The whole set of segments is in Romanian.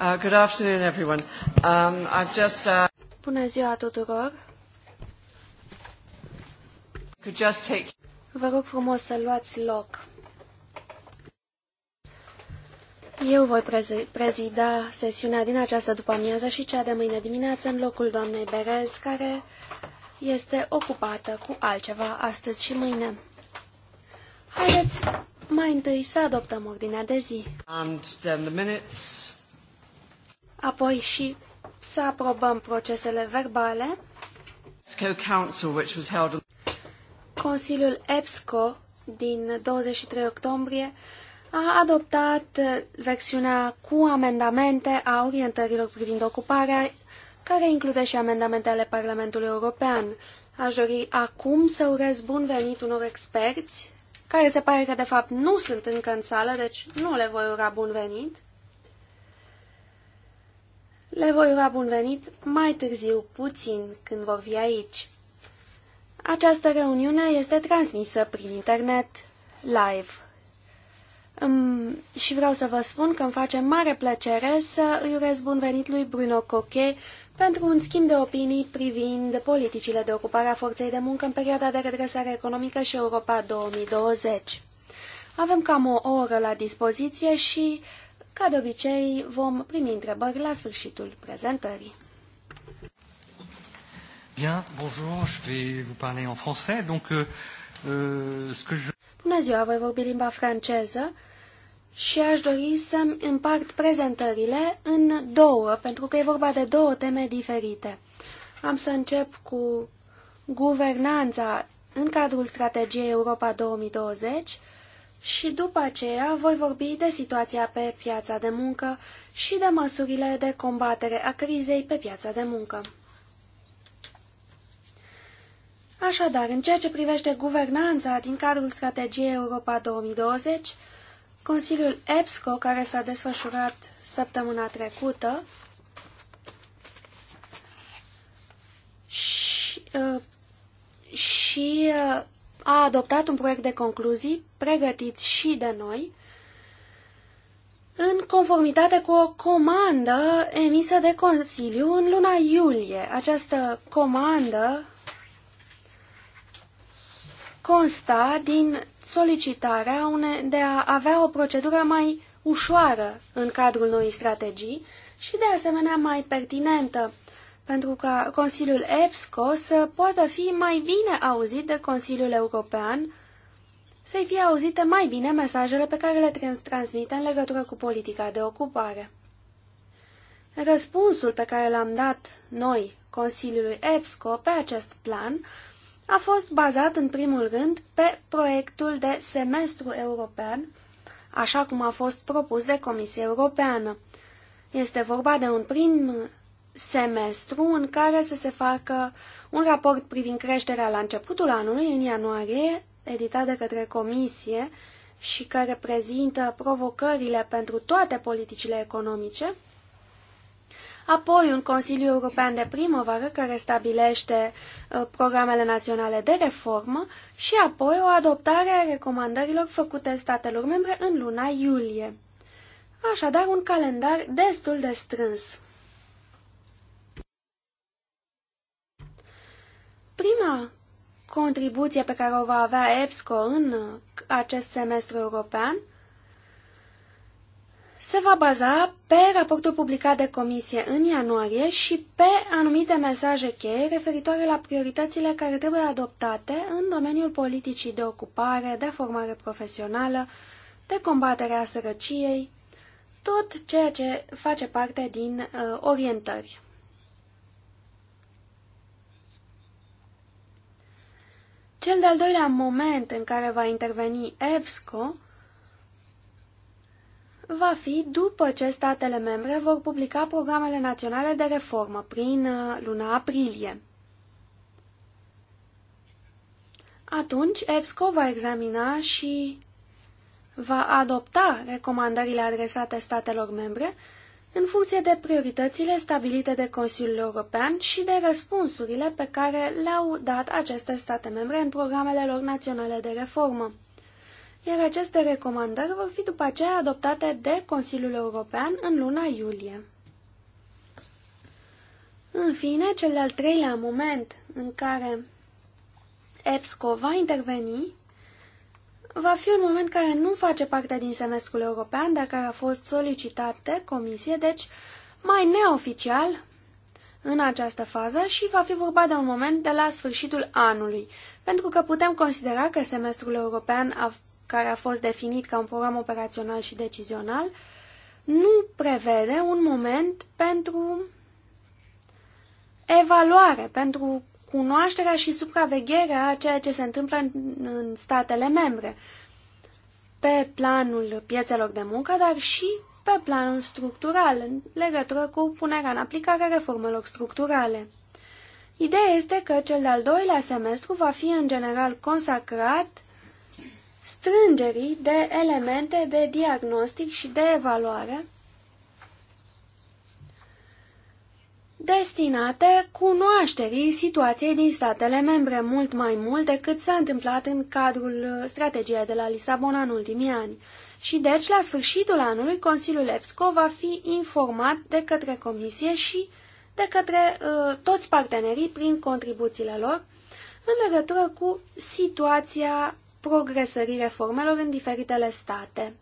Uh, good afternoon, everyone. Um, I've just. Uh, Bună ziua tuturor. Could just take. Vă rog frumos să luați loc. Eu voi prezida sesiunea din această după-amiază și cea de mâine dimineață în locul doamnei Berez, care este ocupată cu altceva astăzi și mâine. Haideți mai întâi să adoptăm ordinea de zi. And then the minutes. Apoi și să aprobăm procesele verbale. Consiliul EPSCO din 23 octombrie a adoptat versiunea cu amendamente a orientărilor privind ocuparea, care include și amendamente ale Parlamentului European. Aș dori acum să urez bun venit unor experți, care se pare că de fapt nu sunt încă în sală, deci nu le voi ura bun venit. Le voi ura bun venit mai târziu puțin când vor fi aici. Această reuniune este transmisă prin internet, live. Um, și vreau să vă spun că îmi face mare plăcere să îi urez bun venit lui Bruno Coche pentru un schimb de opinii privind politicile de ocupare a forței de muncă în perioada de redresare economică și Europa 2020. Avem cam o oră la dispoziție și ca de obicei, vom primi întrebări la sfârșitul prezentării. Bien, bonjour, je vais vous parler en français, donc euh, euh ce que je... Bună ziua, voi vorbi limba franceză și aș dori să împart prezentările în două, pentru că e vorba de două teme diferite. Am să încep cu guvernanța în cadrul strategiei Europa 2020 și după aceea voi vorbi de situația pe piața de muncă și de măsurile de combatere a crizei pe piața de muncă. Așadar, în ceea ce privește guvernanța din cadrul strategiei Europa 2020, Consiliul EPSCO, care s-a desfășurat săptămâna trecută, și, uh, și uh, a adoptat un proiect de concluzii pregătit și de noi, în conformitate cu o comandă emisă de Consiliu în luna iulie. Această comandă consta din solicitarea une, de a avea o procedură mai ușoară în cadrul noii strategii și, de asemenea, mai pertinentă pentru ca Consiliul EPSCO să poată fi mai bine auzit de Consiliul European, să-i fie auzite mai bine mesajele pe care le trans transmite în legătură cu politica de ocupare. Răspunsul pe care l-am dat noi Consiliului EPSCO pe acest plan a fost bazat în primul rând pe proiectul de semestru european, așa cum a fost propus de Comisia Europeană. Este vorba de un prim semestru în care să se facă un raport privind creșterea la începutul anului, în ianuarie, editat de către Comisie și care prezintă provocările pentru toate politicile economice, apoi un Consiliu European de primăvară care stabilește uh, programele naționale de reformă și apoi o adoptare a recomandărilor făcute statelor membre în luna iulie. Așadar, un calendar destul de strâns. Prima contribuție pe care o va avea EBSCO în acest semestru european se va baza pe raportul publicat de comisie în ianuarie și pe anumite mesaje cheie referitoare la prioritățile care trebuie adoptate în domeniul politicii de ocupare, de formare profesională, de combatere a sărăciei, tot ceea ce face parte din uh, orientări. Cel de-al doilea moment în care va interveni EBSCO va fi după ce statele membre vor publica programele naționale de reformă prin uh, luna aprilie. Atunci, EBSCO va examina și va adopta recomandările adresate statelor membre în funcție de prioritățile stabilite de Consiliul European și de răspunsurile pe care le-au dat aceste state membre în programele lor naționale de reformă. Iar aceste recomandări vor fi după aceea adoptate de Consiliul European în luna iulie. În fine, cel de-al treilea moment în care EPSCO va interveni va fi un moment care nu face parte din semestrul european, dar care a fost solicitat de comisie, deci mai neoficial în această fază și va fi vorba de un moment de la sfârșitul anului, pentru că putem considera că semestrul european, a, care a fost definit ca un program operațional și decizional, nu prevede un moment pentru evaluare, pentru cunoașterea și supravegherea a ceea ce se întâmplă în, în statele membre, pe planul piețelor de muncă, dar și pe planul structural, în legătură cu punerea în aplicare reformelor structurale. Ideea este că cel de-al doilea semestru va fi în general consacrat strângerii de elemente de diagnostic și de evaluare destinate cunoașterii situației din statele membre mult mai mult decât s-a întâmplat în cadrul strategiei de la Lisabona în ultimii ani. Și deci, la sfârșitul anului, Consiliul EPSCO va fi informat de către Comisie și de către uh, toți partenerii prin contribuțiile lor în legătură cu situația progresării reformelor în diferitele state.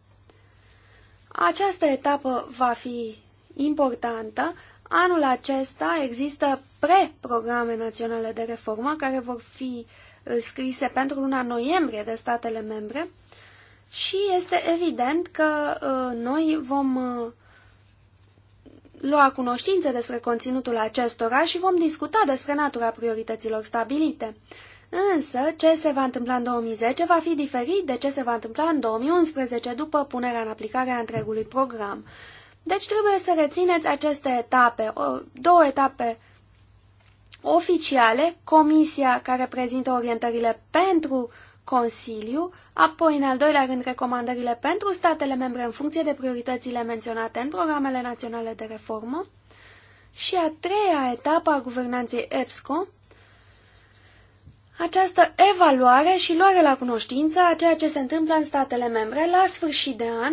Această etapă va fi importantă Anul acesta există pre-programe naționale de reformă care vor fi uh, scrise pentru luna noiembrie de statele membre și este evident că uh, noi vom uh, lua cunoștințe despre conținutul acestora și vom discuta despre natura priorităților stabilite. Însă, ce se va întâmpla în 2010 va fi diferit de ce se va întâmpla în 2011 după punerea în aplicare a întregului program. Deci trebuie să rețineți aceste etape, două etape oficiale, comisia care prezintă orientările pentru Consiliu, apoi în al doilea rând recomandările pentru statele membre în funcție de prioritățile menționate în programele naționale de reformă și a treia etapă a guvernanței EPSCO, această evaluare și luare la cunoștință a ceea ce se întâmplă în statele membre la sfârșit de an,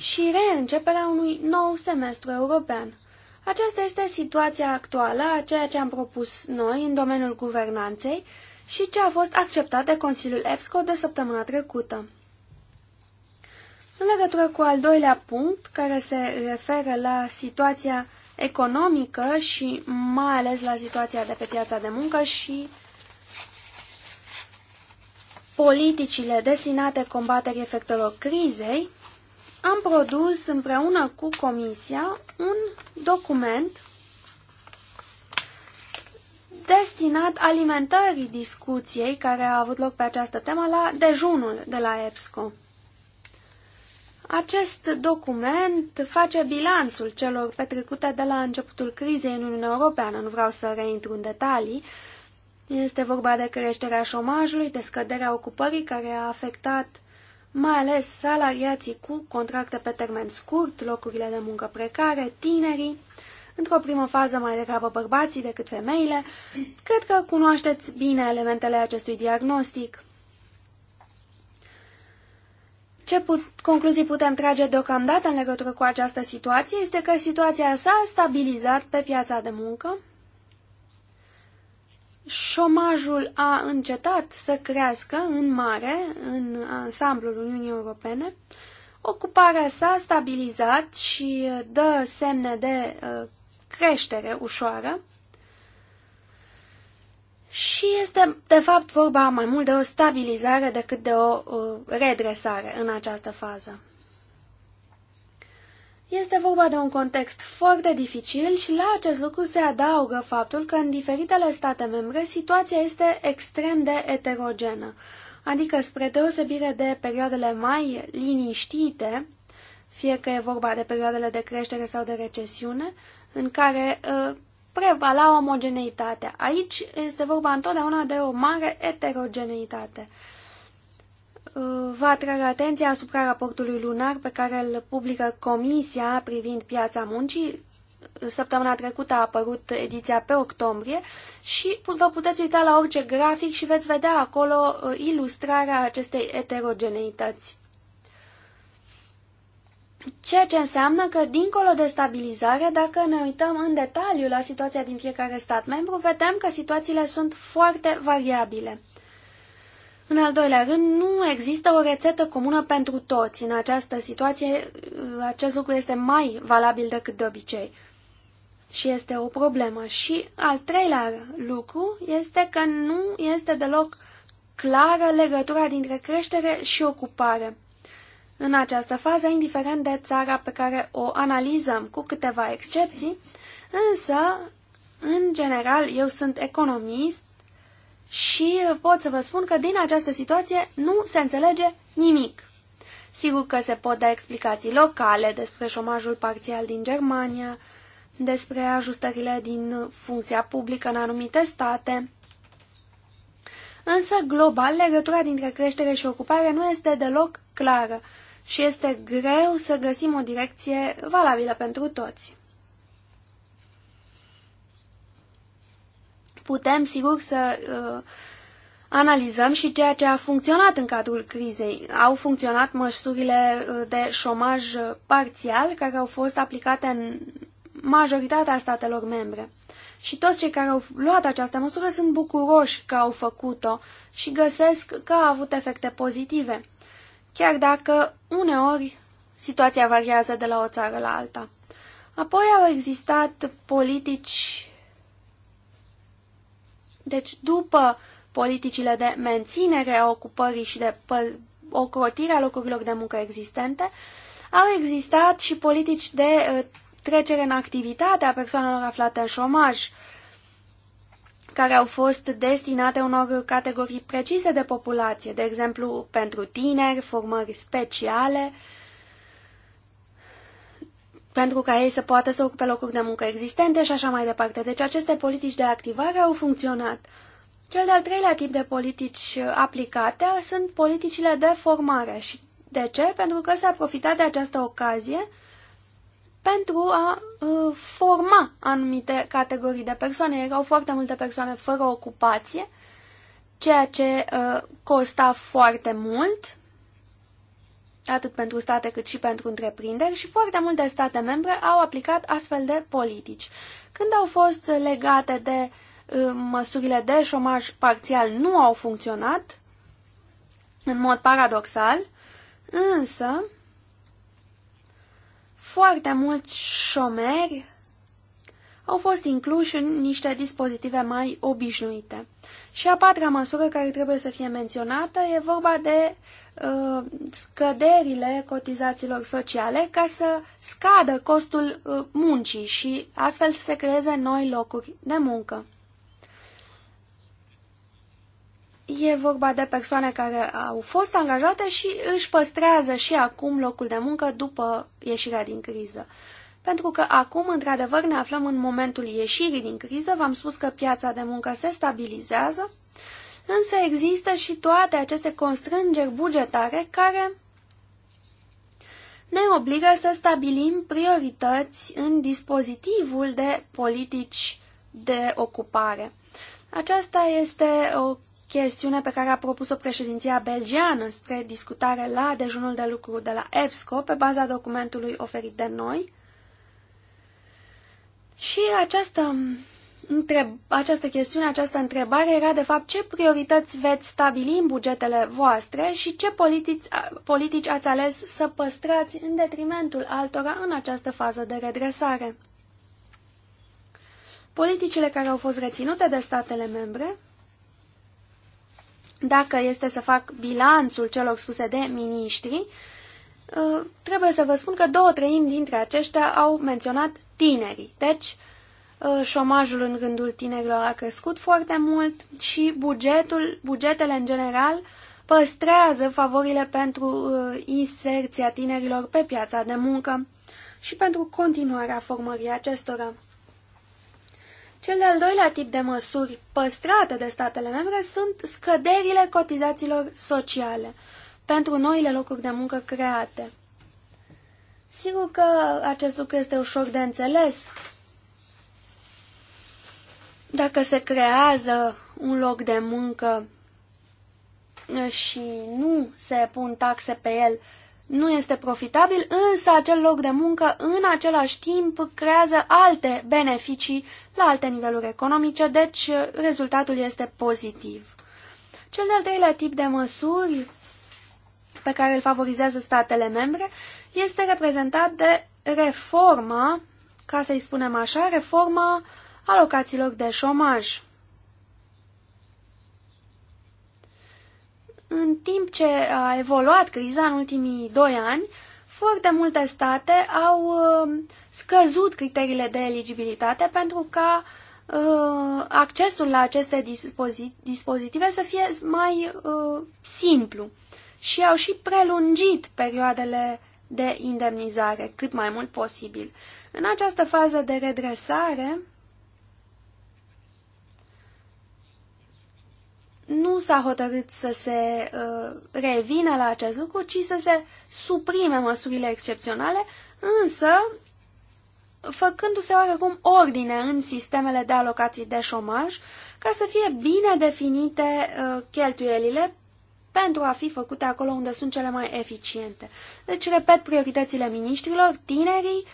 și reînceperea unui nou semestru european. Aceasta este situația actuală a ceea ce am propus noi în domeniul guvernanței și ce a fost acceptat de Consiliul EPSCO de săptămâna trecută. În legătură cu al doilea punct, care se referă la situația economică și mai ales la situația de pe piața de muncă și politicile destinate combaterii efectelor crizei, am produs împreună cu Comisia un document destinat alimentării discuției care a avut loc pe această temă la dejunul de la EPSCO. Acest document face bilanțul celor petrecute de la începutul crizei în Uniunea Europeană. Nu vreau să reintru în detalii. Este vorba de creșterea șomajului, de scăderea ocupării care a afectat mai ales salariații cu contracte pe termen scurt, locurile de muncă precare, tinerii, într-o primă fază mai degrabă bărbații decât femeile, cred că cunoașteți bine elementele acestui diagnostic. Ce put concluzii putem trage deocamdată în legătură cu această situație este că situația s-a stabilizat pe piața de muncă, șomajul a încetat să crească în mare, în ansamblul Uniunii Europene, ocuparea s-a stabilizat și dă semne de uh, creștere ușoară și este, de fapt, vorba mai mult de o stabilizare decât de o uh, redresare în această fază. Este vorba de un context foarte dificil și la acest lucru se adaugă faptul că în diferitele state membre situația este extrem de eterogenă, adică spre deosebire de perioadele mai liniștite, fie că e vorba de perioadele de creștere sau de recesiune, în care uh, prevala omogeneitatea. Aici este vorba întotdeauna de o mare eterogeneitate. Vă atrag atenția asupra raportului lunar pe care îl publică Comisia privind piața muncii. Săptămâna trecută a apărut ediția pe octombrie și vă puteți uita la orice grafic și veți vedea acolo uh, ilustrarea acestei eterogeneități. Ceea ce înseamnă că, dincolo de stabilizare, dacă ne uităm în detaliu la situația din fiecare stat membru, vedem că situațiile sunt foarte variabile. În al doilea rând, nu există o rețetă comună pentru toți. În această situație, uh, acest lucru este mai valabil decât de obicei. Și este o problemă. Și al treilea lucru este că nu este deloc clară legătura dintre creștere și ocupare. În această fază, indiferent de țara pe care o analizăm, cu câteva excepții, însă, în general, eu sunt economist și pot să vă spun că din această situație nu se înțelege nimic. Sigur că se pot da explicații locale despre șomajul parțial din Germania, despre ajustările din funcția publică în anumite state, însă global legătura dintre creștere și ocupare nu este deloc clară și este greu să găsim o direcție valabilă pentru toți. Putem, sigur, să uh, analizăm și ceea ce a funcționat în cadrul crizei. Au funcționat măsurile uh, de șomaj uh, parțial care au fost aplicate în majoritatea statelor membre. Și toți cei care au luat această măsură sunt bucuroși că au făcut-o și găsesc că a avut efecte pozitive, chiar dacă uneori situația variază de la o țară la alta. Apoi au existat politici deci, după politicile de menținere a ocupării și de ocrotire a locurilor de muncă existente, au existat și politici de uh, trecere în activitate a persoanelor aflate în șomaj, care au fost destinate unor categorii precise de populație, de exemplu pentru tineri, formări speciale, uh, pentru ca ei să poată să ocupe locuri de muncă existente și așa mai departe. Deci aceste politici de activare au funcționat. Cel de-al treilea tip de politici aplicate sunt politicile de formare. Și de ce? Pentru că s-a profitat de această ocazie pentru a uh, forma anumite categorii de persoane. Erau foarte multe persoane fără ocupație, ceea ce uh, costa foarte mult atât pentru state cât și pentru întreprinderi și foarte multe state membre au aplicat astfel de politici. Când au fost legate de uh, măsurile de șomaj parțial nu au funcționat, în mod paradoxal, însă foarte mulți șomeri au fost incluși în niște dispozitive mai obișnuite. Și a patra măsură care trebuie să fie menționată e vorba de uh, scăderile cotizațiilor sociale ca să scadă costul uh, muncii și astfel să se creeze noi locuri de muncă. E vorba de persoane care au fost angajate și își păstrează și acum locul de muncă după ieșirea din criză pentru că acum, într-adevăr, ne aflăm în momentul ieșirii din criză, v-am spus că piața de muncă se stabilizează, însă există și toate aceste constrângeri bugetare care ne obligă să stabilim priorități în dispozitivul de politici de ocupare. Aceasta este o chestiune pe care a propus-o președinția belgiană spre discutare la dejunul de lucru de la EBSCO pe baza documentului oferit de noi și această, întreb, această chestiune, această întrebare era de fapt ce priorități veți stabili în bugetele voastre și ce politici, politici ați ales să păstrați în detrimentul altora în această fază de redresare. Politicile care au fost reținute de statele membre, dacă este să fac bilanțul celor spuse de miniștri, ă, trebuie să vă spun că două treimi dintre aceștia au menționat tinerii. Deci, uh, șomajul în gândul tinerilor a crescut foarte mult și bugetul, bugetele în general păstrează favorile pentru uh, inserția tinerilor pe piața de muncă și pentru continuarea formării acestora. Cel de-al doilea tip de măsuri păstrate de statele membre sunt scăderile cotizațiilor sociale pentru noile locuri de muncă create. Sigur că acest lucru este ușor de înțeles. Dacă se creează un loc de muncă și nu se pun taxe pe el, nu este profitabil, însă acel loc de muncă în același timp creează alte beneficii la alte niveluri economice, deci rezultatul este pozitiv. Cel de-al treilea tip de măsuri pe care îl favorizează statele membre este reprezentat de reforma, ca să-i spunem așa, reforma alocațiilor de șomaj. În timp ce a evoluat criza în ultimii doi ani, foarte multe state au uh, scăzut criteriile de eligibilitate pentru ca uh, accesul la aceste dispozitive să fie mai uh, simplu și au și prelungit perioadele de indemnizare cât mai mult posibil. În această fază de redresare, nu s-a hotărât să se uh, revină la acest lucru, ci să se suprime măsurile excepționale, însă făcându-se oarecum ordine în sistemele de alocații de șomaj, ca să fie bine definite uh, cheltuielile pentru a fi făcute acolo unde sunt cele mai eficiente. Deci, repet, prioritățile miniștrilor, tinerii,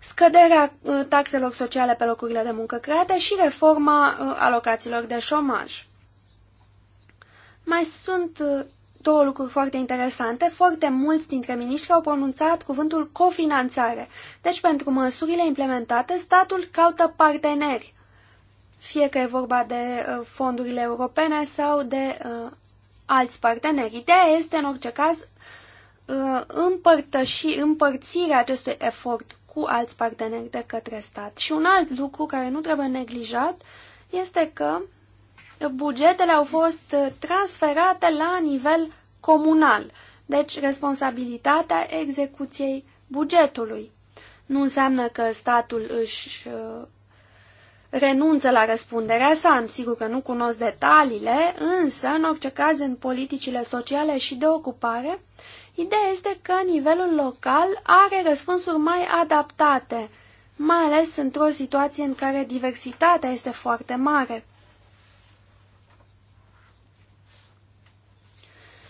scăderea uh, taxelor sociale pe locurile de muncă create și reforma uh, alocațiilor de șomaj. Mai sunt uh, două lucruri foarte interesante. Foarte mulți dintre miniștri au pronunțat cuvântul cofinanțare. Deci, pentru măsurile implementate, statul caută parteneri, fie că e vorba de fondurile europene sau de alți parteneri. Ideea este, în orice caz, uh, împărtăși, împărțirea acestui efort cu alți parteneri de către stat. Și un alt lucru care nu trebuie neglijat este că bugetele au fost transferate la nivel comunal, deci responsabilitatea execuției bugetului. Nu înseamnă că statul își uh, renunță la răspunderea sa, sigur că nu cunosc detaliile, însă, în orice caz, în politicile sociale și de ocupare, ideea este că nivelul local are răspunsuri mai adaptate, mai ales într-o situație în care diversitatea este foarte mare.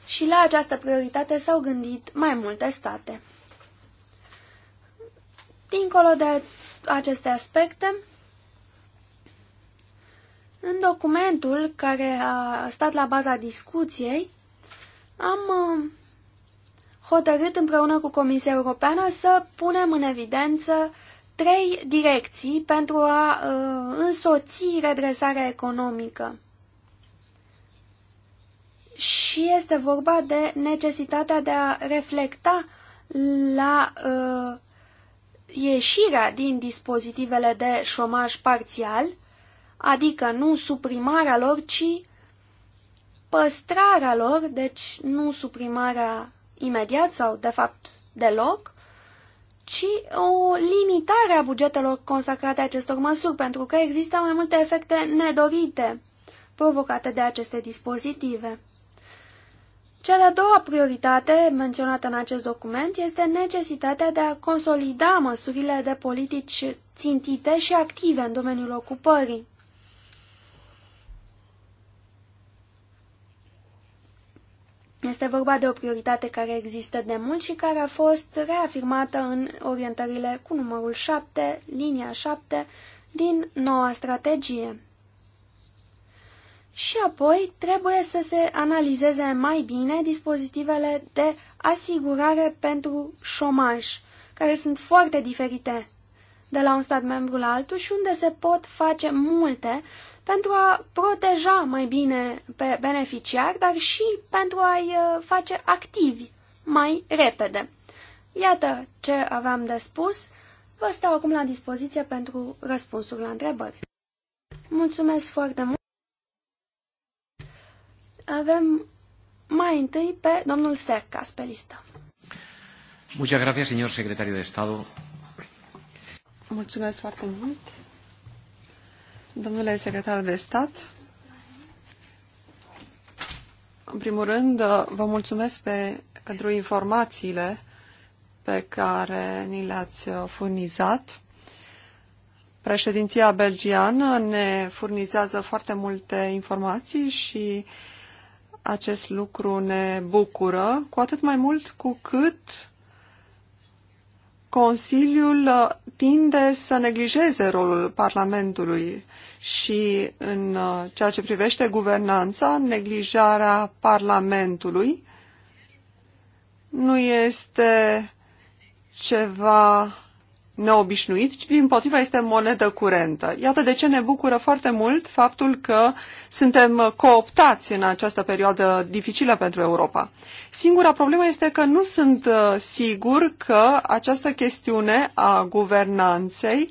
Și la această prioritate s-au gândit mai multe state. Dincolo de aceste aspecte, în documentul care a stat la baza discuției, am uh, hotărât împreună cu Comisia Europeană să punem în evidență trei direcții pentru a uh, însoți redresarea economică. Și este vorba de necesitatea de a reflecta la uh, ieșirea din dispozitivele de șomaj parțial adică nu suprimarea lor, ci păstrarea lor, deci nu suprimarea imediat sau, de fapt, deloc, ci o limitare a bugetelor consacrate acestor măsuri, pentru că există mai multe efecte nedorite provocate de aceste dispozitive. Cea de-a doua prioritate menționată în acest document este necesitatea de a consolida măsurile de politici țintite și active în domeniul ocupării. Este vorba de o prioritate care există de mult și care a fost reafirmată în orientările cu numărul 7, linia 7, din noua strategie. Și apoi trebuie să se analizeze mai bine dispozitivele de asigurare pentru șomaj, care sunt foarte diferite de la un stat membru la altul și unde se pot face multe pentru a proteja mai bine pe beneficiari, dar și pentru a-i uh, face activi mai repede. Iată ce aveam de spus. Vă stau acum la dispoziție pentru răspunsuri la întrebări. Mulțumesc foarte mult! Avem mai întâi pe domnul Sercas pe listă. Muchas gracias, señor secretario de Estado. Mulțumesc foarte mult. Domnule secretar de stat, în primul rând, vă mulțumesc pe, pentru informațiile pe care ni le-ați furnizat. Președinția belgiană ne furnizează foarte multe informații și acest lucru ne bucură, cu atât mai mult cu cât Consiliul uh, tinde să neglijeze rolul Parlamentului și în uh, ceea ce privește guvernanța, neglijarea Parlamentului nu este ceva neobișnuit, ci din potriva este monedă curentă. Iată de ce ne bucură foarte mult faptul că suntem cooptați în această perioadă dificilă pentru Europa. Singura problemă este că nu sunt uh, sigur că această chestiune a guvernanței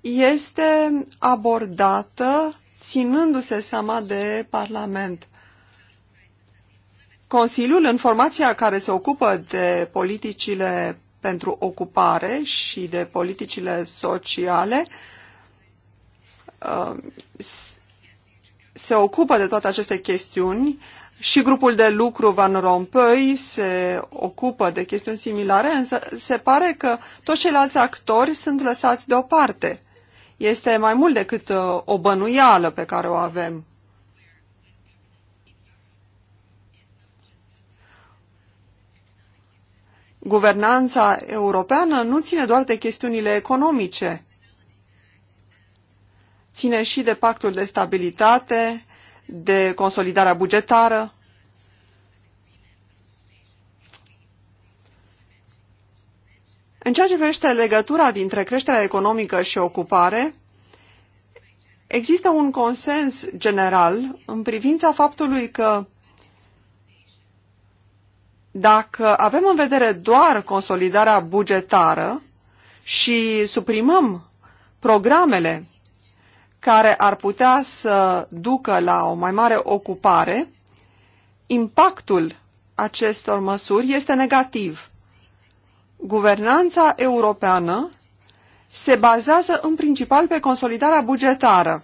este abordată ținându-se seama de Parlament. Consiliul, în formația care se ocupă de politicile pentru ocupare și de politicile sociale uh, se ocupă de toate aceste chestiuni și grupul de lucru Van Rompuy se ocupă de chestiuni similare, însă se pare că toți ceilalți actori sunt lăsați deoparte. Este mai mult decât uh, o bănuială pe care o avem. Guvernanța europeană nu ține doar de chestiunile economice, ține și de pactul de stabilitate, de consolidarea bugetară. În ceea ce privește legătura dintre creșterea economică și ocupare, există un consens general în privința faptului că dacă avem în vedere doar consolidarea bugetară și suprimăm programele care ar putea să ducă la o mai mare ocupare, impactul acestor măsuri este negativ. Guvernanța europeană se bazează în principal pe consolidarea bugetară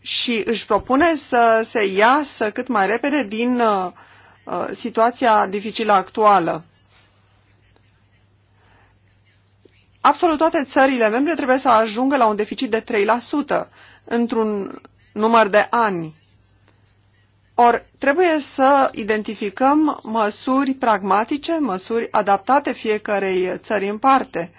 și își propune să se iasă cât mai repede din uh, Uh, situația dificilă actuală. Absolut toate țările membre trebuie să ajungă la un deficit de 3% într-un număr de ani. Or, trebuie să identificăm măsuri pragmatice, măsuri adaptate fiecarei țări în parte.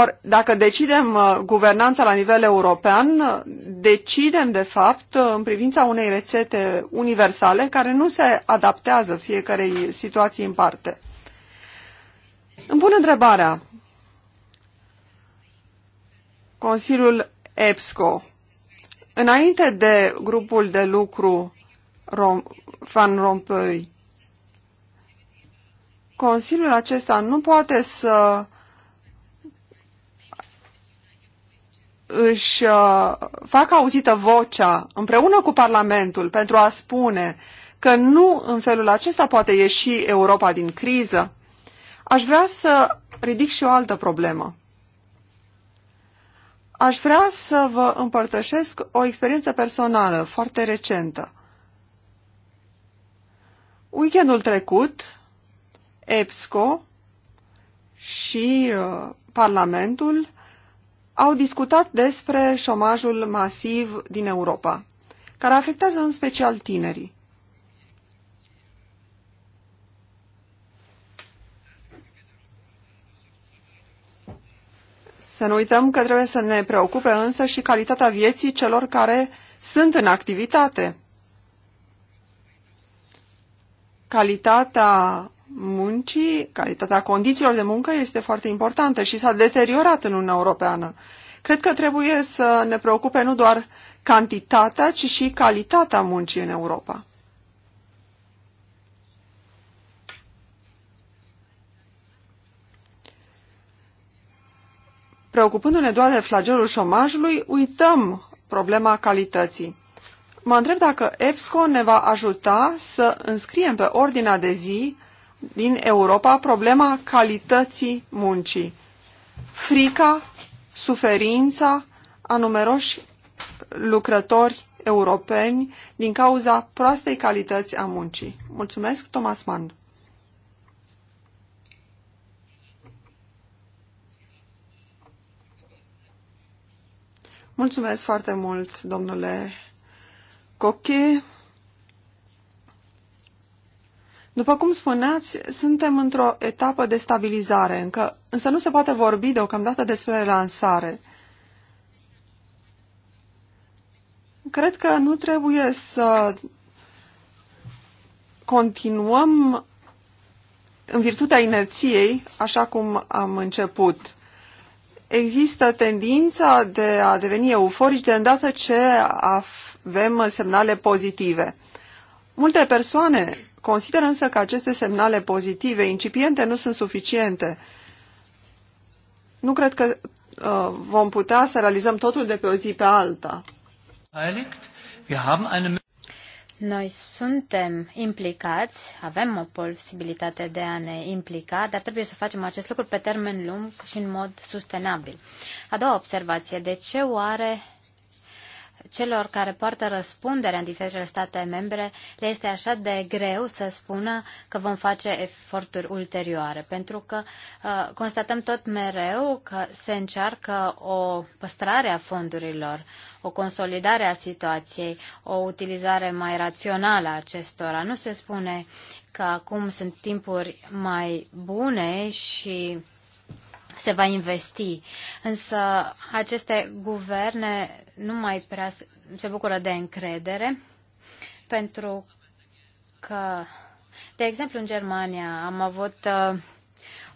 Or, dacă decidem uh, guvernanța la nivel european, uh, decidem, de fapt, uh, în privința unei rețete universale care nu se adaptează fiecarei situații în parte. Îmi pun întrebarea. Consiliul EPSCO, înainte de grupul de lucru Rom Van Rompuy, Consiliul acesta nu poate să își uh, fac auzită vocea împreună cu Parlamentul pentru a spune că nu în felul acesta poate ieși Europa din criză, aș vrea să ridic și o altă problemă. Aș vrea să vă împărtășesc o experiență personală foarte recentă. Weekendul trecut, EPSCO și uh, Parlamentul au discutat despre șomajul masiv din Europa, care afectează în special tinerii. Să nu uităm că trebuie să ne preocupe însă și calitatea vieții celor care sunt în activitate. Calitatea muncii, calitatea condițiilor de muncă este foarte importantă și s-a deteriorat în Uniunea Europeană. Cred că trebuie să ne preocupe nu doar cantitatea, ci și calitatea muncii în Europa. Preocupându-ne doar de flagelul șomajului, uităm problema calității. Mă întreb dacă EFSCO ne va ajuta să înscriem pe ordinea de zi din Europa problema calității muncii. Frica, suferința a numeroși lucrători europeni din cauza proastei calități a muncii. Mulțumesc, Thomas Mann. Mulțumesc foarte mult, domnule Coche. După cum spuneați, suntem într-o etapă de stabilizare, încă, însă nu se poate vorbi deocamdată despre relansare. Cred că nu trebuie să continuăm în virtutea inerției, așa cum am început. Există tendința de a deveni euforici de îndată ce avem semnale pozitive. Multe persoane Consider însă că aceste semnale pozitive, incipiente, nu sunt suficiente. Nu cred că uh, vom putea să realizăm totul de pe o zi pe alta. Noi suntem implicați, avem o posibilitate de a ne implica, dar trebuie să facem acest lucru pe termen lung și în mod sustenabil. A doua observație, de ce oare celor care poartă răspundere în diferitele state membre le este așa de greu să spună că vom face eforturi ulterioare, pentru că uh, constatăm tot mereu că se încearcă o păstrare a fondurilor, o consolidare a situației, o utilizare mai rațională a acestora. Nu se spune că acum sunt timpuri mai bune și se va investi. Însă aceste guverne nu mai prea se bucură de încredere, pentru că, de exemplu, în Germania am avut uh,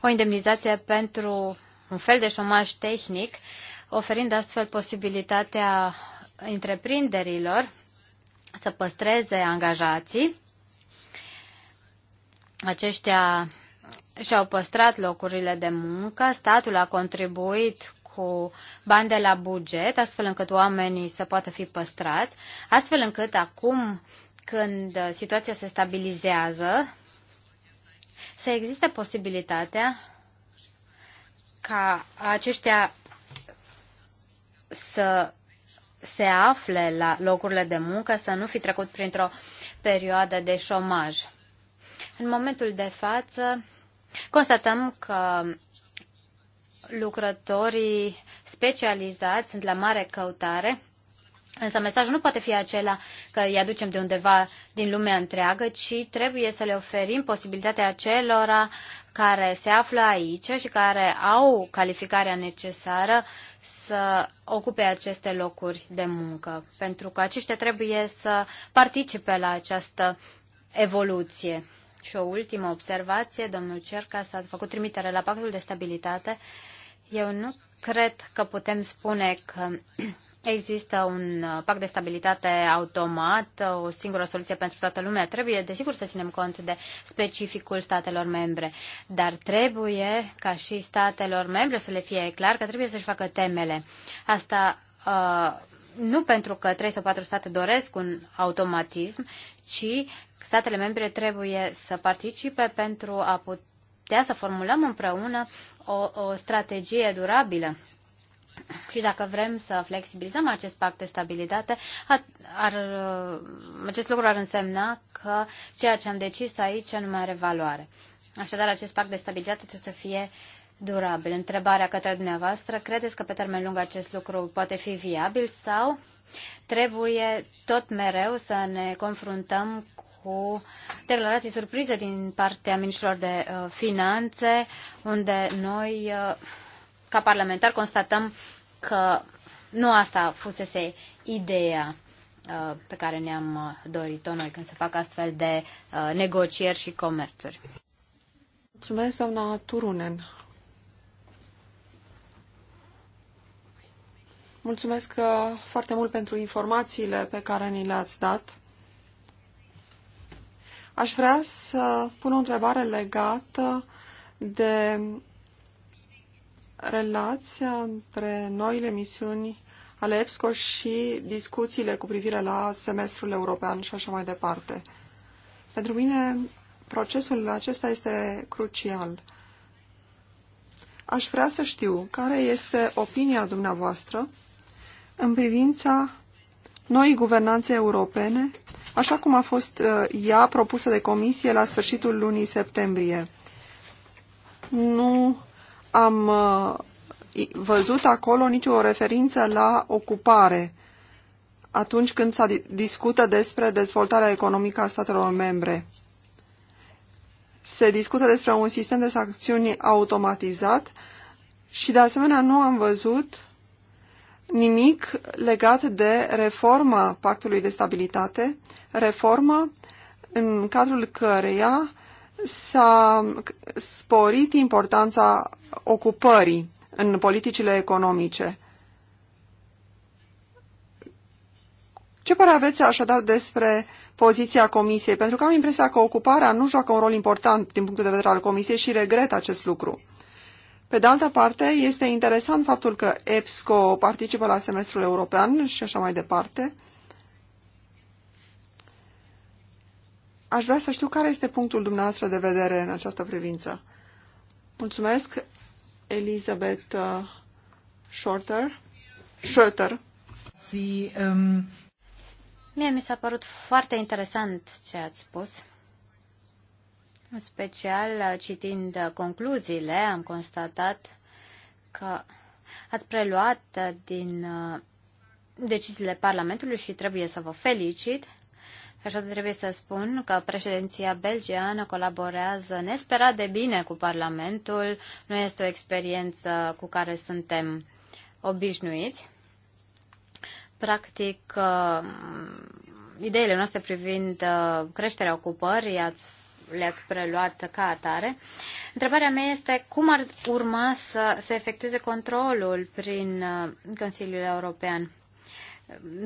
o indemnizație pentru un fel de șomaj tehnic, oferind astfel posibilitatea întreprinderilor să păstreze angajații. Aceștia și-au păstrat locurile de muncă, statul a contribuit cu bani de la buget, astfel încât oamenii să poată fi păstrați, astfel încât acum când situația se stabilizează, să existe posibilitatea ca aceștia să se afle la locurile de muncă, să nu fi trecut printr-o perioadă de șomaj. În momentul de față, constatăm că lucrătorii specializați sunt la mare căutare, însă mesajul nu poate fi acela că îi aducem de undeva din lumea întreagă, ci trebuie să le oferim posibilitatea acelora care se află aici și care au calificarea necesară să ocupe aceste locuri de muncă, pentru că aceștia trebuie să participe la această evoluție. Și o ultimă observație, domnul Cerca s-a făcut trimitere la pactul de stabilitate. Eu nu cred că putem spune că Există un pact de stabilitate automat, o singură soluție pentru toată lumea. Trebuie, desigur, să ținem cont de specificul statelor membre, dar trebuie ca și statelor membre să le fie clar că trebuie să-și facă temele. Asta uh, nu pentru că trei sau patru state doresc un automatism, ci statele membre trebuie să participe pentru a putea să formulăm împreună o, o strategie durabilă. Și dacă vrem să flexibilizăm acest pact de stabilitate, ar, uh, acest lucru ar însemna că ceea ce am decis aici nu mai are valoare. Așadar, acest pact de stabilitate trebuie să fie durabil. Întrebarea către dumneavoastră, credeți că pe termen lung acest lucru poate fi viabil sau trebuie tot mereu să ne confruntăm cu declarații surprize din partea ministrilor de uh, finanțe, unde noi, uh, ca parlamentari, constatăm că nu asta fusese ideea uh, pe care ne-am dorit-o noi când se fac astfel de negocieri și comerțuri. Mulțumesc, doamna Turunen. Mulțumesc foarte mult pentru informațiile pe care ni le-ați dat. Aș vrea să pun o întrebare legată de relația între noile misiuni ale EPSCO și discuțiile cu privire la semestrul european și așa mai departe. Pentru mine, procesul acesta este crucial. Aș vrea să știu care este opinia dumneavoastră în privința noii guvernanțe europene așa cum a fost uh, ea propusă de comisie la sfârșitul lunii septembrie. Nu am uh, văzut acolo nicio referință la ocupare atunci când se discută despre dezvoltarea economică a statelor membre. Se discută despre un sistem de sancțiuni automatizat și, de asemenea, nu am văzut nimic legat de reforma Pactului de Stabilitate, reforma în cadrul căreia s-a sporit importanța ocupării în politicile economice. Ce părere aveți așadar despre poziția Comisiei? Pentru că am impresia că ocuparea nu joacă un rol important din punctul de vedere al Comisiei și regret acest lucru. Pe de altă parte, este interesant faptul că EPSCO participă la semestrul european și așa mai departe. Aș vrea să știu care este punctul dumneavoastră de vedere în această privință. Mulțumesc, Elizabeth uh, Shorter. Shorter. Um, Mie mi s-a părut foarte interesant ce ați spus. În special, uh, citind uh, concluziile, am constatat că ați preluat uh, din deciziile Parlamentului și trebuie să vă felicit. Așa că trebuie să spun că președinția belgiană colaborează nesperat de bine cu Parlamentul. Nu este o experiență cu care suntem obișnuiți. Practic, ideile noastre privind creșterea ocupării ați le-ați preluat ca atare. Întrebarea mea este cum ar urma să se efectueze controlul prin uh, Consiliul European?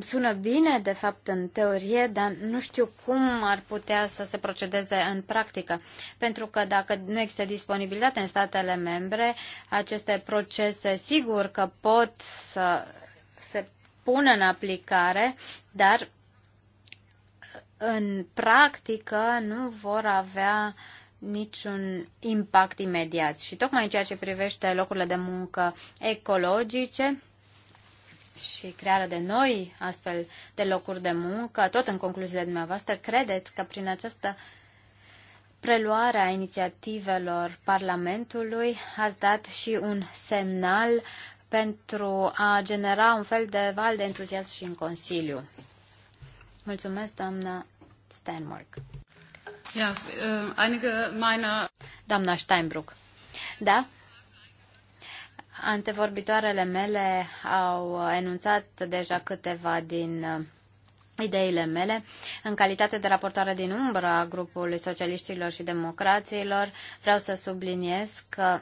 Sună bine, de fapt, în teorie, dar nu știu cum ar putea să se procedeze în practică. Pentru că dacă nu există disponibilitate în statele membre, aceste procese sigur că pot să se pună în aplicare, dar în practică nu vor avea niciun impact imediat. Și tocmai în ceea ce privește locurile de muncă ecologice și crearea de noi astfel de locuri de muncă, tot în concluziile dumneavoastră, credeți că prin această preluare a inițiativelor Parlamentului ați dat și un semnal pentru a genera un fel de val de entuziasm și în Consiliu. Mulțumesc, doamna Steinmark. Uh, einige meiner... Doamna Steinbruck. Da? Antevorbitoarele mele au enunțat deja câteva din uh, ideile mele. În calitate de raportoare din umbră a grupului socialiștilor și democrațiilor, vreau să subliniez că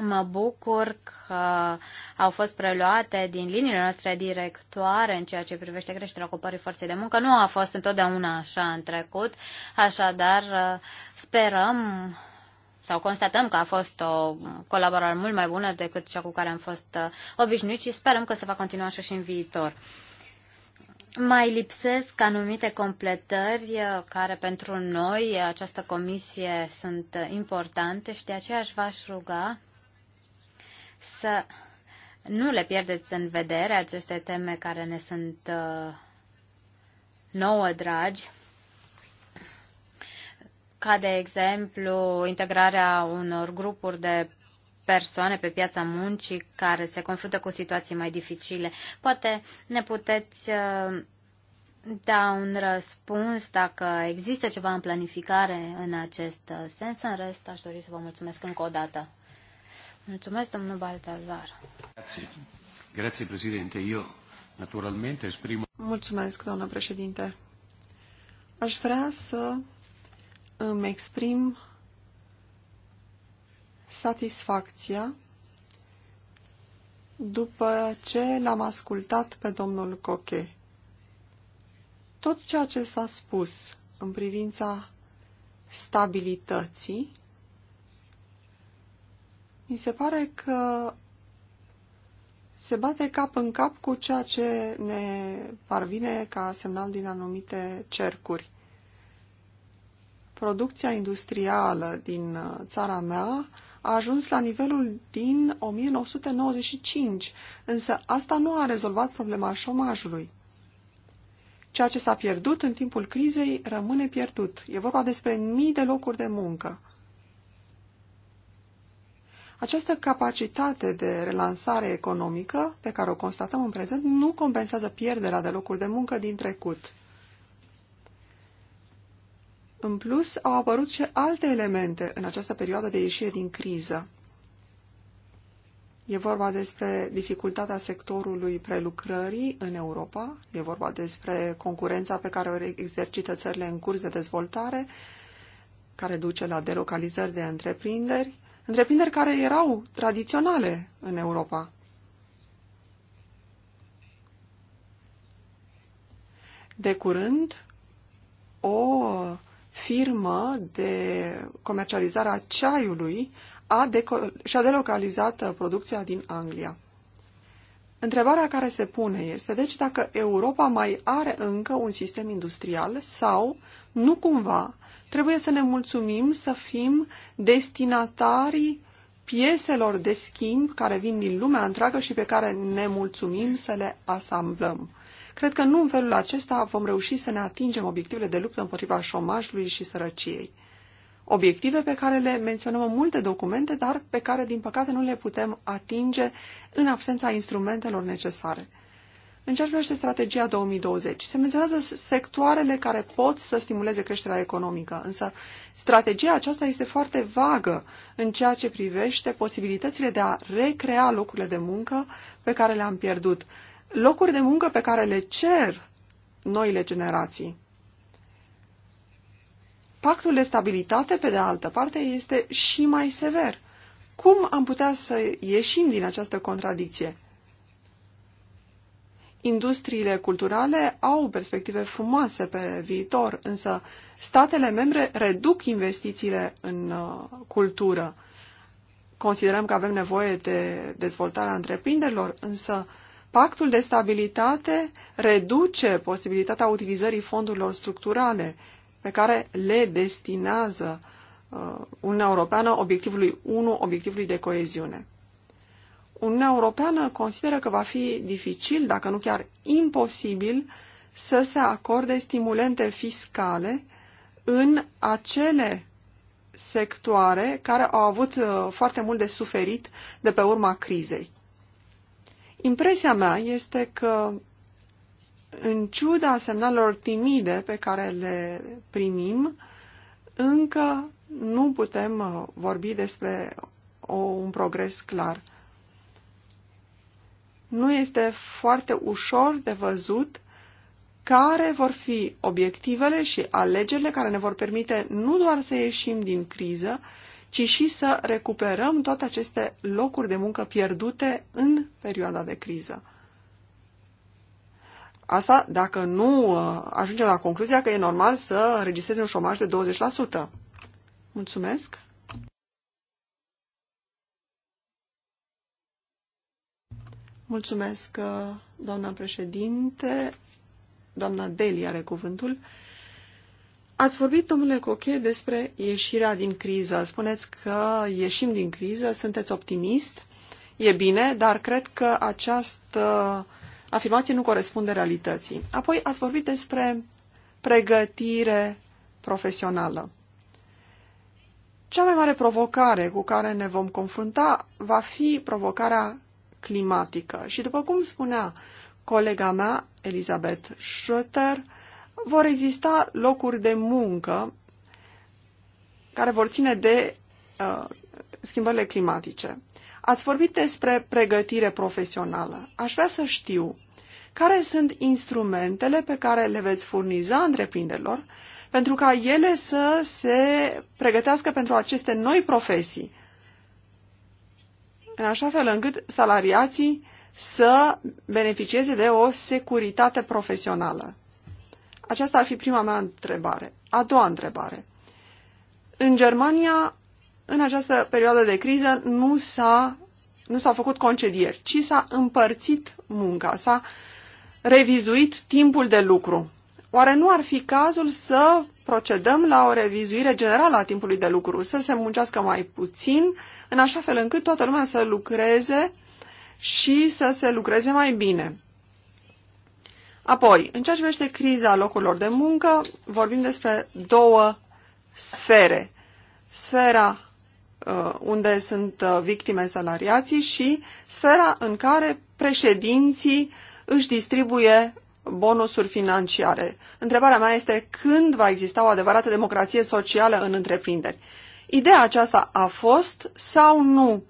Mă bucur că au fost preluate din liniile noastre directoare în ceea ce privește creșterea ocupării forței de muncă. Nu a fost întotdeauna așa în trecut, așadar uh, sperăm sau constatăm că a fost o colaborare mult mai bună decât cea cu care am fost uh, obișnuiți și sperăm că se va continua așa și în viitor. Mai lipsesc anumite completări uh, care pentru noi, această comisie, sunt importante și de aceea aș v-aș ruga să nu le pierdeți în vedere aceste teme care ne sunt uh, nouă dragi, ca de exemplu integrarea unor grupuri de persoane pe piața muncii care se confruntă cu situații mai dificile. Poate ne puteți uh, da un răspuns dacă există ceva în planificare în acest uh, sens. În rest, aș dori să vă mulțumesc încă o dată. Mulțumesc, domnul Baltazar. Grazie. Grazie, președinte. Eu, naturalmente, exprim... Mulțumesc, doamnă președinte. Aș vrea să îmi exprim satisfacția după ce l-am ascultat pe domnul Coche. Tot ceea ce s-a spus în privința stabilității mi se pare că se bate cap în cap cu ceea ce ne parvine ca semnal din anumite cercuri. Producția industrială din uh, țara mea a ajuns la nivelul din 1995, însă asta nu a rezolvat problema șomajului. Ceea ce s-a pierdut în timpul crizei rămâne pierdut. E vorba despre mii de locuri de muncă. Această capacitate de relansare economică pe care o constatăm în prezent nu compensează pierderea de locuri de muncă din trecut. În plus, au apărut și alte elemente în această perioadă de ieșire din criză. E vorba despre dificultatea sectorului prelucrării în Europa, e vorba despre concurența pe care o exercită țările în curs de dezvoltare, care duce la delocalizări de întreprinderi, întreprinderi care erau tradiționale în Europa. De curând, o firmă de comercializare a ceaiului a deco- și-a delocalizat uh, producția din Anglia. Întrebarea care se pune este, deci, dacă Europa mai are încă un sistem industrial sau nu cumva Trebuie să ne mulțumim să fim destinatarii pieselor de schimb care vin din lumea întreagă și pe care ne mulțumim să le asamblăm. Cred că nu în felul acesta vom reuși să ne atingem obiectivele de luptă împotriva șomajului și sărăciei. Obiective pe care le menționăm în multe documente, dar pe care, din păcate, nu le putem atinge în absența instrumentelor necesare. În ceea ce privește strategia 2020, se menționează sectoarele care pot să stimuleze creșterea economică, însă strategia aceasta este foarte vagă în ceea ce privește posibilitățile de a recrea locurile de muncă pe care le-am pierdut, locuri de muncă pe care le cer noile generații. Pactul de stabilitate, pe de altă parte, este și mai sever. Cum am putea să ieșim din această contradicție? Industriile culturale au perspective frumoase pe viitor, însă statele membre reduc investițiile în uh, cultură. Considerăm că avem nevoie de dezvoltarea întreprinderilor, însă Pactul de stabilitate reduce posibilitatea utilizării fondurilor structurale pe care le destinează uh, Uniunea Europeană obiectivului 1, obiectivului de coeziune. Uniunea Europeană consideră că va fi dificil, dacă nu chiar imposibil, să se acorde stimulente fiscale în acele sectoare care au avut uh, foarte mult de suferit de pe urma crizei. Impresia mea este că, în ciuda semnalelor timide pe care le primim, încă nu putem uh, vorbi despre o, un progres clar nu este foarte ușor de văzut care vor fi obiectivele și alegerile care ne vor permite nu doar să ieșim din criză, ci și să recuperăm toate aceste locuri de muncă pierdute în perioada de criză. Asta dacă nu uh, ajungem la concluzia că e normal să registreze un șomaj de 20%. Mulțumesc! Mulțumesc, uh, doamna președinte. Doamna Deli are cuvântul. Ați vorbit, domnule Coche, despre ieșirea din criză. Spuneți că ieșim din criză, sunteți optimist, e bine, dar cred că această afirmație nu corespunde realității. Apoi ați vorbit despre pregătire profesională. Cea mai mare provocare cu care ne vom confrunta va fi provocarea climatică. Și după cum spunea colega mea, Elizabeth Schroeter, vor exista locuri de muncă care vor ține de uh, schimbările climatice. Ați vorbit despre pregătire profesională. Aș vrea să știu care sunt instrumentele pe care le veți furniza întreprinderilor pentru ca ele să se pregătească pentru aceste noi profesii, în așa fel încât salariații să beneficieze de o securitate profesională. Aceasta ar fi prima mea întrebare. A doua întrebare. În Germania, în această perioadă de criză, nu s-a nu s-au făcut concedieri, ci s-a împărțit munca, s-a revizuit timpul de lucru. Oare nu ar fi cazul să procedăm la o revizuire generală a timpului de lucru, să se muncească mai puțin, în așa fel încât toată lumea să lucreze și să se lucreze mai bine. Apoi, în ceea ce privește criza locurilor de muncă, vorbim despre două sfere. Sfera uh, unde sunt uh, victime salariații și sfera în care președinții își distribuie bonusuri financiare. Întrebarea mea este când va exista o adevărată democrație socială în întreprinderi. Ideea aceasta a fost sau nu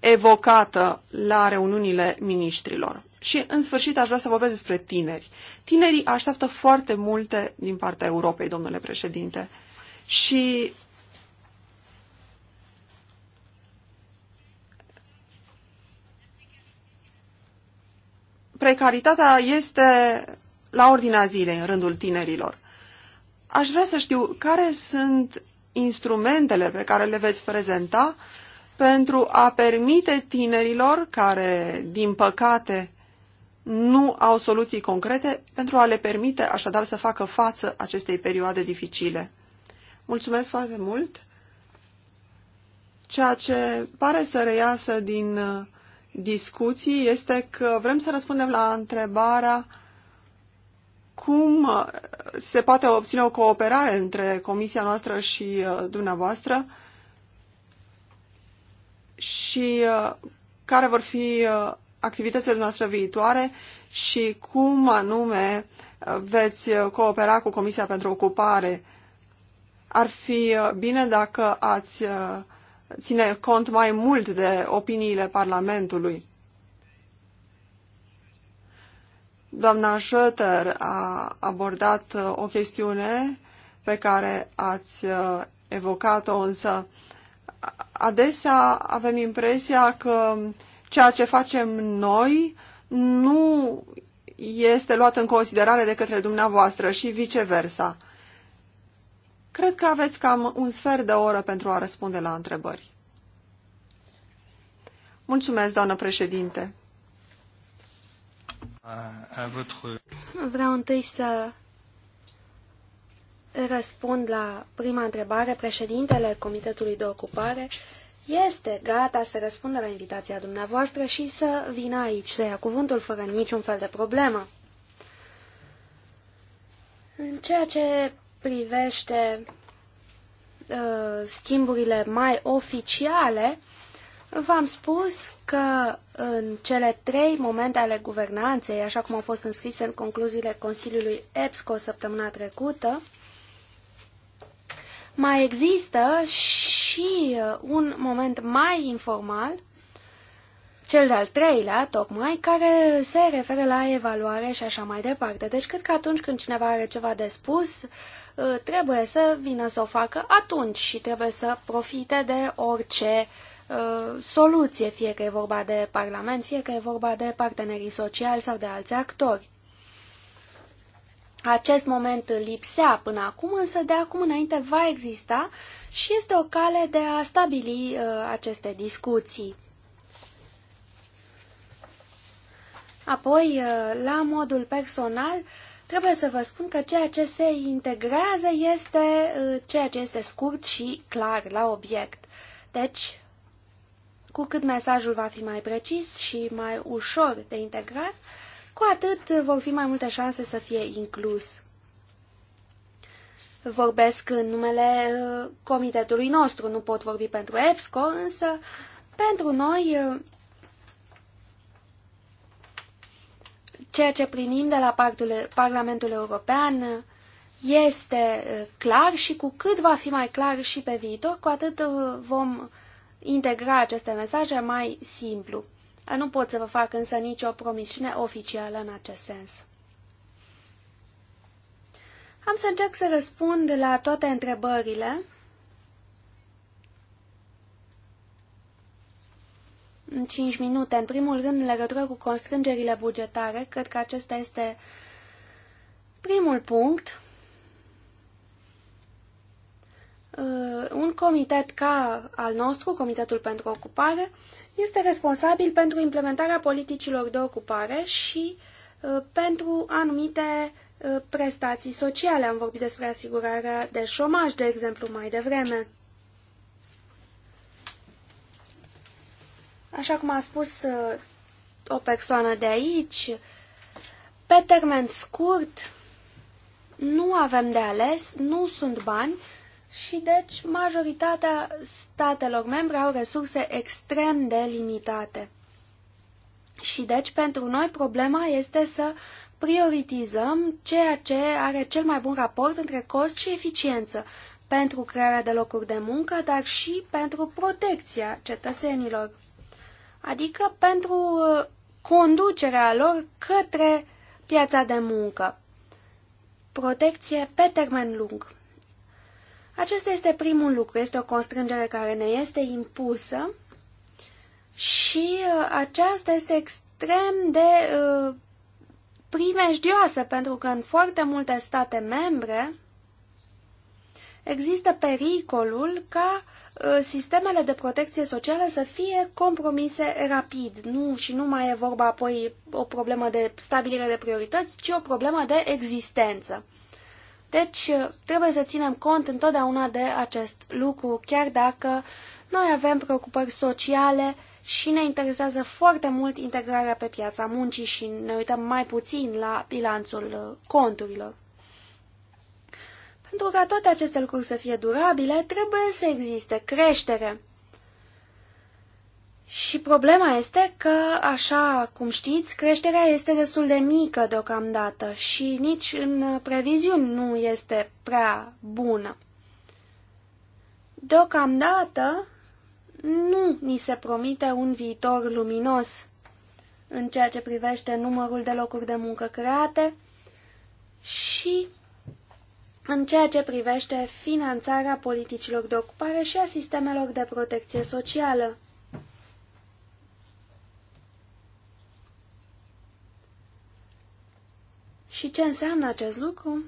evocată la reuniunile miniștrilor? Și, în sfârșit, aș vrea să vorbesc despre tineri. Tinerii așteaptă foarte multe din partea Europei, domnule președinte. Și precaritatea este la ordinea zilei în rândul tinerilor. Aș vrea să știu care sunt instrumentele pe care le veți prezenta pentru a permite tinerilor care, din păcate, nu au soluții concrete, pentru a le permite așadar să facă față acestei perioade dificile. Mulțumesc foarte mult! Ceea ce pare să reiasă din uh, discuții este că vrem să răspundem la întrebarea cum se poate obține o cooperare între comisia noastră și uh, dumneavoastră și uh, care vor fi uh, activitățile noastre viitoare și cum anume veți coopera cu Comisia pentru Ocupare. Ar fi bine dacă ați ține cont mai mult de opiniile Parlamentului. Doamna Schroeter a abordat uh, o chestiune pe care ați uh, evocat-o, însă adesea avem impresia că ceea ce facem noi nu este luat în considerare de către dumneavoastră și viceversa. Cred că aveți cam un sfert de oră pentru a răspunde la întrebări. Mulțumesc, doamnă președinte. Vreau întâi să răspund la prima întrebare. Președintele Comitetului de Ocupare este gata să răspundă la invitația dumneavoastră și să vină aici, să ia cuvântul fără niciun fel de problemă. În ceea ce privește uh, schimburile mai oficiale, v-am spus că în cele trei momente ale guvernanței, așa cum au fost înscrise în concluziile Consiliului EPSCO săptămâna trecută, mai există și uh, un moment mai informal, cel de-al treilea, tocmai, care se referă la evaluare și așa mai departe. Deci, cred că atunci când cineva are ceva de spus, Uh, trebuie să vină să o facă atunci și trebuie să profite de orice uh, soluție, fie că e vorba de Parlament, fie că e vorba de partenerii sociali sau de alți actori. Acest moment lipsea până acum, însă de acum înainte va exista și este o cale de a stabili uh, aceste discuții. Apoi, uh, la modul personal, uh, trebuie să vă spun că ceea ce se integrează este uh, ceea ce este scurt și clar la obiect. Deci, cu cât mesajul va fi mai precis și mai ușor de integrat, cu atât vor fi mai multe șanse să fie inclus. Vorbesc în numele uh, comitetului nostru, nu pot vorbi pentru EBSCO, însă pentru noi uh, ceea ce primim de la Parlamentul European este uh, clar și cu cât va fi mai clar și pe viitor, cu atât uh, vom integra aceste mesaje mai simplu. Uh, nu pot să vă fac însă nicio promisiune oficială în acest sens. Am să încerc să răspund la toate întrebările în 5 minute. În primul rând, în legătură cu constrângerile bugetare, cred că acesta este primul punct. Uh, un comitet ca al nostru, Comitetul pentru Ocupare, este responsabil pentru implementarea politicilor de ocupare și uh, pentru anumite uh, prestații sociale. Am vorbit despre asigurarea de șomaj, de exemplu, mai devreme. Așa cum a spus uh, o persoană de aici, pe termen scurt nu avem de ales, nu sunt bani și deci majoritatea statelor membre au resurse extrem de limitate. Și deci pentru noi problema este să prioritizăm ceea ce are cel mai bun raport între cost și eficiență pentru crearea de locuri de muncă, dar și pentru protecția cetățenilor adică pentru uh, conducerea lor către piața de muncă. Protecție pe termen lung. Acesta este primul lucru, este o constrângere care ne este impusă și uh, aceasta este extrem de uh, primejdioasă, pentru că în foarte multe state membre există pericolul ca ă, sistemele de protecție socială să fie compromise rapid. Nu, și nu mai e vorba apoi o problemă de stabilire de priorități, ci o problemă de existență. Deci, ă, trebuie să ținem cont întotdeauna de acest lucru, chiar dacă noi avem preocupări sociale și ne interesează foarte mult integrarea pe piața muncii și ne uităm mai puțin la bilanțul ă, conturilor. Pentru ca toate aceste lucruri să fie durabile, trebuie să existe creștere. Și problema este că, așa cum știți, creșterea este destul de mică deocamdată și nici în previziuni nu este prea bună. Deocamdată nu ni se promite un viitor luminos în ceea ce privește numărul de locuri de muncă create și în ceea ce privește finanțarea politicilor de ocupare și a sistemelor de protecție socială. Și ce înseamnă acest lucru?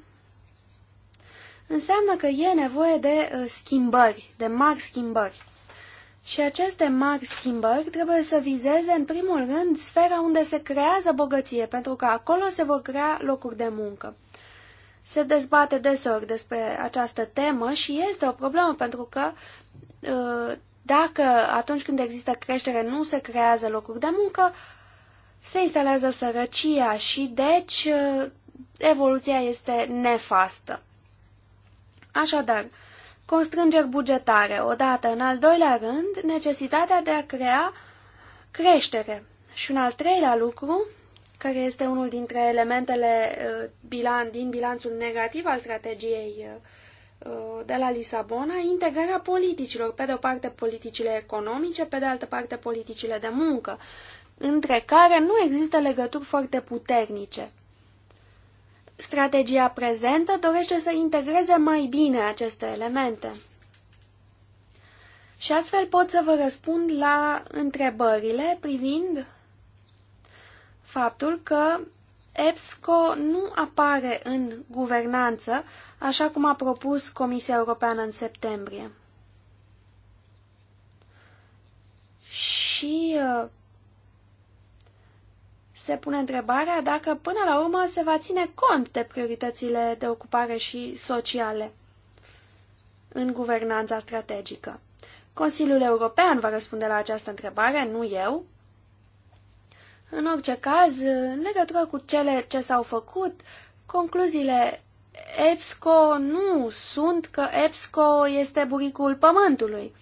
Înseamnă că e nevoie de uh, schimbări, de mari schimbări. Și aceste mari schimbări trebuie să vizeze, în primul rând, sfera unde se creează bogăție, pentru că acolo se vor crea locuri de muncă se dezbate deseori despre această temă și este o problemă pentru că uh, dacă atunci când există creștere nu se creează locuri de muncă, se instalează sărăcia și deci uh, evoluția este nefastă. Așadar, constrângeri bugetare, odată, în al doilea rând, necesitatea de a crea creștere. Și un al treilea lucru care este unul dintre elementele uh, bilan, din bilanțul negativ al strategiei uh, uh, de la Lisabona, integrarea politicilor, pe de o parte politicile economice, pe de altă parte politicile de muncă, între care nu există legături foarte puternice. Strategia prezentă dorește să integreze mai bine aceste elemente. Și astfel pot să vă răspund la întrebările privind faptul că EBSCO nu apare în guvernanță, așa cum a propus Comisia Europeană în septembrie. Și uh, se pune întrebarea dacă până la urmă se va ține cont de prioritățile de ocupare și sociale în guvernanța strategică. Consiliul European va răspunde la această întrebare, nu eu, în orice caz, în legătură cu cele ce s-au făcut, concluziile EBSCO nu sunt că EBSCO este buricul pământului.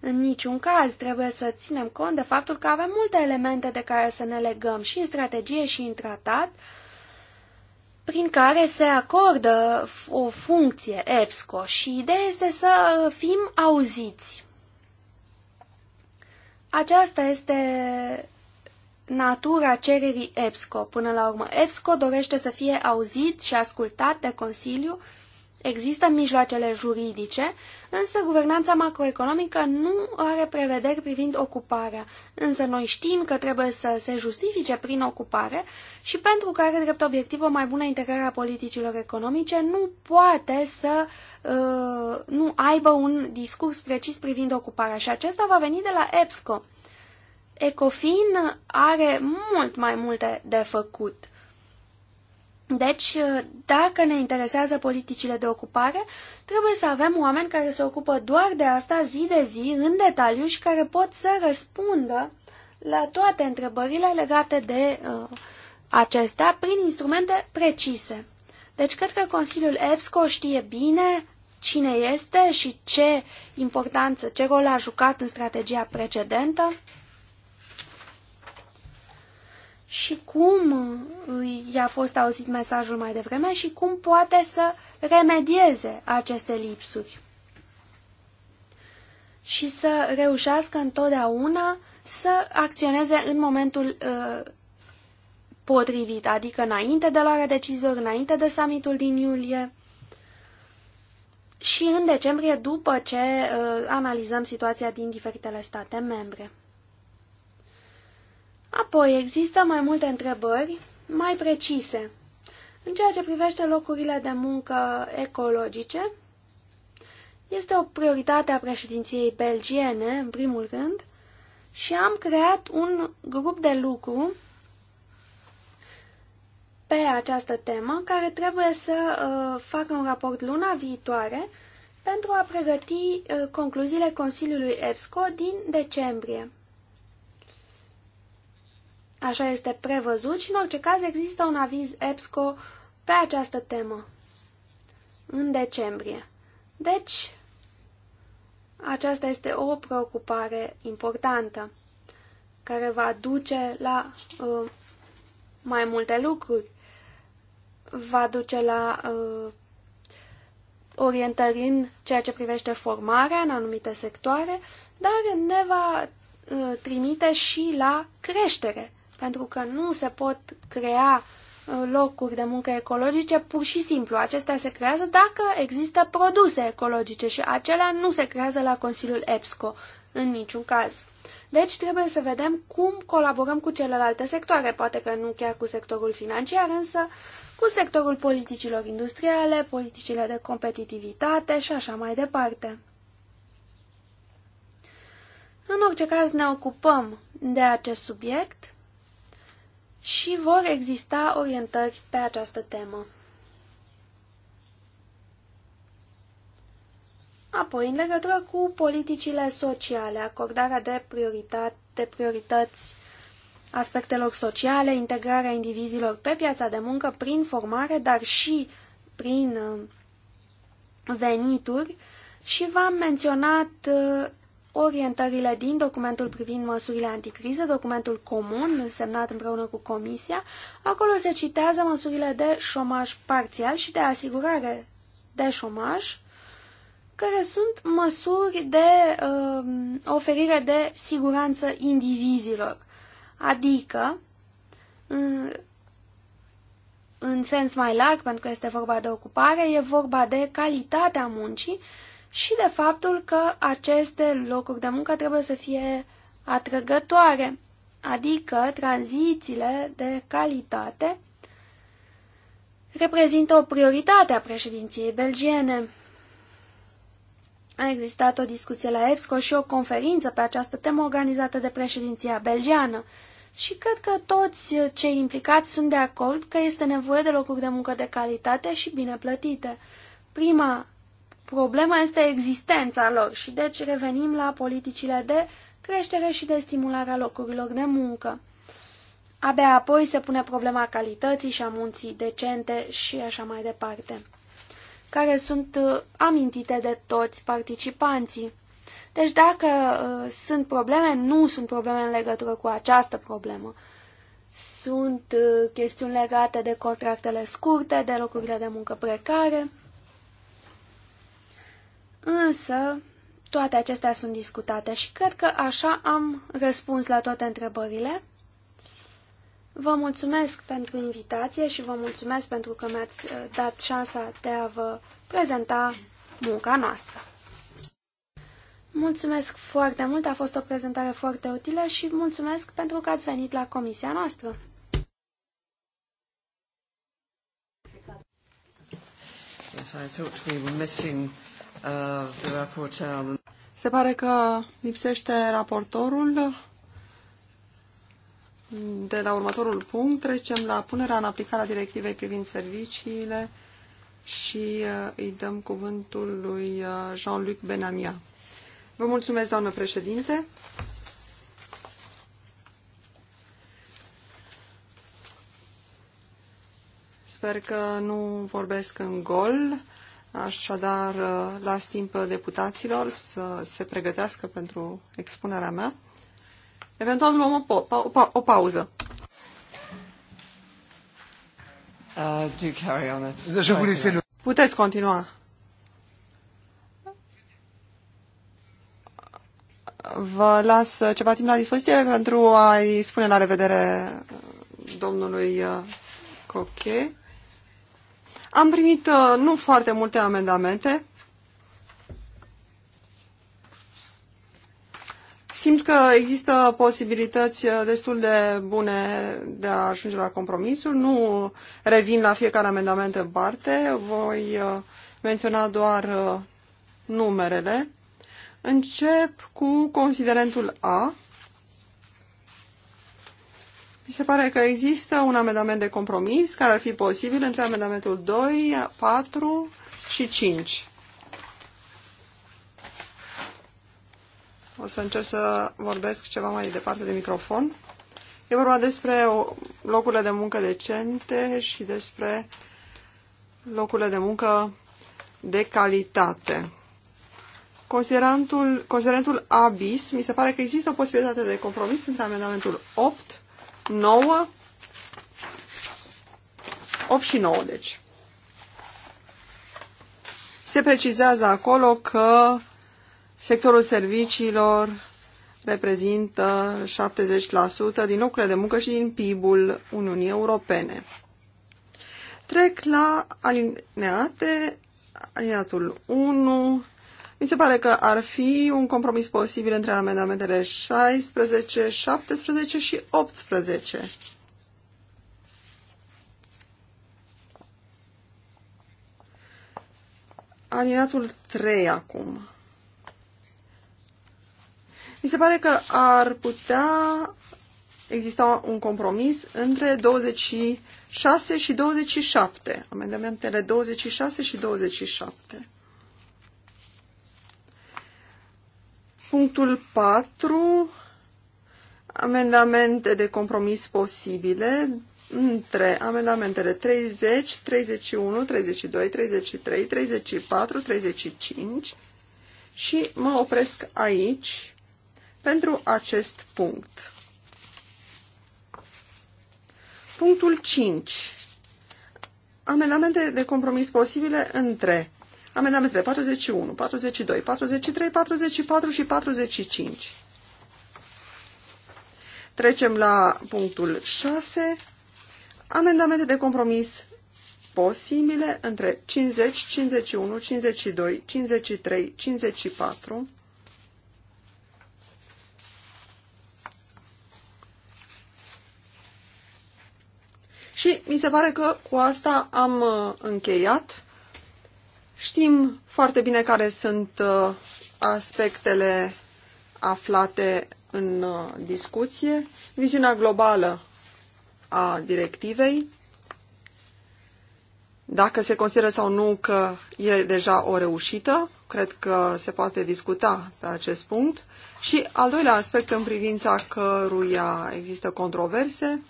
În niciun caz trebuie să ținem cont de faptul că avem multe elemente de care să ne legăm și în strategie și în tratat, prin care se acordă o funcție EBSCO și ideea este să fim auziți. Aceasta este natura cererii EPSCO. Până la urmă, EPSCO dorește să fie auzit și ascultat de Consiliu. Există mijloacele juridice, însă guvernanța macroeconomică nu are prevederi privind ocuparea. Însă noi știm că trebuie să se justifice prin ocupare și pentru că are drept obiectiv o mai bună integrare a politicilor economice, nu poate să uh, nu aibă un discurs precis privind ocuparea și acesta va veni de la EPSCO. Ecofin are mult mai multe de făcut. Deci, dacă ne interesează politicile de ocupare, trebuie să avem oameni care se ocupă doar de asta zi de zi, în detaliu și care pot să răspundă la toate întrebările legate de uh, acestea prin instrumente precise. Deci, cred că Consiliul EBSCO știe bine cine este și ce importanță, ce rol a jucat în strategia precedentă și cum i-a fost auzit mesajul mai devreme și cum poate să remedieze aceste lipsuri și să reușească întotdeauna să acționeze în momentul uh, potrivit, adică înainte de luarea deciziilor, înainte de summitul din iulie și în decembrie după ce uh, analizăm situația din diferitele state membre. Apoi, există mai multe întrebări mai precise. În ceea ce privește locurile de muncă ecologice, este o prioritate a președinției belgiene, în primul rând, și am creat un grup de lucru pe această temă, care trebuie să uh, facă un raport luna viitoare pentru a pregăti uh, concluziile Consiliului EBSCO din decembrie. Așa este prevăzut și în orice caz există un aviz EBSCO pe această temă în decembrie. Deci, aceasta este o preocupare importantă care va duce la uh, mai multe lucruri. Va duce la uh, orientări în ceea ce privește formarea în anumite sectoare, dar ne va uh, trimite și la creștere pentru că nu se pot crea uh, locuri de muncă ecologice pur și simplu. Acestea se creează dacă există produse ecologice și acelea nu se creează la Consiliul EPSCO în niciun caz. Deci trebuie să vedem cum colaborăm cu celelalte sectoare, poate că nu chiar cu sectorul financiar, însă cu sectorul politicilor industriale, politicile de competitivitate și așa mai departe. În orice caz ne ocupăm de acest subiect și vor exista orientări pe această temă. Apoi, în legătură cu politicile sociale, acordarea de, prioritate, de priorități aspectelor sociale, integrarea indivizilor pe piața de muncă prin formare, dar și prin uh, venituri și v-am menționat uh, orientările din documentul privind măsurile anticriză, documentul comun semnat împreună cu Comisia. Acolo se citează măsurile de șomaj parțial și de asigurare de șomaj, care sunt măsuri de uh, oferire de siguranță indivizilor. Adică, în, în sens mai larg, pentru că este vorba de ocupare, e vorba de calitatea muncii și de faptul că aceste locuri de muncă trebuie să fie atrăgătoare, adică tranzițiile de calitate reprezintă o prioritate a președinției belgiene. A existat o discuție la EPSCO și o conferință pe această temă organizată de președinția belgiană și cred că toți cei implicați sunt de acord că este nevoie de locuri de muncă de calitate și bine plătite. Prima Problema este existența lor și deci revenim la politicile de creștere și de stimularea locurilor de muncă. Abia apoi se pune problema calității și a munții decente și așa mai departe, care sunt uh, amintite de toți participanții. Deci dacă uh, sunt probleme, nu sunt probleme în legătură cu această problemă. Sunt uh, chestiuni legate de contractele scurte, de locurile de muncă precare Însă, toate acestea sunt discutate și cred că așa am răspuns la toate întrebările. Vă mulțumesc pentru invitație și vă mulțumesc pentru că mi-ați uh, dat șansa de a vă prezenta munca noastră. Mulțumesc foarte mult, a fost o prezentare foarte utilă și mulțumesc pentru că ați venit la comisia noastră. I thought we were missing se pare că lipsește raportorul. De la următorul punct trecem la punerea în aplicare a directivei privind serviciile și uh, îi dăm cuvântul lui uh, Jean-Luc Benamia. Vă mulțumesc, doamnă președinte. Sper că nu vorbesc în gol. Așadar, las timp deputaților să se pregătească pentru expunerea mea. Eventual luăm o, pa o, pa o pauză. Uh, deci, Puteți continua. Vă las ceva timp la dispoziție pentru a-i spune la revedere domnului uh, Coche. Am primit uh, nu foarte multe amendamente. Simt că există posibilități uh, destul de bune de a ajunge la compromisuri. Nu revin la fiecare amendament în parte. Voi uh, menționa doar numerele. Încep cu considerentul A. Mi se pare că există un amendament de compromis care ar fi posibil între amendamentul 2, 4 și 5. O să încerc să vorbesc ceva mai departe de microfon. E vorba despre locurile de muncă decente și despre locurile de muncă de calitate. considerentul ABIS, mi se pare că există o posibilitate de compromis între amendamentul 8 9, 8 și 9, deci. Se precizează acolo că sectorul serviciilor reprezintă 70% din lucrurile de muncă și din PIB-ul Uniunii Europene. Trec la alineate, alineatul 1, mi se pare că ar fi un compromis posibil între amendamentele 16, 17 și 18. Alinatul 3 acum. Mi se pare că ar putea exista un compromis între 26 și 27, amendamentele 26 și 27. Punctul 4. Amendamente de compromis posibile între amendamentele 30, 31, 32, 33, 34, 35 și mă opresc aici pentru acest punct. Punctul 5. Amendamente de compromis posibile între Amendamentele 41, 42, 43, 44 și 45. Trecem la punctul 6. Amendamente de compromis posibile între 50, 51, 52, 53, 54. Și mi se pare că cu asta am uh, încheiat Știm foarte bine care sunt uh, aspectele aflate în uh, discuție, viziunea globală a directivei, dacă se consideră sau nu că e deja o reușită, cred că se poate discuta pe acest punct. Și al doilea aspect în privința căruia există controverse,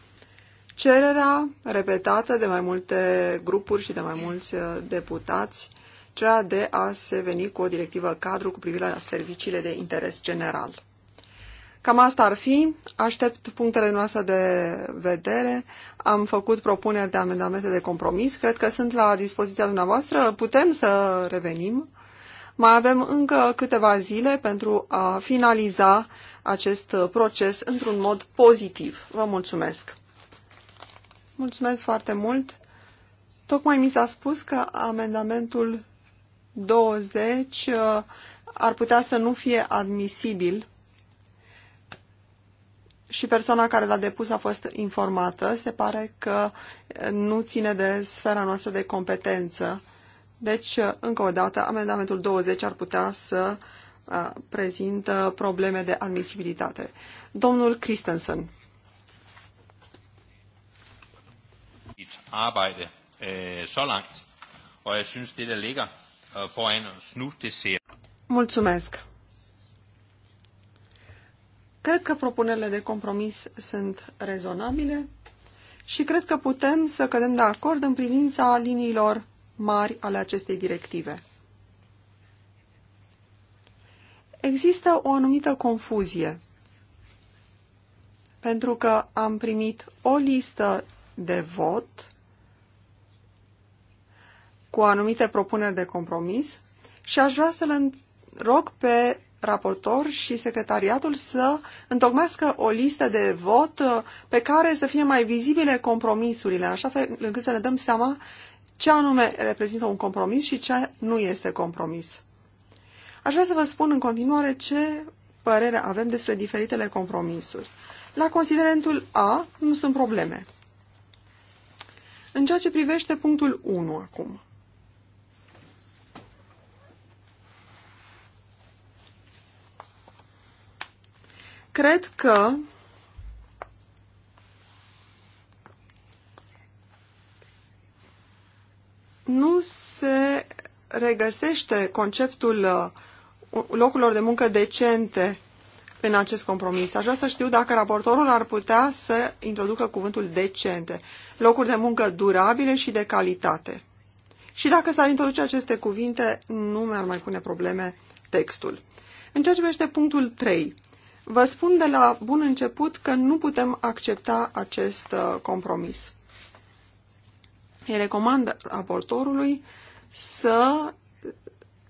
cererea repetată de mai multe grupuri și de mai mulți uh, deputați cea de a se veni cu o directivă cadru cu privire la serviciile de interes general. Cam asta ar fi. Aștept punctele noastre de vedere. Am făcut propuneri de amendamente de compromis. Cred că sunt la dispoziția dumneavoastră. Putem să revenim. Mai avem încă câteva zile pentru a finaliza acest proces într-un mod pozitiv. Vă mulțumesc! Mulțumesc foarte mult! Tocmai mi s-a spus că amendamentul 20 uh, ar putea să nu fie admisibil și persoana care l-a depus a fost informată. Se pare că nu ține de sfera noastră de competență. Deci, uh, încă o dată, amendamentul 20 ar putea să uh, prezintă probleme de admisibilitate. Domnul Christensen. arbejde øh, så langt, og jeg synes, det der ligger Øh, Mulțumesc. Cred că propunerile de compromis sunt rezonabile și cred că putem să cădem de acord în privința liniilor mari ale acestei directive. Există o anumită confuzie, pentru că am primit o listă de vot cu anumite propuneri de compromis și aș vrea să le rog pe raportor și secretariatul să întocmească o listă de vot uh, pe care să fie mai vizibile compromisurile, în așa fel încât să ne dăm seama ce anume reprezintă un compromis și ce nu este compromis. Aș vrea să vă spun în continuare ce părere avem despre diferitele compromisuri. La considerentul A nu sunt probleme. În ceea ce privește punctul 1 acum. Cred că nu se regăsește conceptul uh, locurilor de muncă decente în acest compromis. Aș vrea să știu dacă raportorul ar putea să introducă cuvântul decente, locuri de muncă durabile și de calitate. Și dacă s-ar introduce aceste cuvinte, nu mi-ar mai pune probleme textul. În ceea ce privește punctul 3, Vă spun de la bun început că nu putem accepta acest uh, compromis. Îi recomand raportorului să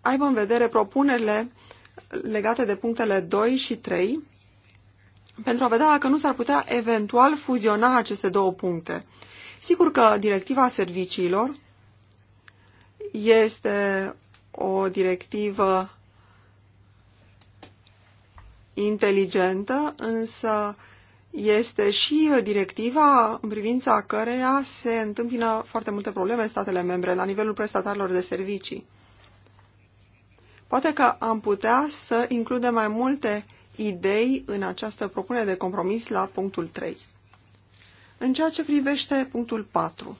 aibă în vedere propunerile legate de punctele 2 și 3 pentru a vedea dacă nu s-ar putea eventual fuziona aceste două puncte. Sigur că directiva serviciilor este o directivă inteligentă, însă este și uh, directiva în privința căreia se întâmpină foarte multe probleme în statele membre la nivelul prestatarilor de servicii. Poate că am putea să includem mai multe idei în această propunere de compromis la punctul 3. În ceea ce privește punctul 4,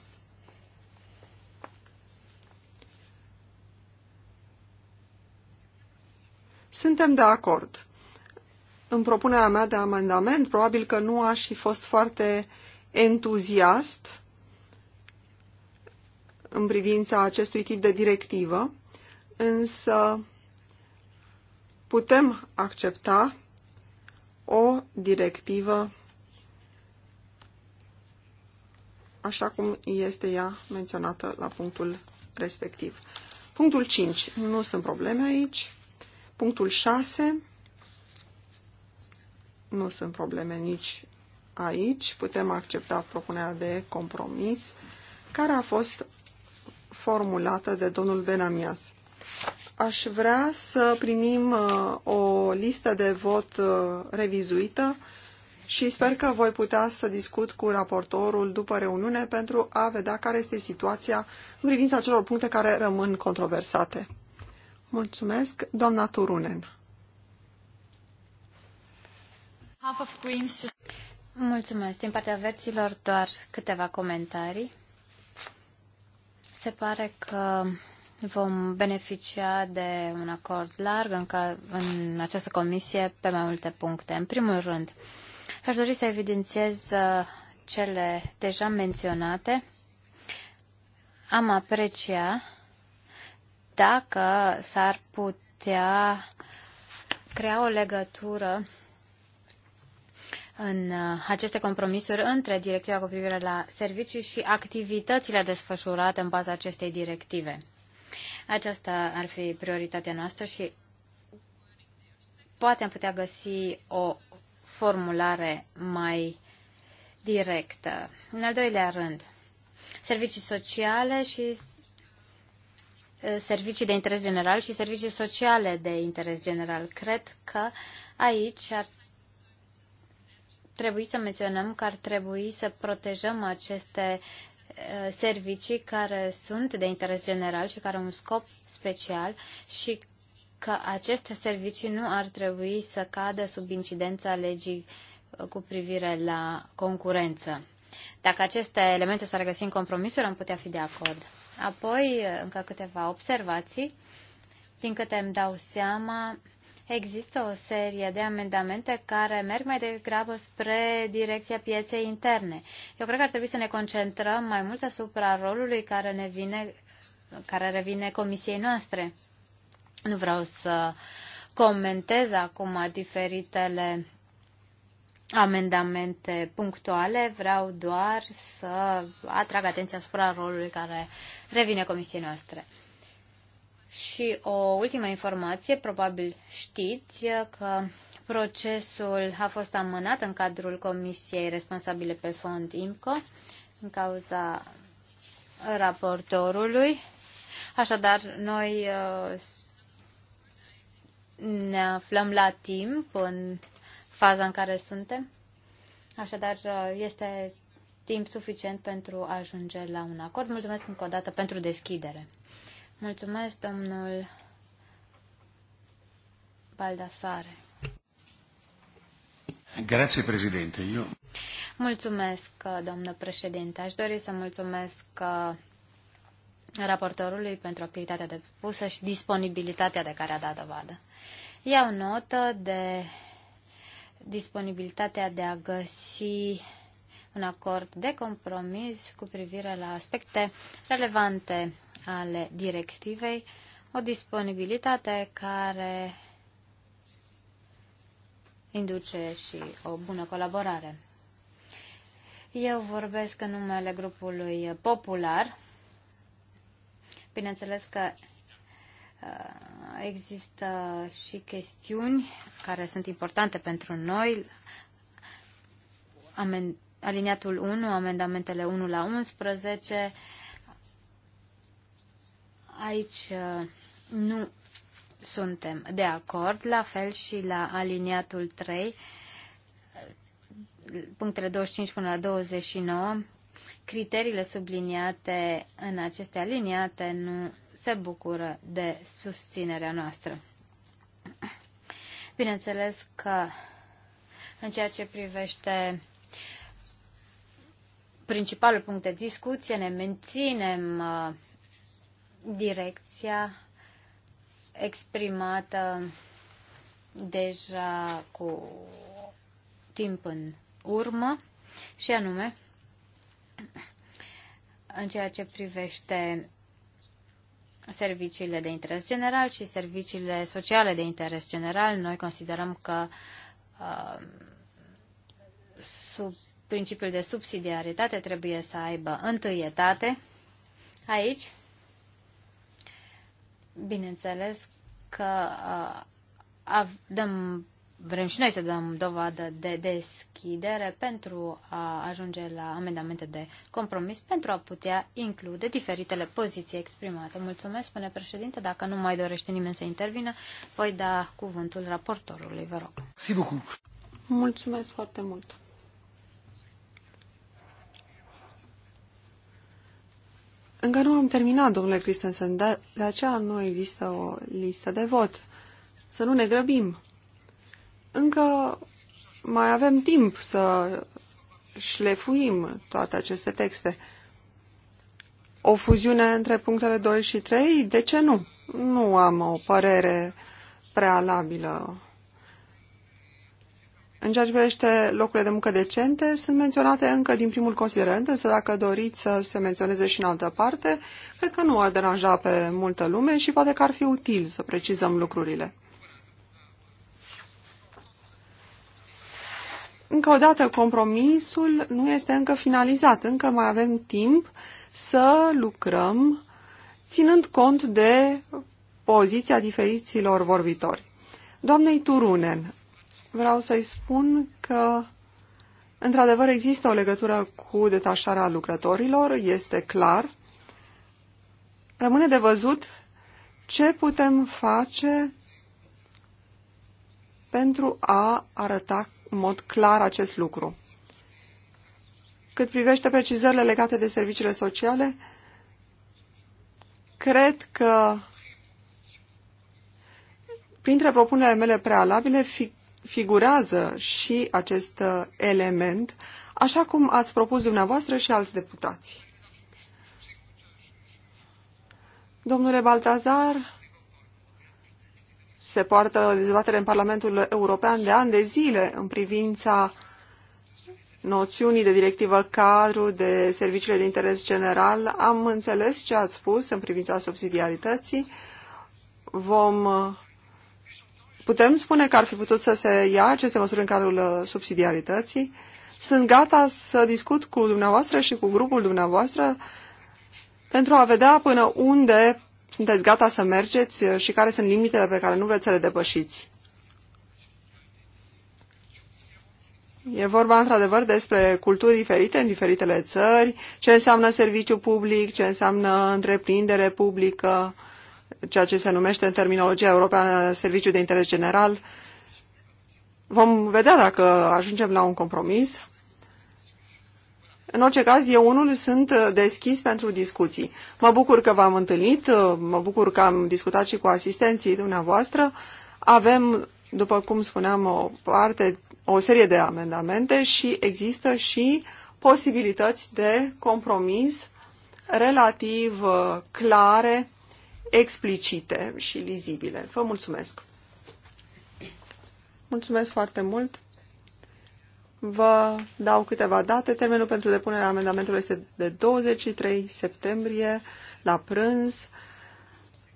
suntem de acord în propunerea mea de amendament, probabil că nu aș fi fost foarte entuziast în privința acestui tip de directivă, însă putem accepta o directivă așa cum este ea menționată la punctul respectiv. Punctul 5. Nu sunt probleme aici. Punctul 6. Nu sunt probleme nici aici. Putem accepta propunerea de compromis care a fost formulată de domnul Benamias. Aș vrea să primim uh, o listă de vot uh, revizuită și sper că voi putea să discut cu raportorul după reuniune pentru a vedea care este situația în privința celor puncte care rămân controversate. Mulțumesc, doamna Turunen. Mulțumesc. Din partea verților doar câteva comentarii. Se pare că vom beneficia de un acord larg în, ca, în această comisie pe mai multe puncte. În primul rând, aș dori să evidențiez uh, cele deja menționate. Am aprecia dacă s-ar putea crea o legătură în uh, aceste compromisuri între directiva cu privire la servicii și activitățile desfășurate în baza acestei directive. Aceasta ar fi prioritatea noastră și poate am putea găsi o formulare mai directă. În al doilea rând, servicii sociale și uh, servicii de interes general și servicii sociale de interes general. Cred că aici ar trebui să menționăm că ar trebui să protejăm aceste eh, servicii care sunt de interes general și care au un scop special și că aceste servicii nu ar trebui să cadă sub incidența legii eh, cu privire la concurență. Dacă aceste elemente s-ar găsi în compromisuri, am putea fi de acord. Apoi, eh, încă câteva observații. Din câte îmi dau seama, există o serie de amendamente care merg mai degrabă spre direcția pieței interne. Eu cred că ar trebui să ne concentrăm mai mult asupra rolului care ne vine care revine comisiei noastre. Nu vreau să comentez acum diferitele amendamente punctuale, vreau doar să atrag atenția asupra rolului care revine comisiei noastre. Și o ultimă informație, probabil știți că procesul a fost amânat în cadrul comisiei responsabile pe fond IMCO în cauza raportorului. Așadar, noi uh, ne aflăm la timp în faza în care suntem. Așadar, uh, este timp suficient pentru a ajunge la un acord. Mulțumesc încă o dată pentru deschidere. Mulțumesc, domnul Baldassare. Grazie, președinte. Eu... Mulțumesc, domnul președinte. Aș dori să mulțumesc uh, raportorului pentru activitatea depusă și disponibilitatea de care a dat dovadă. Iau notă de disponibilitatea de a găsi un acord de compromis cu privire la aspecte relevante ale directivei, o disponibilitate care induce și o bună colaborare. Eu vorbesc în numele grupului popular. Bineînțeles că uh, există și chestiuni care sunt importante pentru noi. Amen, aliniatul 1, amendamentele 1 la 11, Aici uh, nu suntem de acord, la fel și la aliniatul 3, punctele 25 până la 29, criteriile subliniate în aceste aliniate nu se bucură de susținerea noastră. Bineînțeles că în ceea ce privește principalul punct de discuție, ne menținem uh, direcția exprimată deja cu timp în urmă și anume în ceea ce privește serviciile de interes general și serviciile sociale de interes general, noi considerăm că uh, sub principiul de subsidiaritate trebuie să aibă întâietate aici bineînțeles că uh, dăm, vrem și noi să dăm dovadă de deschidere pentru a ajunge la amendamente de compromis pentru a putea include diferitele poziții exprimate. Mulțumesc, spune președinte. Dacă nu mai dorește nimeni să intervină, voi da cuvântul raportorului. Vă rog. Mulțumesc foarte mult. Încă nu am terminat, domnule Christensen, de, de aceea nu există o listă de vot. Să nu ne grăbim. Încă mai avem timp să șlefuim toate aceste texte. O fuziune între punctele 2 și 3? De ce nu? Nu am o părere prealabilă în ceea ce privește locurile de muncă decente, sunt menționate încă din primul considerent, însă dacă doriți să se menționeze și în altă parte, cred că nu ar deranja pe multă lume și poate că ar fi util să precizăm lucrurile. Încă o dată, compromisul nu este încă finalizat, încă mai avem timp să lucrăm ținând cont de poziția diferiților vorbitori. Doamnei Turunen, vreau să-i spun că într-adevăr există o legătură cu detașarea lucrătorilor, este clar. Rămâne de văzut ce putem face pentru a arăta în mod clar acest lucru. Cât privește precizările legate de serviciile sociale, cred că printre propunerile mele prealabile, fi, figurează și acest uh, element, așa cum ați propus dumneavoastră și alți deputați. Domnule Baltazar, se poartă dezbatere în Parlamentul European de ani de zile în privința noțiunii de directivă cadru de serviciile de interes general. Am înțeles ce ați spus în privința subsidiarității. Vom uh, Putem spune că ar fi putut să se ia aceste măsuri în cadrul uh, subsidiarității. Sunt gata să discut cu dumneavoastră și cu grupul dumneavoastră pentru a vedea până unde sunteți gata să mergeți uh, și care sunt limitele pe care nu vreți să le depășiți. E vorba într-adevăr despre culturi diferite în diferitele țări, ce înseamnă serviciu public, ce înseamnă întreprindere publică, ceea ce se numește în terminologia europeană serviciu de interes general. Vom vedea dacă ajungem la un compromis. În orice caz, eu unul sunt deschis pentru discuții. Mă bucur că v-am întâlnit, mă bucur că am discutat și cu asistenții dumneavoastră. Avem, după cum spuneam, o parte, o serie de amendamente și există și posibilități de compromis relativ uh, clare explicite și lizibile. Vă mulțumesc! Mulțumesc foarte mult! Vă dau câteva date. Termenul pentru depunerea amendamentelor este de 23 septembrie la prânz.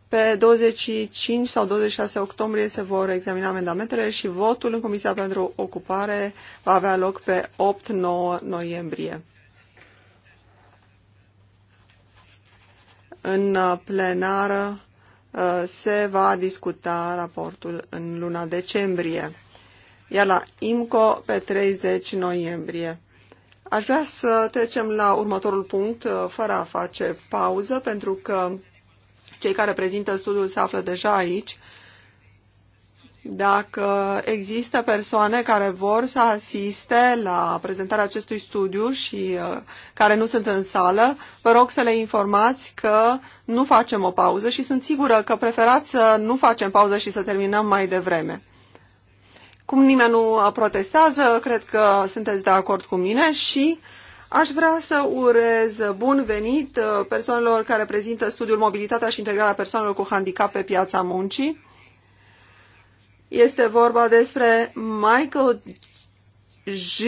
Pe 25 sau 26 octombrie se vor examina amendamentele și votul în Comisia pentru Ocupare va avea loc pe 8-9 noiembrie. În plenară uh, se va discuta raportul în luna decembrie, iar la IMCO pe 30 noiembrie. Aș vrea să trecem la următorul punct, uh, fără a face pauză, pentru că cei care prezintă studiul se află deja aici dacă există persoane care vor să asiste la prezentarea acestui studiu și uh, care nu sunt în sală, vă rog să le informați că nu facem o pauză și sunt sigură că preferați să nu facem pauză și să terminăm mai devreme. Cum nimeni nu protestează, cred că sunteți de acord cu mine și Aș vrea să urez bun venit uh, persoanelor care prezintă studiul Mobilitatea și integrarea persoanelor cu handicap pe piața muncii. Este vorba despre Michael J.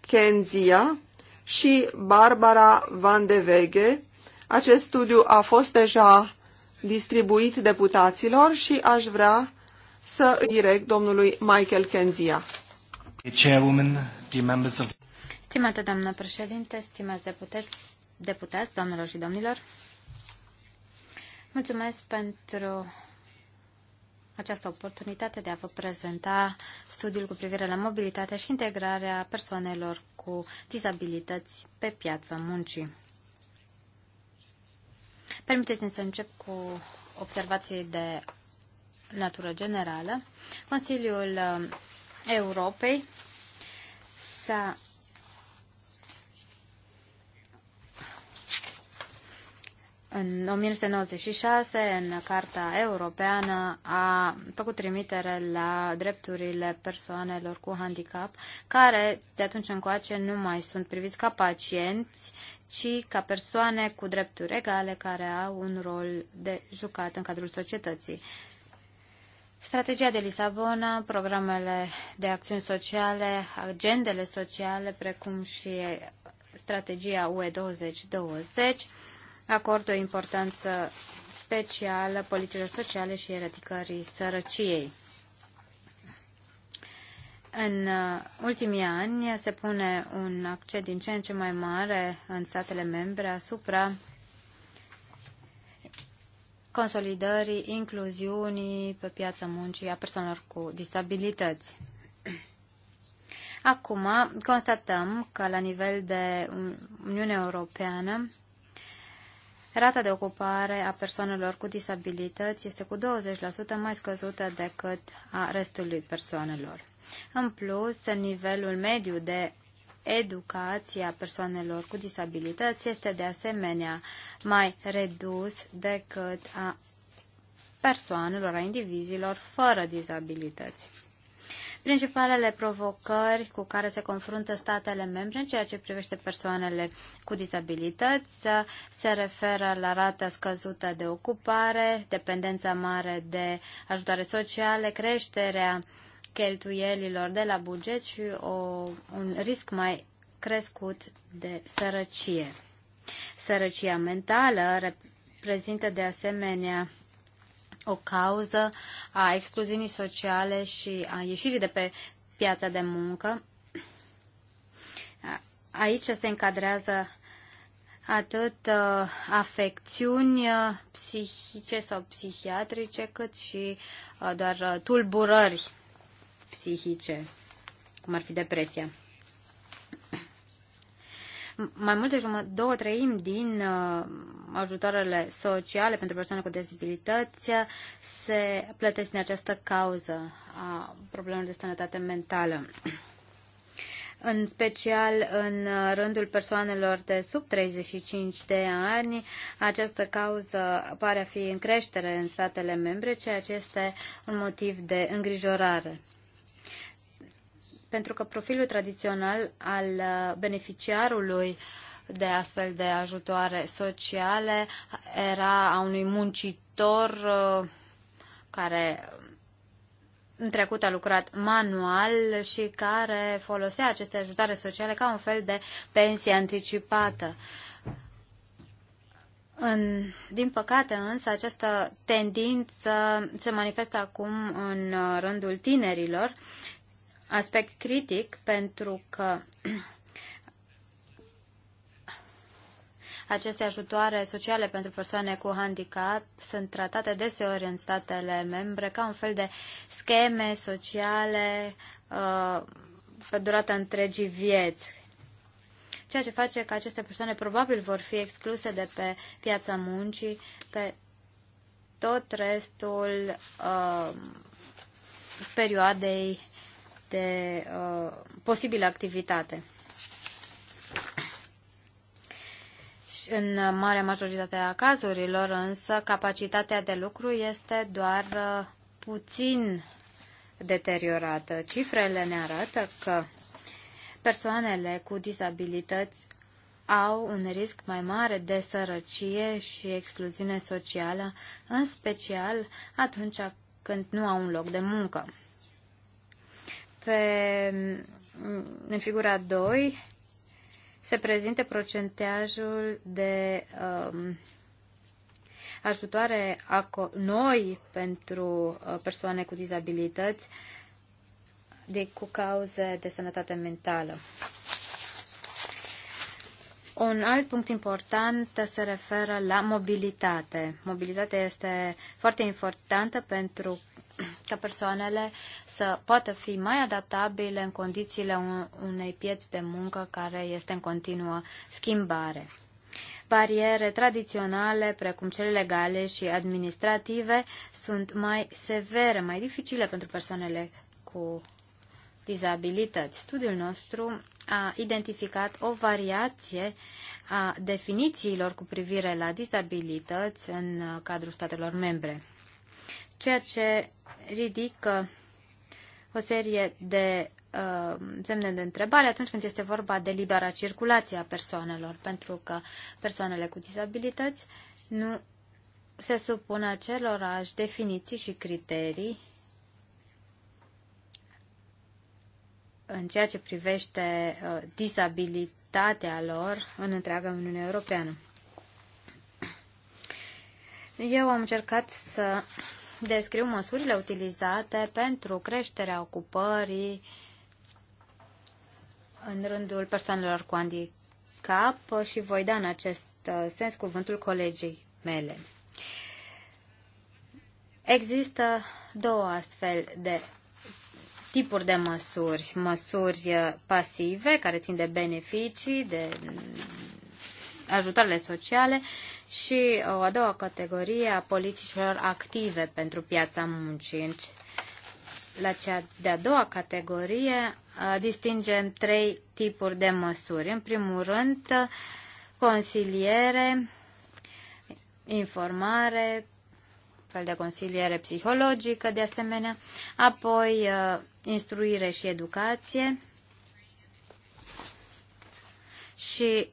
Kenzia și Barbara Van de Vege. Acest studiu a fost deja distribuit deputaților și aș vrea să direct domnului Michael Kenzia. Chairwoman, Stimată doamnă președinte, stimați deputați, deputați, doamnelor și domnilor, mulțumesc pentru această oportunitate de a vă prezenta studiul cu privire la mobilitatea și integrarea persoanelor cu dizabilități pe piața muncii. Permiteți-mi să încep cu observații de natură generală. Consiliul uh, Europei s-a în 1996, în Carta Europeană, a făcut trimitere la drepturile persoanelor cu handicap, care de atunci încoace nu mai sunt priviți ca pacienți, ci ca persoane cu drepturi egale care au un rol de jucat în cadrul societății. Strategia de Lisabona, programele de acțiuni sociale, agendele sociale, precum și strategia UE 2020, acordă o importanță specială politicilor sociale și eradicării sărăciei. În uh, ultimii ani se pune un accent din ce în ce mai mare în statele membre asupra consolidării incluziunii pe piața muncii a persoanelor cu disabilități. Acum constatăm că la nivel de Uniune Europeană Rata de ocupare a persoanelor cu disabilități este cu 20% mai scăzută decât a restului persoanelor. În plus, nivelul mediu de educație a persoanelor cu disabilități este de asemenea mai redus decât a persoanelor, a indivizilor fără dizabilități principalele provocări cu care se confruntă statele membre în ceea ce privește persoanele cu dizabilități se referă la rata scăzută de ocupare, dependența mare de ajutoare sociale, creșterea cheltuielilor de la buget și o, un risc mai crescut de sărăcie. Sărăcia mentală reprezintă de asemenea o cauză a excluziunii sociale și a ieșirii de pe piața de muncă. Aici se încadrează atât uh, afecțiuni uh, psihice sau psihiatrice, cât și uh, doar uh, tulburări psihice, cum ar fi depresia. Mai mult de jumătate, două treimi din uh, ajutoarele sociale pentru persoane cu dezabilități se plătesc din această cauză a problemelor de sănătate mentală în special în rândul persoanelor de sub 35 de ani. Această cauză pare a fi în creștere în statele membre, ceea ce este un motiv de îngrijorare pentru că profilul tradițional al uh, beneficiarului de astfel de ajutoare sociale era a unui muncitor uh, care în trecut a lucrat manual și care folosea aceste ajutoare sociale ca un fel de pensie anticipată. În, din păcate însă această tendință se manifestă acum în uh, rândul tinerilor aspect critic pentru că aceste ajutoare sociale pentru persoane cu handicap sunt tratate deseori în statele membre ca un fel de scheme sociale uh, pe durata întregii vieți, ceea ce face că aceste persoane probabil vor fi excluse de pe piața muncii pe tot restul uh, perioadei de uh, posibilă activitate. Și în marea majoritate a cazurilor, însă, capacitatea de lucru este doar uh, puțin deteriorată. Cifrele ne arată că persoanele cu dizabilități au un risc mai mare de sărăcie și excluziune socială, în special atunci când nu au un loc de muncă. Pe, în figura 2 se prezinte procentajul de um, ajutoare noi pentru uh, persoane cu dizabilități de, cu cauze de sănătate mentală. Un alt punct important se referă la mobilitate. Mobilitatea este foarte importantă pentru ca persoanele să poată fi mai adaptabile în condițiile unei pieți de muncă care este în continuă schimbare. Bariere tradiționale, precum cele legale și administrative, sunt mai severe, mai dificile pentru persoanele cu dizabilități. Studiul nostru a identificat o variație a definițiilor cu privire la dizabilități în cadrul statelor membre ceea ce ridică o serie de uh, semne de întrebare atunci când este vorba de libera circulație a persoanelor, pentru că persoanele cu dizabilități nu se supun acelorași definiții și criterii în ceea ce privește uh, disabilitatea lor în întreaga Uniune Europeană. Eu am încercat să descriu măsurile utilizate pentru creșterea ocupării în rândul persoanelor cu handicap și voi da în acest uh, sens cuvântul colegii mele. Există două astfel de tipuri de măsuri. Măsuri uh, pasive, care țin de beneficii, de ajutoarele sociale și uh, o a doua categorie a politicilor active pentru piața muncii. La cea de-a doua categorie uh, distingem trei tipuri de măsuri. În primul rând, uh, consiliere, informare, fel de consiliere psihologică, de asemenea, apoi instruire și educație și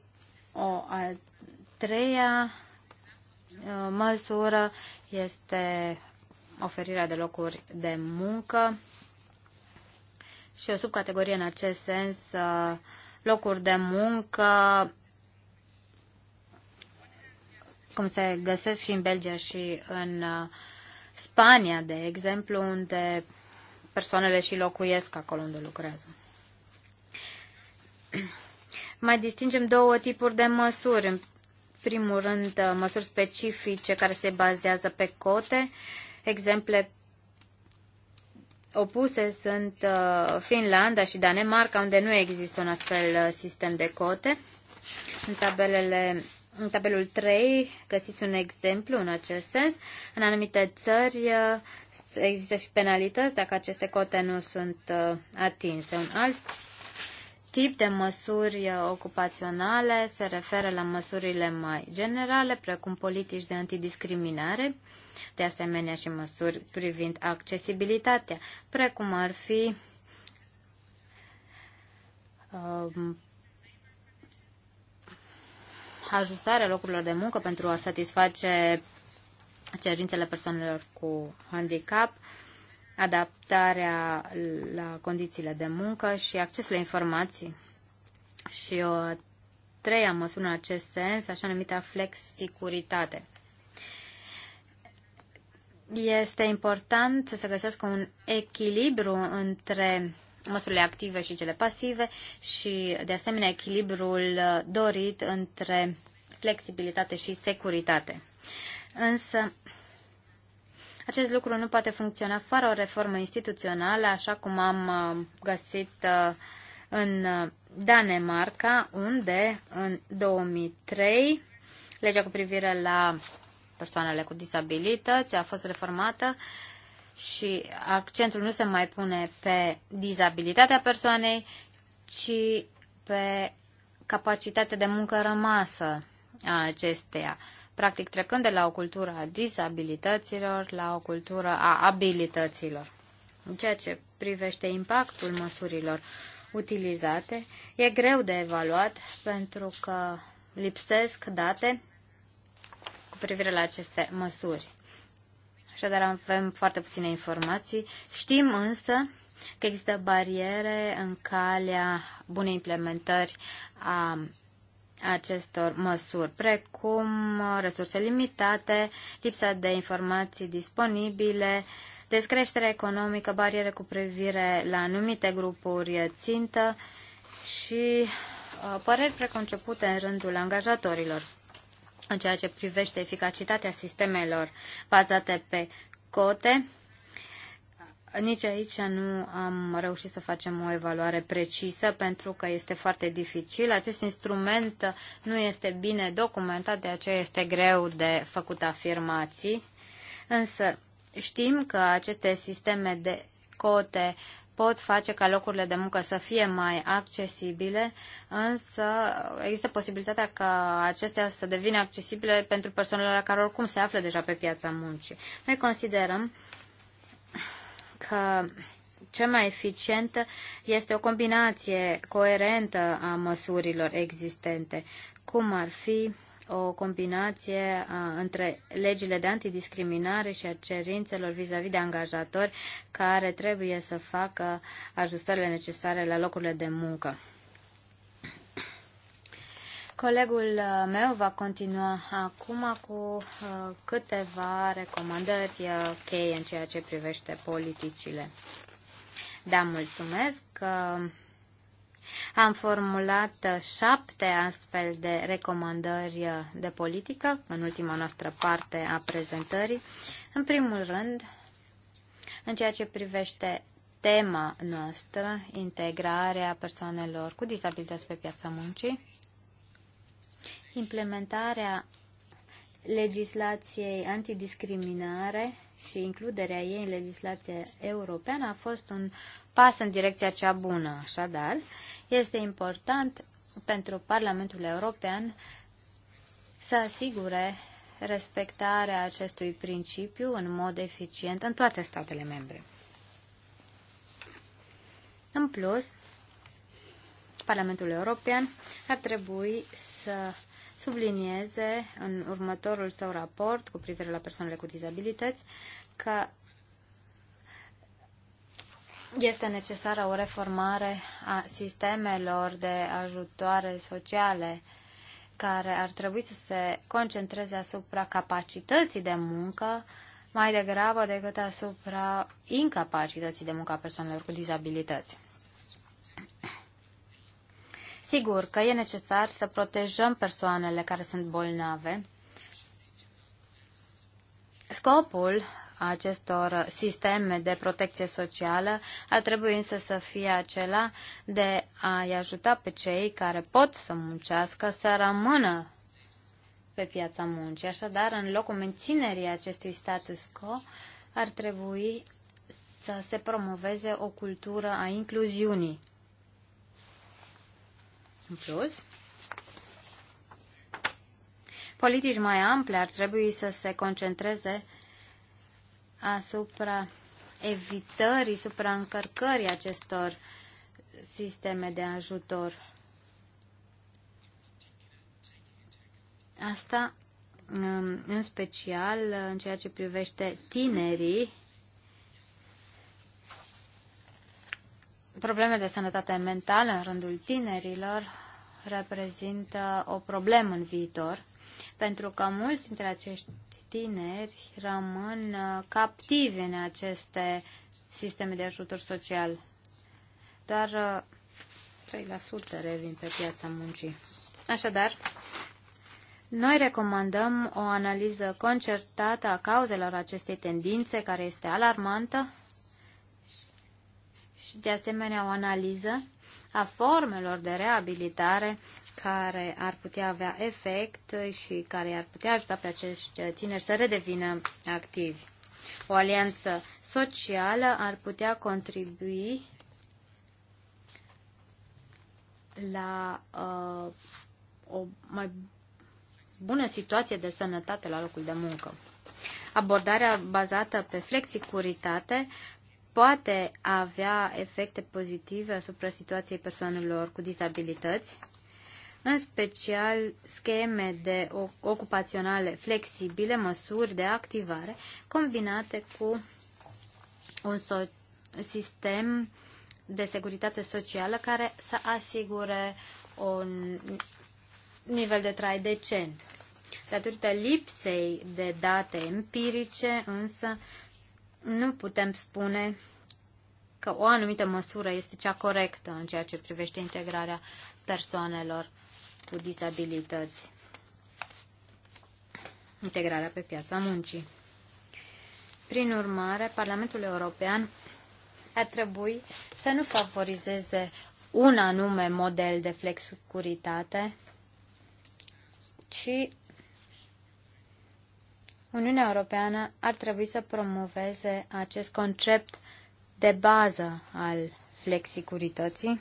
o a treia uh, măsură este oferirea de locuri de muncă și o subcategorie în acest sens uh, locuri de muncă cum se găsesc și în Belgia și în uh, Spania, de exemplu, unde persoanele și locuiesc acolo unde lucrează mai distingem două tipuri de măsuri. În primul rând, uh, măsuri specifice care se bazează pe cote. Exemple opuse sunt uh, Finlanda și Danemarca, unde nu există un astfel uh, sistem de cote. În tabelele în tabelul 3 găsiți un exemplu în acest sens. În anumite țări există și penalități dacă aceste cote nu sunt atinse. Un alt tip de măsuri ocupaționale se referă la măsurile mai generale, precum politici de antidiscriminare, de asemenea și măsuri privind accesibilitatea, precum ar fi uh, ajustarea locurilor de muncă pentru a satisface cerințele persoanelor cu handicap, uh, adaptarea la condițiile de muncă și accesul la informații. Și o treia măsură în acest sens, așa numită flexicuritate. Este important să se găsească un echilibru între măsurile active și cele pasive și, de asemenea, echilibrul dorit între flexibilitate și securitate. Însă, acest lucru nu poate funcționa fără o reformă instituțională, așa cum am uh, găsit uh, în uh, Danemarca, unde în 2003 legea cu privire la persoanele cu disabilități a fost reformată și accentul nu se mai pune pe dizabilitatea persoanei, ci pe capacitatea de muncă rămasă a acesteia practic trecând de la o cultură a disabilităților la o cultură a abilităților. În ceea ce privește impactul măsurilor utilizate, e greu de evaluat pentru că lipsesc date cu privire la aceste măsuri. Așadar avem foarte puține informații. Știm însă că există bariere în calea bunei implementări a acestor măsuri, precum resurse limitate, lipsa de informații disponibile, descreșterea economică, bariere cu privire la anumite grupuri țintă și uh, păreri preconcepute în rândul angajatorilor. În ceea ce privește eficacitatea sistemelor bazate pe cote, nici aici nu am reușit să facem o evaluare precisă pentru că este foarte dificil. Acest instrument nu este bine documentat, de aceea este greu de făcut afirmații. Însă știm că aceste sisteme de cote pot face ca locurile de muncă să fie mai accesibile, însă există posibilitatea ca acestea să devină accesibile pentru persoanele care oricum se află deja pe piața muncii. Noi considerăm că cea mai eficientă este o combinație coerentă a măsurilor existente, cum ar fi o combinație a, între legile de antidiscriminare și a cerințelor vis-a-vis -vis de angajatori care trebuie să facă ajustările necesare la locurile de muncă. Colegul uh, meu va continua acum cu uh, câteva recomandări uh, cheie în ceea ce privește politicile. Da, mulțumesc. Am formulat șapte astfel de recomandări de politică în ultima noastră parte a prezentării. În primul rând, în ceea ce privește tema noastră, integrarea persoanelor cu dizabilități pe piața muncii, implementarea legislației antidiscriminare și includerea ei în legislația europeană a fost un pas în direcția cea bună. Așadar, este important pentru Parlamentul European să asigure respectarea acestui principiu în mod eficient în toate statele membre. În plus, Parlamentul European ar trebui să sublinieze în următorul său raport cu privire la persoanele cu dizabilități că este necesară o reformare a sistemelor de ajutoare sociale care ar trebui să se concentreze asupra capacității de muncă mai degrabă decât asupra incapacității de muncă a persoanelor cu dizabilități. Sigur că e necesar să protejăm persoanele care sunt bolnave. Scopul acestor sisteme de protecție socială ar trebui însă să fie acela de a-i ajuta pe cei care pot să muncească să rămână pe piața muncii. Așadar, în locul menținerii acestui status quo, ar trebui să se promoveze o cultură a incluziunii. În plus, politici mai ample ar trebui să se concentreze asupra evitării supraîncărcării acestor sisteme de ajutor. Asta în special în ceea ce privește tinerii probleme de sănătate mentală în rândul tinerilor reprezintă o problemă în viitor, pentru că mulți dintre acești tineri rămân uh, captivi în aceste sisteme de ajutor social. Doar 3% uh, revin pe piața muncii. Așadar, noi recomandăm o analiză concertată a cauzelor acestei tendințe, care este alarmantă și de asemenea o analiză a formelor de reabilitare care ar putea avea efect și care ar putea ajuta pe acești tineri să redevină activi. O alianță socială ar putea contribui la uh, o mai bună situație de sănătate la locul de muncă. Abordarea bazată pe flexicuritate poate avea efecte pozitive asupra situației persoanelor cu dizabilități, în special scheme de ocupaționale flexibile, măsuri de activare combinate cu un so- sistem de securitate socială care să asigure un nivel de trai decent. Datorită lipsei de date empirice, însă, nu putem spune că o anumită măsură este cea corectă în ceea ce privește integrarea persoanelor cu dizabilități, integrarea pe piața muncii. Prin urmare, Parlamentul European ar trebui să nu favorizeze un anume model de flexicuritate, ci Uniunea Europeană ar trebui să promoveze acest concept de bază al flexicurității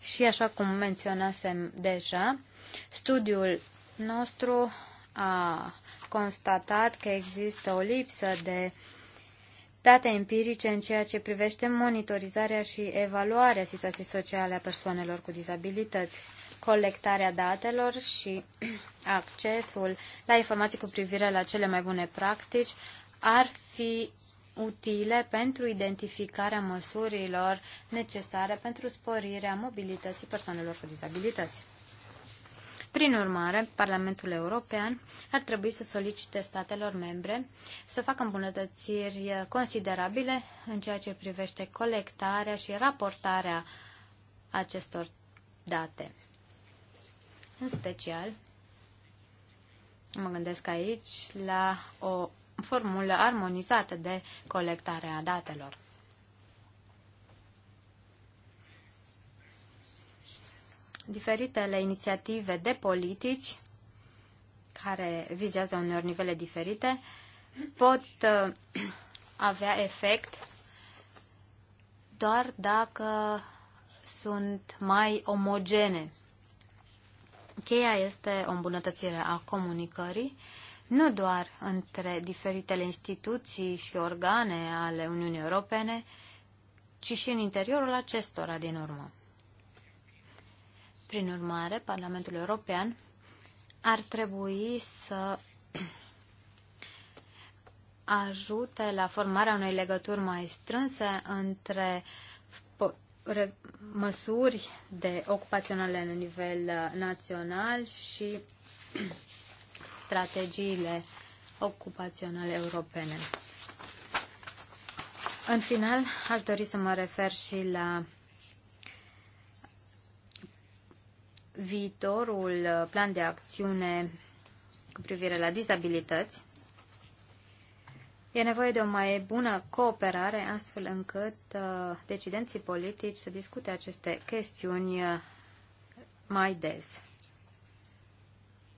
și, așa cum menționasem deja, studiul nostru a constatat că există o lipsă de date empirice în ceea ce privește monitorizarea și evaluarea situației sociale a persoanelor cu dizabilități colectarea datelor și accesul la informații cu privire la cele mai bune practici ar fi utile pentru identificarea măsurilor necesare pentru sporirea mobilității persoanelor cu dizabilități. Prin urmare, Parlamentul European ar trebui să solicite statelor membre să facă îmbunătățiri considerabile în ceea ce privește colectarea și raportarea acestor date. În special, mă gândesc aici la o formulă armonizată de colectare a datelor. Diferitele inițiative de politici care vizează uneori nivele diferite pot uh, avea efect doar dacă sunt mai omogene Cheia este o îmbunătățire a comunicării, nu doar între diferitele instituții și organe ale Uniunii Europene, ci și în interiorul acestora din urmă. Prin urmare, Parlamentul European ar trebui să ajute la formarea unei legături mai strânse între măsuri de ocupaționale la nivel uh, național și strategiile ocupaționale europene. În final, aș dori să mă refer și la viitorul uh, plan de acțiune cu privire la dizabilități E nevoie de o mai bună cooperare astfel încât uh, decidenții politici să discute aceste chestiuni uh, mai des.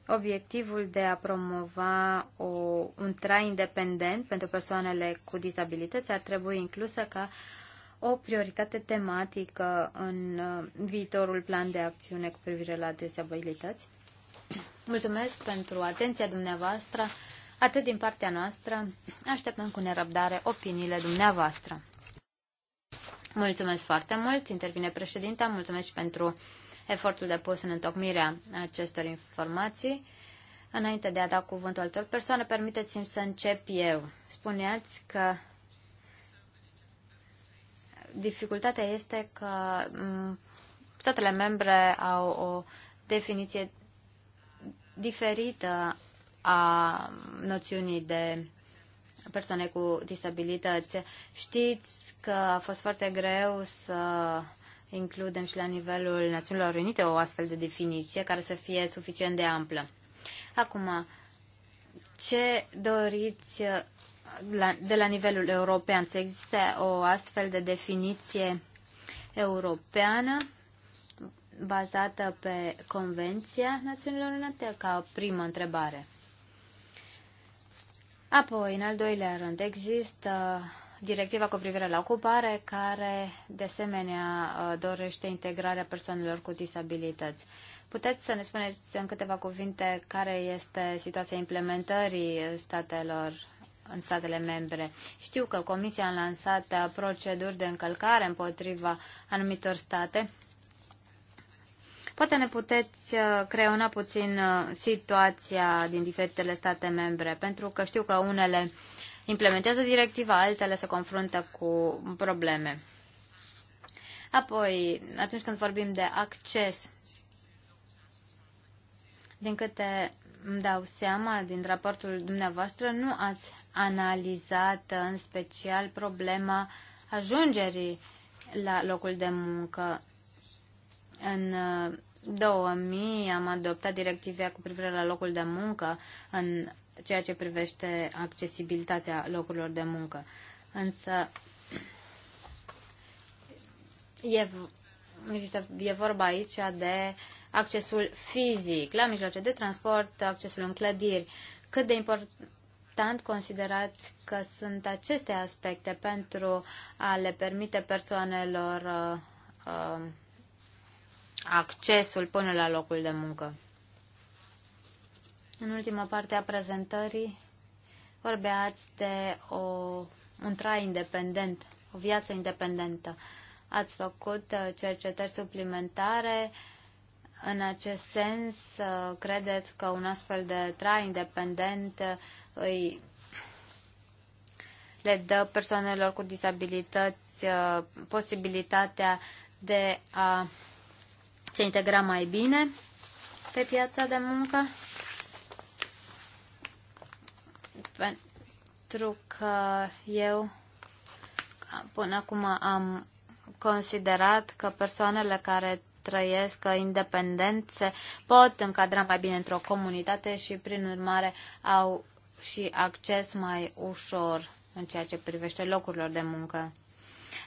Obiectivul de a promova o, un trai independent pentru persoanele cu dizabilități ar trebui inclusă ca o prioritate tematică în uh, viitorul plan de acțiune cu privire la dizabilități. Mulțumesc pentru atenția dumneavoastră. Atât din partea noastră, așteptăm cu nerăbdare opiniile dumneavoastră. Mulțumesc foarte mult, intervine președinta, mulțumesc și pentru efortul depus în întocmirea acestor informații. Înainte de a da cuvântul altor persoane, permiteți-mi să încep eu. Spuneați că dificultatea este că statele membre au o definiție diferită a noțiunii de persoane cu disabilități. Știți că a fost foarte greu să includem și la nivelul Națiunilor Unite o astfel de definiție care să fie suficient de amplă. Acum, ce doriți de la nivelul european? Să existe o astfel de definiție europeană bazată pe Convenția Națiunilor Unite ca primă întrebare. Apoi, în al doilea rând, există directiva cu privire la ocupare, care, de asemenea, uh, dorește integrarea persoanelor cu disabilități. Puteți să ne spuneți în câteva cuvinte care este situația implementării statelor în statele membre. Știu că Comisia a lansat uh, proceduri de încălcare împotriva anumitor state Poate ne puteți uh, creiona puțin uh, situația din diferitele state membre, pentru că știu că unele implementează directiva, altele se confruntă cu probleme. Apoi, atunci când vorbim de acces, din câte îmi dau seama din raportul dumneavoastră, nu ați analizat în special problema ajungerii la locul de muncă în 2000 uh, am adoptat directiva cu privire la locul de muncă în ceea ce privește accesibilitatea locurilor de muncă. Însă e, e vorba aici de accesul fizic la mijloace de transport, accesul în clădiri. Cât de important considerați că sunt aceste aspecte pentru a le permite persoanelor uh, uh, accesul până la locul de muncă. În ultima parte a prezentării vorbeați de o, un trai independent, o viață independentă. Ați făcut uh, cercetări suplimentare în acest sens, uh, credeți că un astfel de trai independent uh, îi le dă persoanelor cu disabilități posibilitatea de a se integra mai bine pe piața de muncă, pentru că eu până acum am considerat că persoanele care trăiesc independent se pot încadra mai bine într-o comunitate și prin urmare au și acces mai ușor în ceea ce privește locurilor de muncă.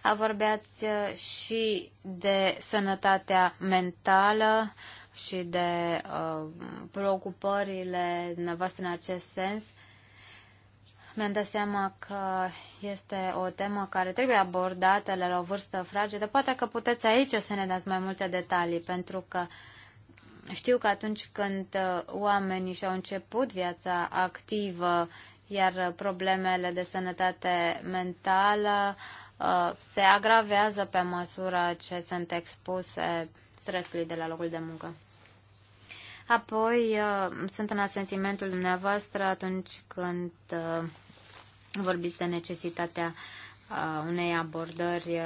A Vorbeați uh, și de sănătatea mentală și de uh, preocupările dumneavoastră în acest sens. Mi-am dat seama că este o temă care trebuie abordată la o vârstă fragedă. Poate că puteți aici să ne dați mai multe detalii, pentru că știu că atunci când uh, oamenii și-au început viața activă, iar problemele de sănătate mentală Uh, se agravează pe măsură ce sunt expuse stresului de la locul de muncă. Apoi, uh, sunt în asentimentul dumneavoastră atunci când uh, vorbiți de necesitatea unei abordări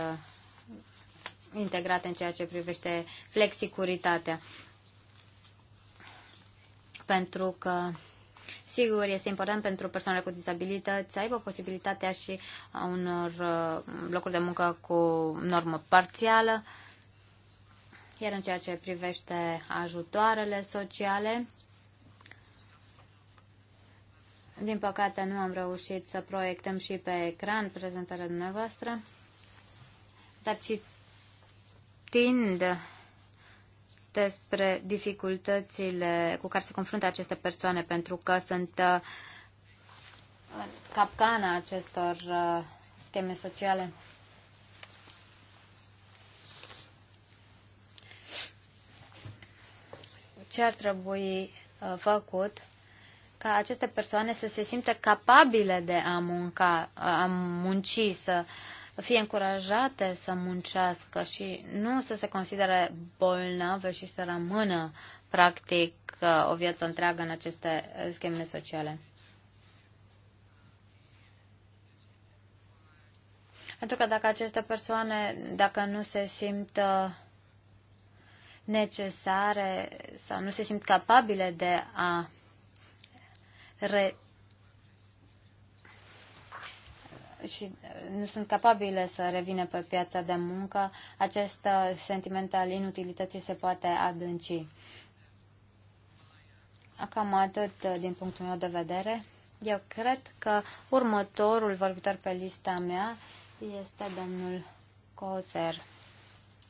integrate în ceea ce privește flexicuritatea. Pentru că Sigur, este important pentru persoanele cu dizabilități să aibă posibilitatea și a unor uh, locuri de muncă cu normă parțială. Iar în ceea ce privește ajutoarele sociale, din păcate nu am reușit să proiectăm și pe ecran prezentarea dumneavoastră, dar citind despre dificultățile cu care se confruntă aceste persoane, pentru că sunt uh, capcana acestor uh, scheme sociale. Ce ar trebui uh, făcut ca aceste persoane să se simtă capabile de a munca, a munci, să uh, fie încurajate să muncească și nu să se considere bolnave și să rămână practic o viață întreagă în aceste scheme sociale. Pentru că dacă aceste persoane, dacă nu se simt uh, necesare sau nu se simt capabile de a re- și uh, nu sunt capabile să revină pe piața de muncă, acest uh, sentiment al inutilității se poate adânci. Cam atât uh, din punctul meu de vedere. Eu cred că următorul vorbitor pe lista mea este domnul Cozer.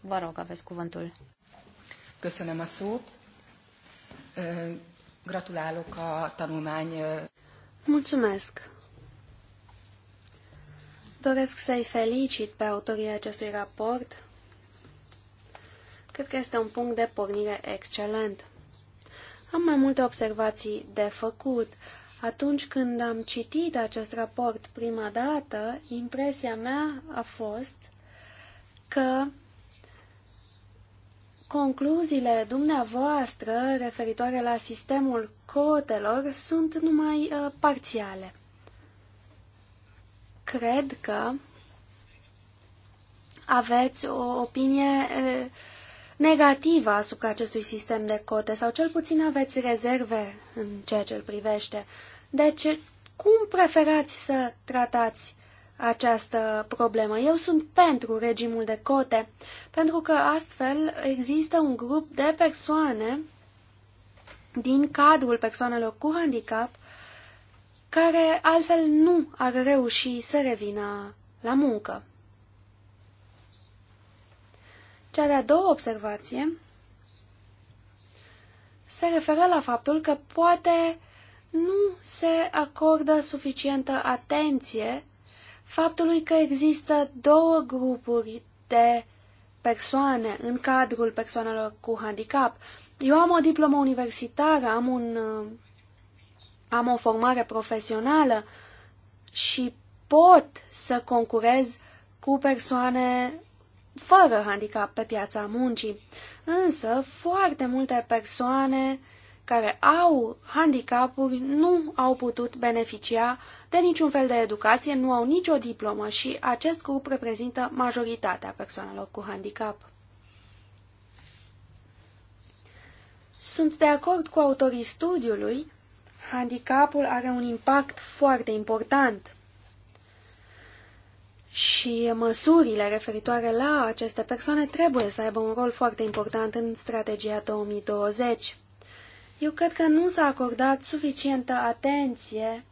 Vă rog, aveți cuvântul. Köszönöm a szót. Gratulálok a tanulmány. Mulțumesc. Doresc să-i felicit pe autorii acestui raport. Cred că este un punct de pornire excelent. Am mai multe observații de făcut. Atunci când am citit acest raport prima dată, impresia mea a fost că concluziile dumneavoastră referitoare la sistemul cotelor sunt numai uh, parțiale cred că aveți o opinie negativă asupra acestui sistem de cote sau cel puțin aveți rezerve în ceea ce îl privește. Deci, cum preferați să tratați această problemă? Eu sunt pentru regimul de cote, pentru că astfel există un grup de persoane din cadrul persoanelor cu handicap care altfel nu ar reuși să revină la muncă. Cea de-a doua observație se referă la faptul că poate nu se acordă suficientă atenție faptului că există două grupuri de persoane în cadrul persoanelor cu handicap. Eu am o diplomă universitară, am un uh, am o formare profesională și pot să concurez cu persoane fără handicap pe piața muncii. Însă, foarte multe persoane care au handicapuri nu au putut beneficia de niciun fel de educație, nu au nicio diplomă și acest grup reprezintă majoritatea persoanelor cu handicap. Sunt de acord cu autorii studiului handicapul are un impact foarte important și măsurile referitoare la aceste persoane trebuie să aibă un rol foarte important în strategia 2020. Eu cred că nu s-a acordat suficientă atenție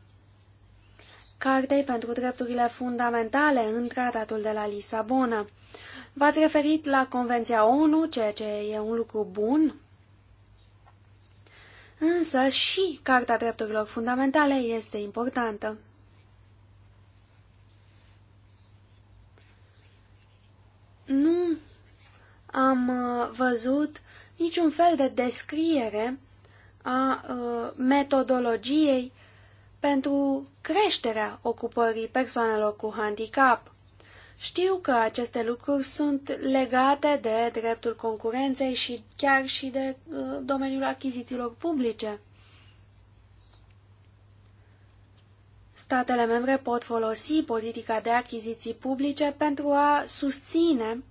Cartei pentru drepturile fundamentale în tratatul de la Lisabona. V-ați referit la Convenția ONU, ceea ce e un lucru bun, Însă și Carta Drepturilor Fundamentale este importantă. Nu am uh, văzut niciun fel de descriere a uh, metodologiei pentru creșterea ocupării persoanelor cu handicap. Știu că aceste lucruri sunt legate de dreptul concurenței și chiar și de uh, domeniul achizițiilor publice. Statele membre pot folosi politica de achiziții publice pentru a susține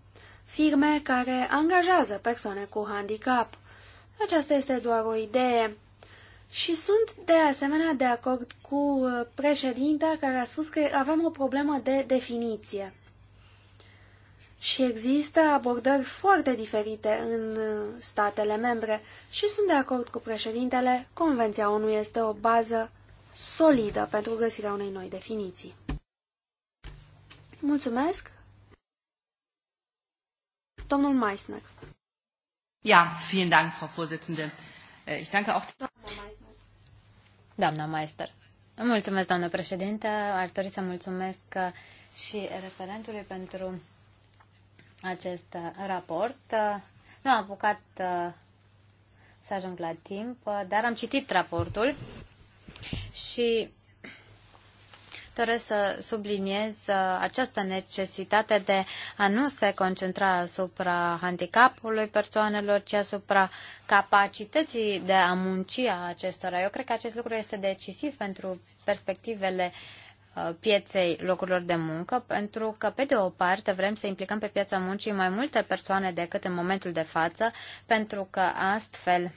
firme care angajează persoane cu handicap. Aceasta este doar o idee. Și sunt de asemenea de acord cu uh, președinta care a spus că avem o problemă de definiție. Și există abordări foarte diferite în statele membre și sunt de acord cu președintele, Convenția ONU este o bază solidă pentru găsirea unei noi definiții. Mulțumesc! Domnul Meissner. Ja, vielen Dank, Frau Vorsitzende. Äh, ich danke auch... Doamna Meissner. Doamna Meister. Mulțumesc, doamnă președinte. Ar dori să mulțumesc și referentului pentru acest uh, raport. Uh, nu am apucat uh, să ajung la timp, dar am citit raportul și doresc să subliniez această necesitate de a nu se concentra asupra handicapului persoanelor, ci asupra capacității de a munci a acestora. Eu cred că acest lucru este decisiv pentru perspectivele uh, Uh, pieței locurilor de muncă, pentru că, pe de o parte, vrem să implicăm pe piața muncii mai multe persoane decât în momentul de față, pentru că astfel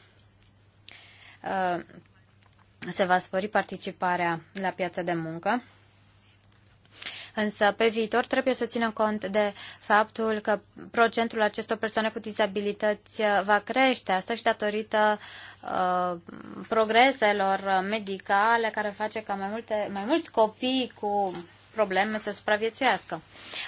uh, se va spori participarea la piața de muncă. Însă, pe viitor, trebuie să ținem cont de faptul că procentul acestor persoane cu dizabilități uh, va crește, asta și datorită uh, progreselor medicale care face ca mai, multe, mai mulți copii cu probleme să supraviețuiască.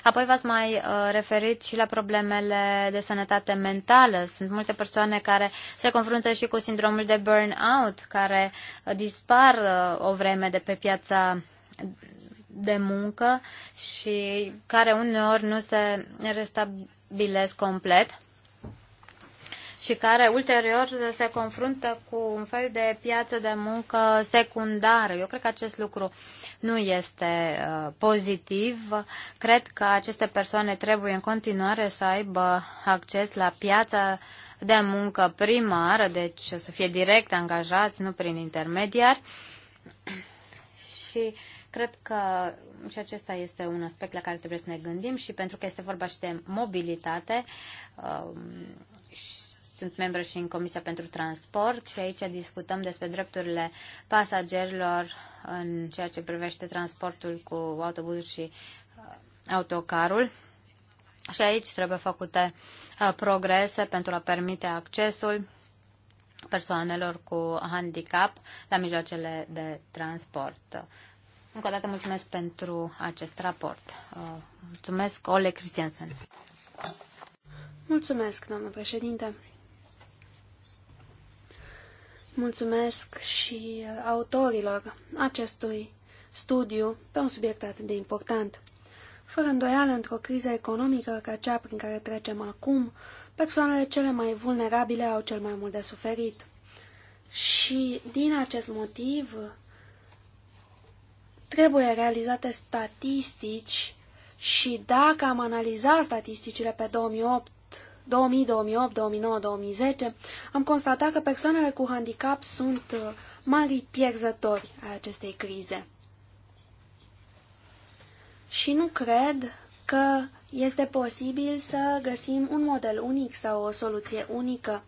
Apoi v-ați mai uh, referit și la problemele de sănătate mentală. Sunt multe persoane care se confruntă și cu sindromul de burnout, care uh, dispar uh, o vreme de pe piața de muncă și care uneori nu se restabilesc complet și care ulterior se confruntă cu un fel de piață de muncă secundară. Eu cred că acest lucru nu este uh, pozitiv. Cred că aceste persoane trebuie în continuare să aibă acces la piața de muncă primară, deci să fie direct angajați, nu prin intermediari. Și uh, Cred că și acesta este un aspect la care trebuie să ne gândim și pentru că este vorba și de mobilitate, um, sunt membră și în Comisia pentru Transport și aici discutăm despre drepturile pasagerilor în ceea ce privește transportul cu autobuzul și uh, autocarul. Și aici trebuie făcute uh, progrese pentru a permite accesul persoanelor cu handicap la mijloacele de transport. Încă o dată mulțumesc pentru acest raport. Uh, mulțumesc, Ole Christiansen. Mulțumesc, doamnă președinte. Mulțumesc și uh, autorilor acestui studiu pe un subiect atât de important. Fără îndoială, într-o criză economică ca cea prin care trecem acum, persoanele cele mai vulnerabile au cel mai mult de suferit. Și din acest motiv, Trebuie realizate statistici și dacă am analizat statisticile pe 2008, 2000, 2008, 2009, 2010, am constatat că persoanele cu handicap sunt uh, mari pierzători a acestei crize. Și nu cred că este posibil să găsim un model unic sau o soluție unică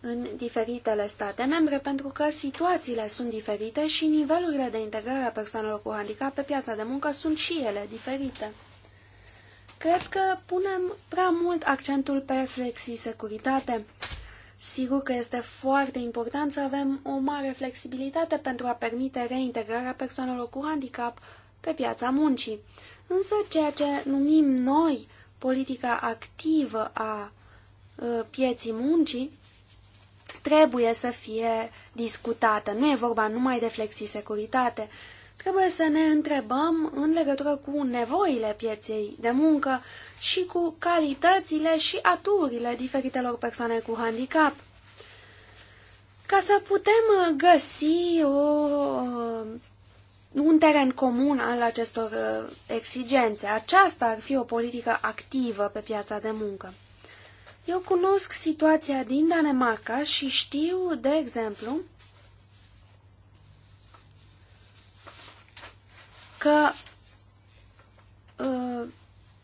în diferitele state membre, pentru că situațiile sunt diferite și nivelurile de integrare a persoanelor cu handicap pe piața de muncă sunt și ele diferite. Cred că punem prea mult accentul pe flexi-securitate. Sigur că este foarte important să avem o mare flexibilitate pentru a permite reintegrarea persoanelor cu handicap pe piața muncii. Însă ceea ce numim noi politica activă a ă, pieții muncii trebuie să fie discutată. Nu e vorba numai de flexisecuritate. Trebuie să ne întrebăm în legătură cu nevoile pieței de muncă și cu calitățile și aturile diferitelor persoane cu handicap. Ca să putem găsi o, un teren comun al acestor uh, exigențe, aceasta ar fi o politică activă pe piața de muncă. Eu cunosc situația din Danemarca și știu, de exemplu, că uh,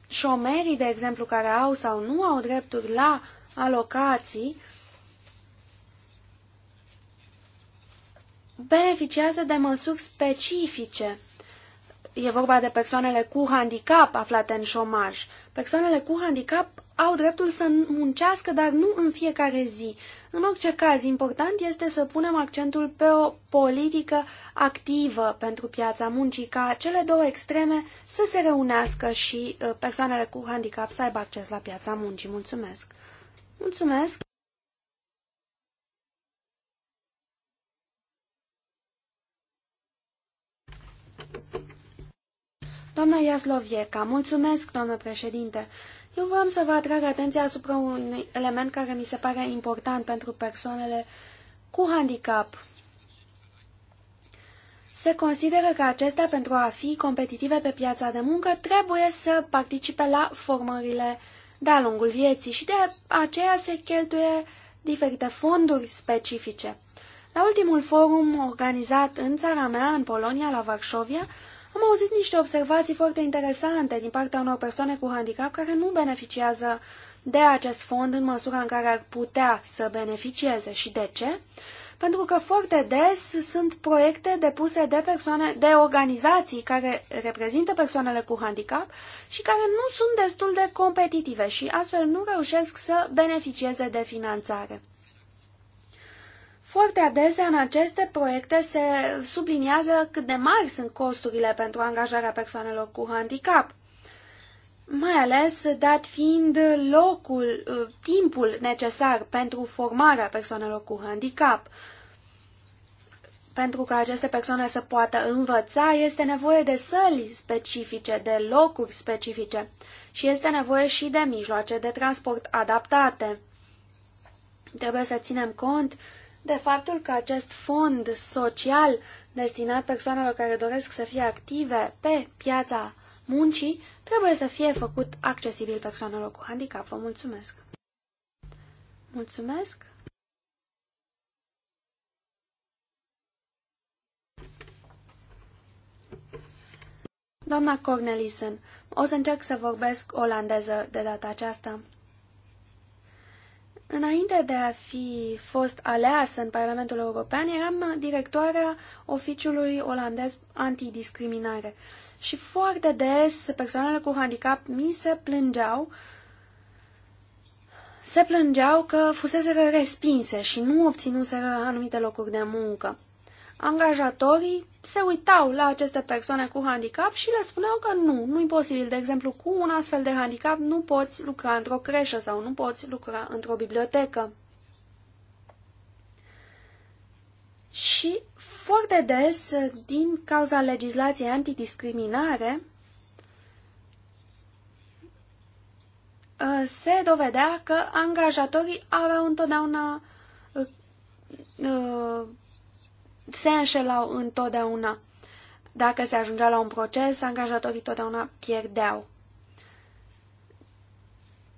șomerii, de exemplu, care au sau nu au drepturi la alocații, beneficiază de măsuri specifice e vorba de persoanele cu handicap aflate în șomaj. Persoanele cu handicap au dreptul să muncească, dar nu în fiecare zi. În orice caz, important este să punem accentul pe o politică activă pentru piața muncii, ca cele două extreme să se reunească și uh, persoanele cu handicap să aibă acces la piața muncii. Mulțumesc! Mulțumesc! Doamna Iaslovieca, mulțumesc, doamnă președinte. Eu vreau să vă atrag atenția asupra un element care mi se pare important pentru persoanele cu handicap. Se consideră că acestea, pentru a fi competitive pe piața de muncă, trebuie să participe la formările de-a lungul vieții și de aceea se cheltuie diferite fonduri specifice. La ultimul forum organizat în țara mea, în Polonia, la Varșovia, am auzit niște observații foarte interesante din partea unor persoane cu handicap care nu beneficiază de acest fond în măsura în care ar putea să beneficieze. Și de ce? Pentru că foarte des sunt proiecte depuse de persoane, de organizații care reprezintă persoanele cu handicap și care nu sunt destul de competitive și astfel nu reușesc să beneficieze de finanțare. Foarte adesea în aceste proiecte se subliniază cât de mari sunt costurile pentru angajarea persoanelor cu handicap. Mai ales dat fiind locul, uh, timpul necesar pentru formarea persoanelor cu handicap. Pentru ca aceste persoane să poată învăța, este nevoie de săli specifice, de locuri specifice și este nevoie și de mijloace de transport adaptate. Trebuie să ținem cont de faptul că acest fond social destinat persoanelor care doresc să fie active pe piața muncii trebuie să fie făcut accesibil persoanelor cu handicap. Vă mulțumesc! Mulțumesc! Doamna Cornelissen, o să încerc să vorbesc olandeză de data aceasta. Înainte de a fi fost aleasă în Parlamentul European, eram directoarea oficiului olandez antidiscriminare și foarte des persoanele cu handicap mi se plângeau se plângeau că fuseseră respinse și nu obținuseră anumite locuri de muncă. Angajatorii se uitau la aceste persoane cu handicap și le spuneau că nu, nu e posibil. De exemplu, cu un astfel de handicap nu poți lucra într-o creșă sau nu poți lucra într-o bibliotecă. Și foarte des, din cauza legislației antidiscriminare, se dovedea că angajatorii aveau întotdeauna uh, uh, se înșelau întotdeauna. Dacă se ajungea la un proces, angajatorii totdeauna pierdeau.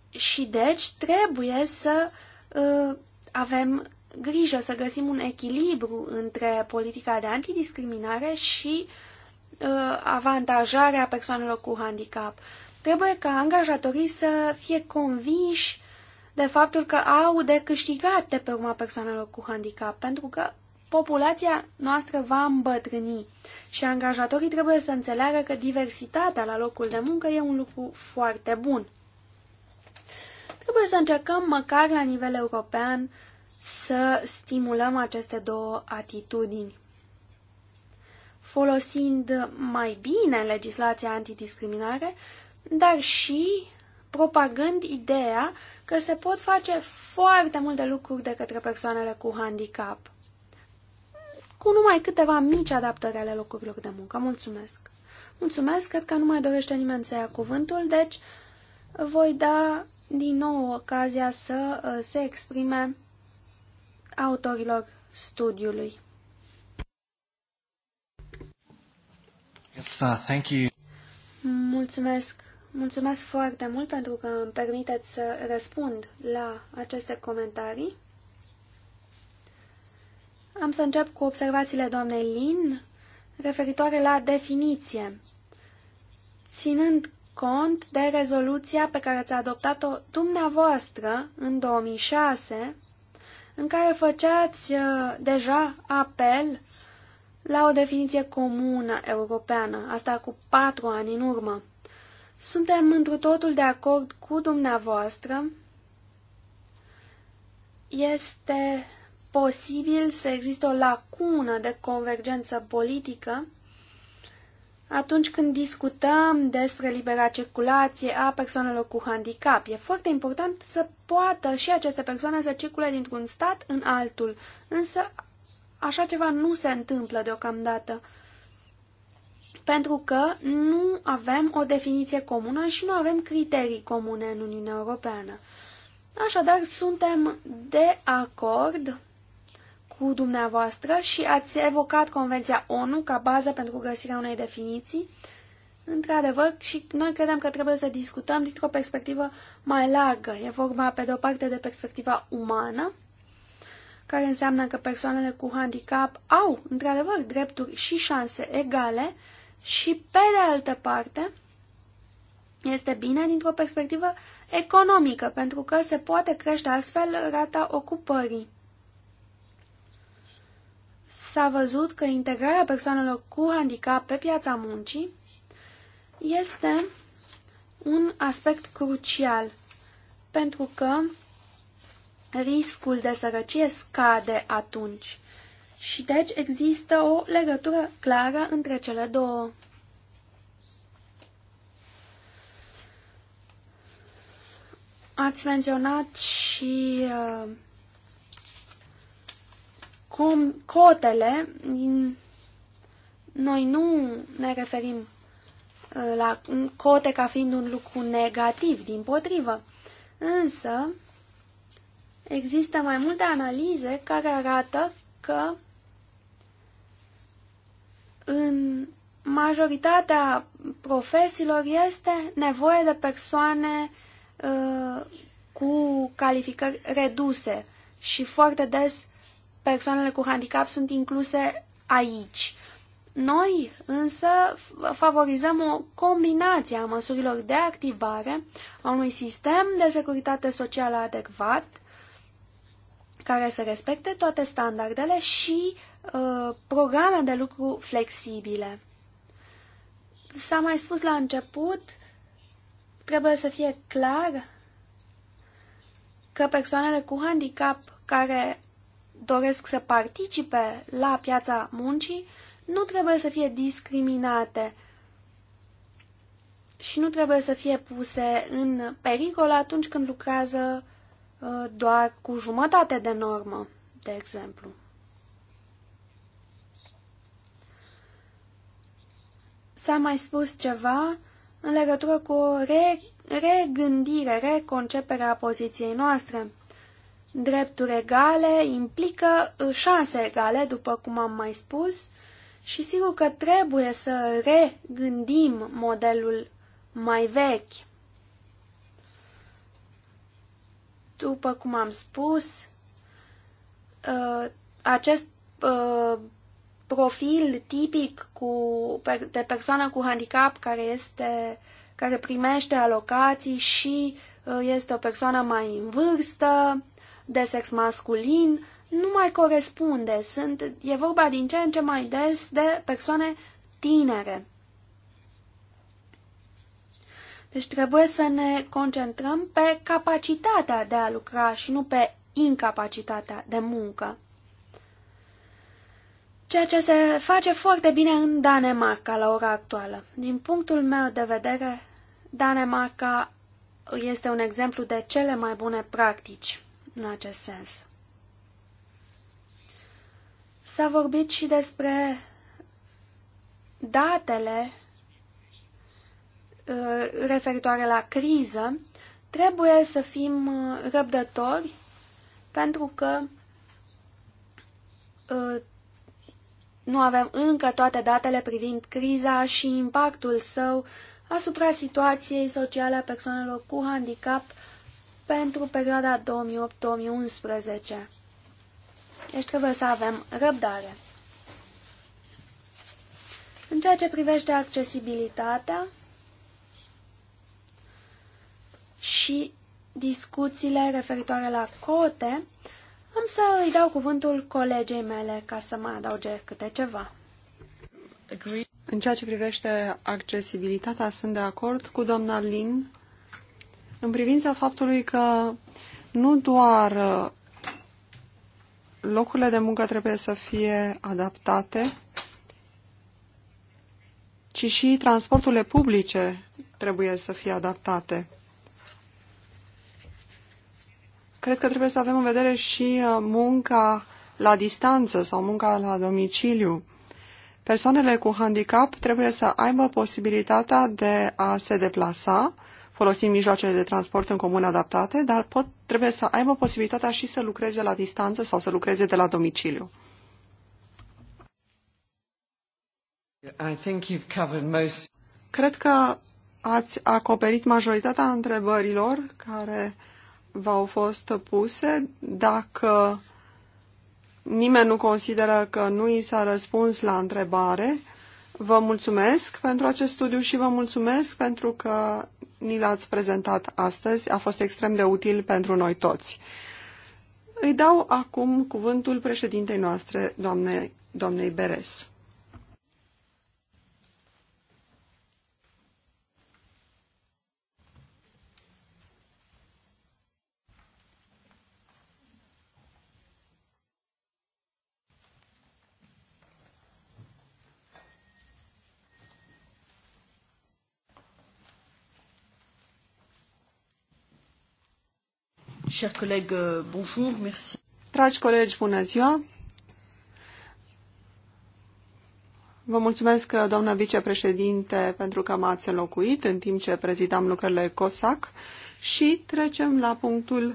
Și deci trebuie să uh, avem grijă să găsim un echilibru între politica de antidiscriminare și uh, avantajarea persoanelor cu handicap. Trebuie ca angajatorii să fie convinși de faptul că au de câștigat de pe urma persoanelor cu handicap, pentru că populația noastră va îmbătrâni și angajatorii trebuie să înțeleagă că diversitatea la locul de muncă e un lucru foarte bun. Trebuie să încercăm, măcar la nivel european, să stimulăm aceste două atitudini. Folosind mai bine legislația antidiscriminare, dar și propagând ideea că se pot face foarte multe lucruri de către persoanele cu handicap cu numai câteva mici adaptări ale locurilor de muncă. Mulțumesc! Mulțumesc, cred că nu mai dorește nimeni să ia cuvântul, deci voi da din nou ocazia să uh, se exprime autorilor studiului. Yes, uh, thank you. Mulțumesc, mulțumesc foarte mult pentru că îmi permiteți să răspund la aceste comentarii. Am să încep cu observațiile doamnei Lin referitoare la definiție. Ținând cont de rezoluția pe care a adoptat-o dumneavoastră în 2006, în care făceați uh, deja apel la o definiție comună europeană, asta cu patru ani în urmă. Suntem întru totul de acord cu dumneavoastră. Este posibil să existe o lacună de convergență politică atunci când discutăm despre libera circulație a persoanelor cu handicap. E foarte important să poată și aceste persoane să circule dintr-un stat în altul, însă așa ceva nu se întâmplă deocamdată, pentru că nu avem o definiție comună și nu avem criterii comune în Uniunea Europeană. Așadar, suntem de acord cu dumneavoastră și ați evocat Convenția ONU ca bază pentru găsirea unei definiții. Într-adevăr, și noi credem că trebuie să discutăm dintr-o perspectivă mai largă. E vorba, pe de o parte, de perspectiva umană, care înseamnă că persoanele cu handicap au, într-adevăr, drepturi și șanse egale și, pe de altă parte, este bine dintr-o perspectivă economică, pentru că se poate crește astfel rata ocupării s-a văzut că integrarea persoanelor cu handicap pe piața muncii este un aspect crucial, pentru că riscul de sărăcie scade atunci. Și deci există o legătură clară între cele două. Ați menționat și uh, Acum, cotele, noi nu ne referim uh, la cote ca fiind un lucru negativ, din potrivă. Însă, există mai multe analize care arată că în majoritatea profesiilor este nevoie de persoane uh, cu calificări reduse și foarte des persoanele cu handicap sunt incluse aici. Noi însă favorizăm o combinație a măsurilor de activare a unui sistem de securitate socială adecvat care să respecte toate standardele și uh, programe de lucru flexibile. S-a mai spus la început, trebuie să fie clar că persoanele cu handicap care doresc să participe la piața muncii nu trebuie să fie discriminate și nu trebuie să fie puse în pericol atunci când lucrează uh, doar cu jumătate de normă, de exemplu. S-a mai spus ceva în legătură cu o re regândire, reconcepere a poziției noastre. Drepturi egale implică uh, șanse egale, după cum am mai spus, și sigur că trebuie să regândim modelul mai vechi. După cum am spus, uh, acest uh, profil tipic cu, de persoană cu handicap care, este, care primește alocații și este o persoană mai în vârstă, de sex masculin nu mai corespunde. Sunt, e vorba din ce în ce mai des de persoane tinere. Deci trebuie să ne concentrăm pe capacitatea de a lucra și nu pe incapacitatea de muncă. Ceea ce se face foarte bine în Danemarca la ora actuală. Din punctul meu de vedere, Danemarca este un exemplu de cele mai bune practici în acest sens. S-a vorbit și despre datele uh, referitoare la criză. Trebuie să fim uh, răbdători pentru că uh, nu avem încă toate datele privind criza și impactul său asupra situației sociale a persoanelor cu handicap pentru perioada 2008-2011. Deci trebuie să avem răbdare. În ceea ce privește accesibilitatea și discuțiile referitoare la cote, am să îi dau cuvântul colegei mele ca să mă adauge câte ceva. În ceea ce privește accesibilitatea, sunt de acord cu doamna Lin în privința faptului că nu doar uh, locurile de muncă trebuie să fie adaptate, ci și transporturile publice trebuie să fie adaptate. Cred că trebuie să avem în vedere și uh, munca la distanță sau munca la domiciliu. Persoanele cu handicap trebuie să aibă posibilitatea de a se deplasa folosim mijloacele de transport în comun adaptate, dar pot, trebuie să aibă posibilitatea și să lucreze la distanță sau să lucreze de la domiciliu. I think you've covered most... Cred că ați acoperit majoritatea întrebărilor care v-au fost puse. Dacă nimeni nu consideră că nu i s-a răspuns la întrebare, vă mulțumesc pentru acest studiu și vă mulțumesc pentru că ni l-ați prezentat astăzi a fost extrem de util pentru noi toți. Îi dau acum cuvântul președintei noastre, doamne, doamnei Beres. Euh, bonjour, merci. Dragi colegi, bună ziua! Vă mulțumesc, doamnă vicepreședinte, pentru că m-ați înlocuit în timp ce prezidam lucrările COSAC și trecem la punctul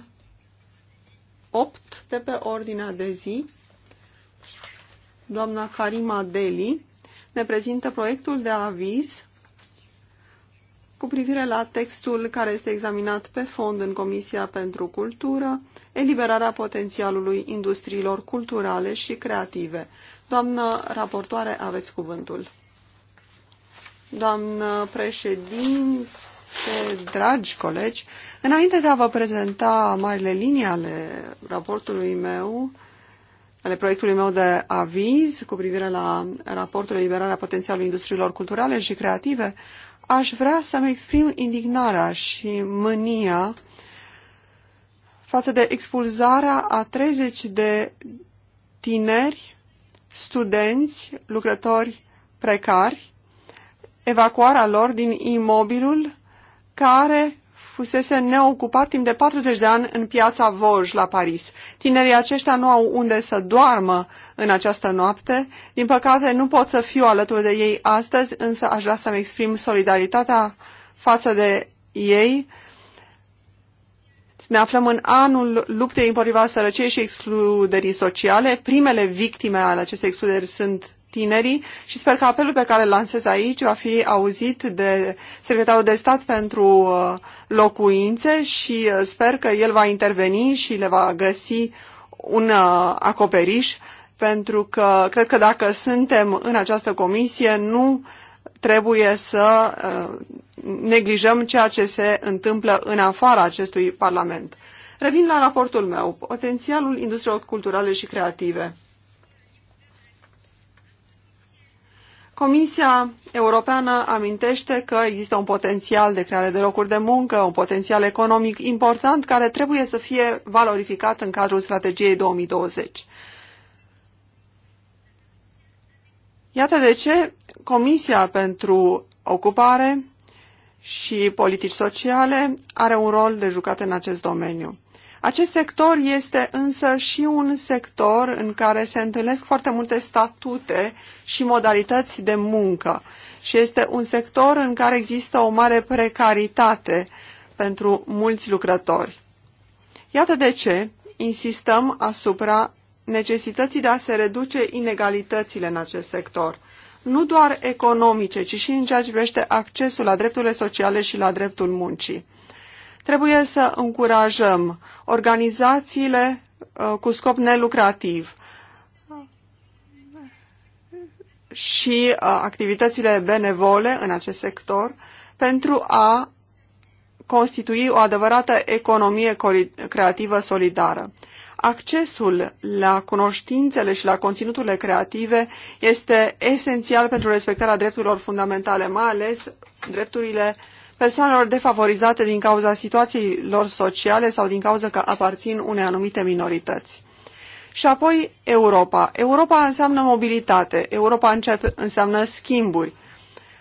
8 de pe ordinea de zi. Doamna Karima Deli ne prezintă proiectul de aviz cu privire la textul care este examinat pe fond în Comisia pentru Cultură, eliberarea potențialului industriilor culturale și creative. Doamnă raportoare, aveți cuvântul. Doamnă președinte, dragi colegi, înainte de a vă prezenta marile linii ale raportului meu, ale proiectului meu de aviz cu privire la raportul Eliberarea potențialului industriilor culturale și creative, aș vrea să-mi exprim indignarea și mânia față de expulzarea a 30 de tineri, studenți, lucrători precari, evacuarea lor din imobilul care fusese neocupat timp de 40 de ani în piața Vosges la Paris. Tinerii aceștia nu au unde să doarmă în această noapte. Din păcate, nu pot să fiu alături de ei astăzi, însă aș vrea să-mi exprim solidaritatea față de ei. Ne aflăm în anul luptei împotriva sărăciei și excluderii sociale. Primele victime ale acestei excluderi sunt tinerii și sper că apelul pe care îl lansez aici va fi auzit de secretarul de stat pentru uh, locuințe și uh, sper că el va interveni și le va găsi un uh, acoperiș pentru că cred că dacă suntem în această comisie nu trebuie să neglijăm ceea ce se întâmplă în afara acestui Parlament. Revin la raportul meu, potențialul industriilor culturale și creative. Comisia Europeană amintește că există un potențial de creare de locuri de muncă, un potențial economic important care trebuie să fie valorificat în cadrul strategiei 2020. Iată de ce Comisia pentru Ocupare și Politici Sociale are un rol de jucat în acest domeniu. Acest sector este însă și un sector în care se întâlnesc foarte multe statute și modalități de muncă și este un sector în care există o mare precaritate pentru mulți lucrători. Iată de ce insistăm asupra necesității de a se reduce inegalitățile în acest sector, nu doar economice, ci și în ceea ce privește accesul la drepturile sociale și la dreptul muncii. Trebuie să încurajăm organizațiile uh, cu scop nelucrativ și uh, activitățile benevole în acest sector pentru a constitui o adevărată economie creativă solidară. Accesul la cunoștințele și la conținuturile creative este esențial pentru respectarea drepturilor fundamentale, mai ales drepturile uh, persoanelor defavorizate din cauza situației lor sociale sau din cauza că aparțin unei anumite minorități. Și apoi Europa. Europa înseamnă mobilitate, Europa începe, înseamnă schimburi.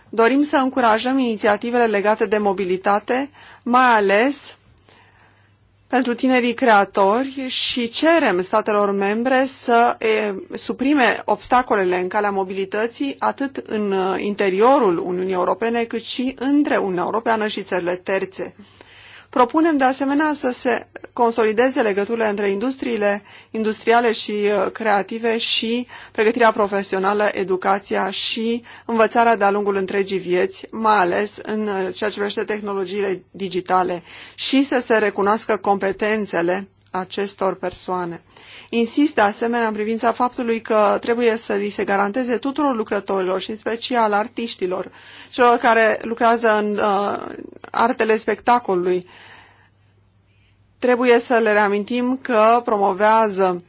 Dorim să încurajăm inițiativele legate de mobilitate, mai ales pentru tinerii creatori și cerem statelor membre să e, suprime obstacolele în calea mobilității atât în uh, interiorul Uniunii Europene cât și între Uniunea Europeană și țările terțe. Propunem de asemenea să se consolideze legăturile între industriile industriale și uh, creative și pregătirea profesională, educația și învățarea de-a lungul întregii vieți, mai ales în uh, ceea ce privește tehnologiile digitale și să se recunoască competențele acestor persoane. Insist de asemenea în privința faptului că trebuie să li se garanteze tuturor lucrătorilor și în special artiștilor, celor care lucrează în uh, artele spectacolului. Trebuie să le reamintim că promovează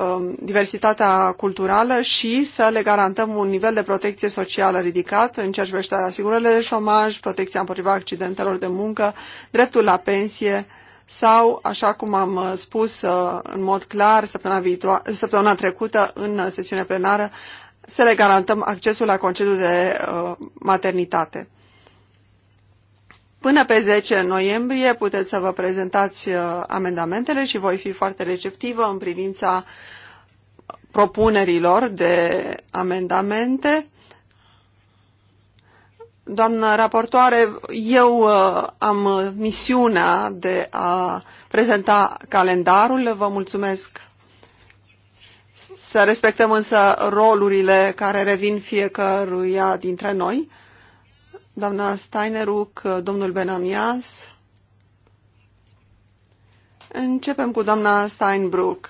um, diversitatea culturală și să le garantăm un nivel de protecție socială ridicat în ceea ce privește asigurările de șomaj, protecția împotriva accidentelor de muncă, dreptul la pensie, sau, așa cum am uh, spus uh, în mod clar săptămâna, viitoare, săptămâna trecută în sesiune plenară, să le garantăm accesul la concediu de uh, maternitate. Până pe 10 noiembrie puteți să vă prezentați amendamentele și voi fi foarte receptivă în privința propunerilor de amendamente Doamnă raportoare, eu uh, am misiunea de a prezenta calendarul. Vă mulțumesc să respectăm însă rolurile care revin fiecăruia dintre noi. Doamna Steineruc, domnul Benamias. Începem cu doamna Steinbruck.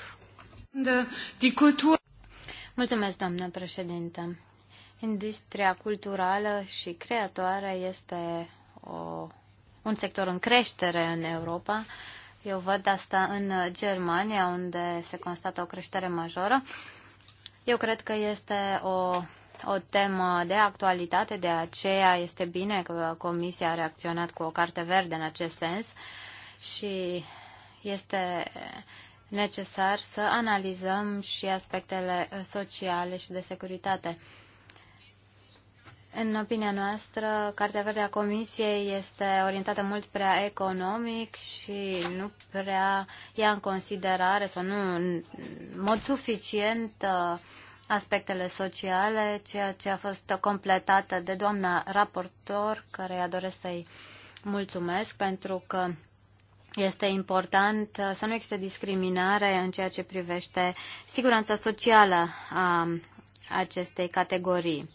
Mulțumesc, doamnă președintă. Industria culturală și creatoare este o, un sector în creștere în Europa. Eu văd asta în Germania, unde se constată o creștere majoră. Eu cred că este o o temă de actualitate, de aceea este bine că Comisia a reacționat cu o carte verde în acest sens și este necesar să analizăm și aspectele sociale și de securitate în opinia noastră, Cartea Verde a Comisiei este orientată mult prea economic și nu prea ia în considerare sau nu în mod suficient uh, aspectele sociale, ceea ce a fost completată de doamna raportor, care ea doresc să-i mulțumesc pentru că este important uh, să nu existe discriminare în ceea ce privește siguranța socială a acestei categorii.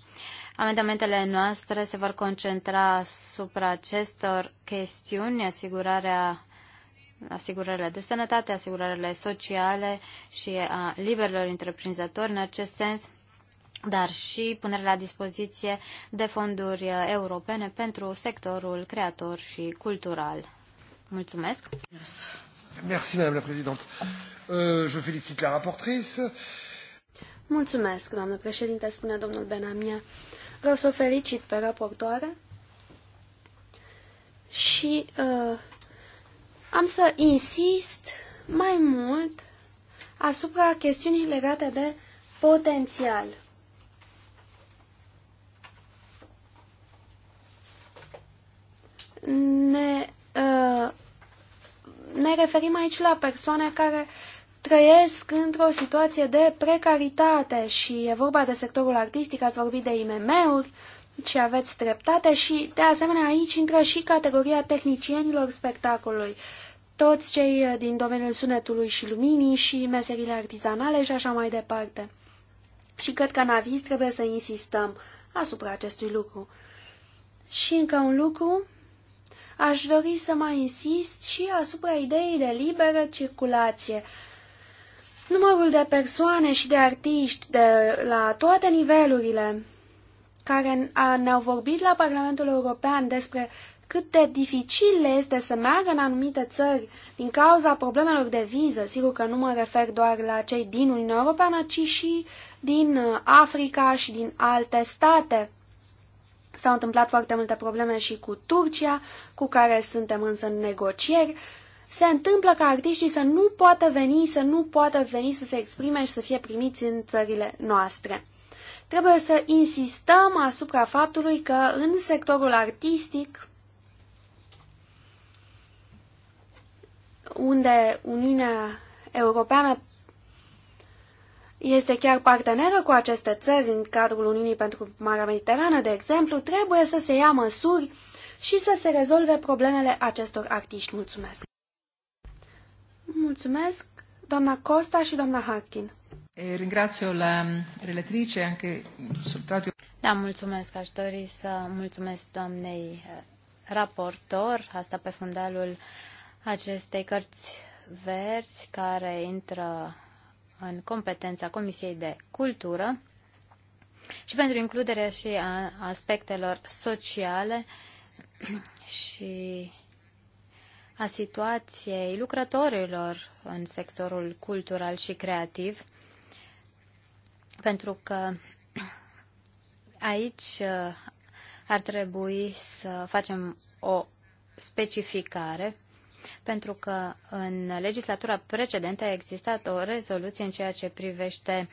Amendamentele noastre se vor concentra asupra acestor chestiuni, asigurarea asigurările de sănătate, asigurările sociale și a liberilor întreprinzători în acest sens, dar și punerea la dispoziție de fonduri europene pentru sectorul creator și cultural. Mulțumesc! Merci, Madame la Présidente. Euh, je félicite la rapportrice. Mulțumesc, doamnă președinte, spune domnul Benamia. Vreau să o felicit pe raportoare și uh, am să insist mai mult asupra chestiunii legate de potențial. Ne, uh, ne referim aici la persoane care trăiesc într-o situație de precaritate și e vorba de sectorul artistic, ați vorbit de IMM-uri și aveți dreptate și de asemenea aici intră și categoria tehnicienilor spectacolului, toți cei din domeniul sunetului și luminii și meserile artizanale și așa mai departe. Și cred că în trebuie să insistăm asupra acestui lucru. Și încă un lucru, aș dori să mai insist și asupra ideii de liberă circulație. Numărul de persoane și de artiști de la toate nivelurile care ne-au vorbit la Parlamentul European despre cât de dificil le este să meargă în anumite țări din cauza problemelor de viză, sigur că nu mă refer doar la cei din Uniunea Europeană, ci și din uh, Africa și din alte state. S-au întâmplat foarte multe probleme și cu Turcia, cu care suntem însă în negocieri. Uh, se întâmplă ca artiștii să nu poată veni, să nu poată veni să se exprime și să fie primiți în țările noastre. Trebuie să insistăm asupra faptului că în sectorul artistic, unde Uniunea Europeană este chiar parteneră cu aceste țări în cadrul Uniunii pentru Marea Mediterană, de exemplu, trebuie să se ia măsuri și să se rezolve problemele acestor artiști. Mulțumesc! Mulțumesc, doamna Costa și doamna Harkin. Ringrazio la mm, relatrice, anche mm, soltanto... Da, mulțumesc. Aș dori să mulțumesc doamnei eh, raportor, asta pe fundalul acestei cărți verzi care intră în competența Comisiei de Cultură și pentru includerea și a aspectelor sociale și a situației lucrătorilor în sectorul cultural și creativ, pentru că aici uh, ar trebui să facem o specificare pentru că în legislatura precedentă a existat o rezoluție în ceea ce privește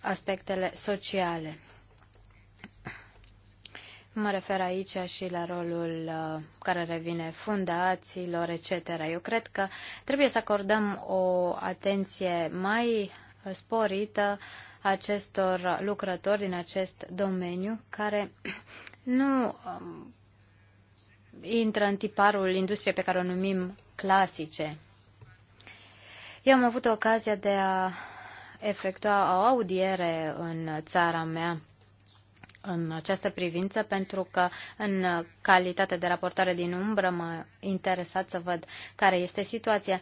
aspectele sociale. Mă refer aici și la rolul uh, care revine fundațiilor, etc. Eu cred că trebuie să acordăm o atenție mai sporită acestor lucrători din acest domeniu care nu um, intră în tiparul industriei pe care o numim clasice. Eu am avut ocazia de a efectua o audiere în țara mea în această privință pentru că în calitate de raportoare din umbră mă interesat să văd care este situația.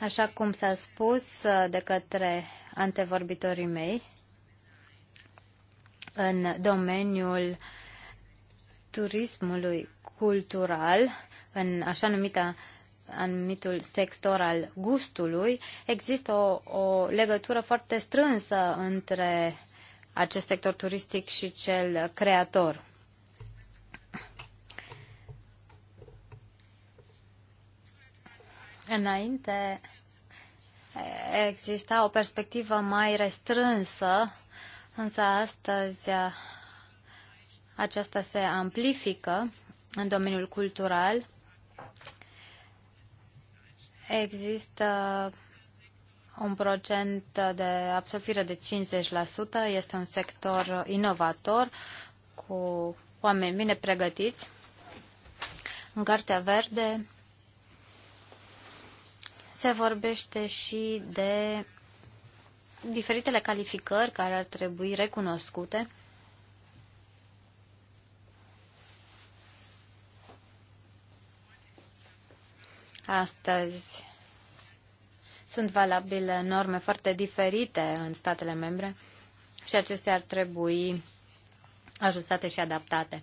Așa cum s-a spus de către antevorbitorii mei, în domeniul turismului cultural, în așa numita anumitul sector al gustului, există o, o legătură foarte strânsă între acest sector turistic și cel creator. Înainte exista o perspectivă mai restrânsă, însă astăzi aceasta se amplifică în domeniul cultural. Există un procent de absolvire de 50%. Este un sector inovator cu oameni bine pregătiți. În Cartea Verde se vorbește și de diferitele calificări care ar trebui recunoscute. Astăzi sunt valabile norme foarte diferite în statele membre și acestea ar trebui ajustate și adaptate.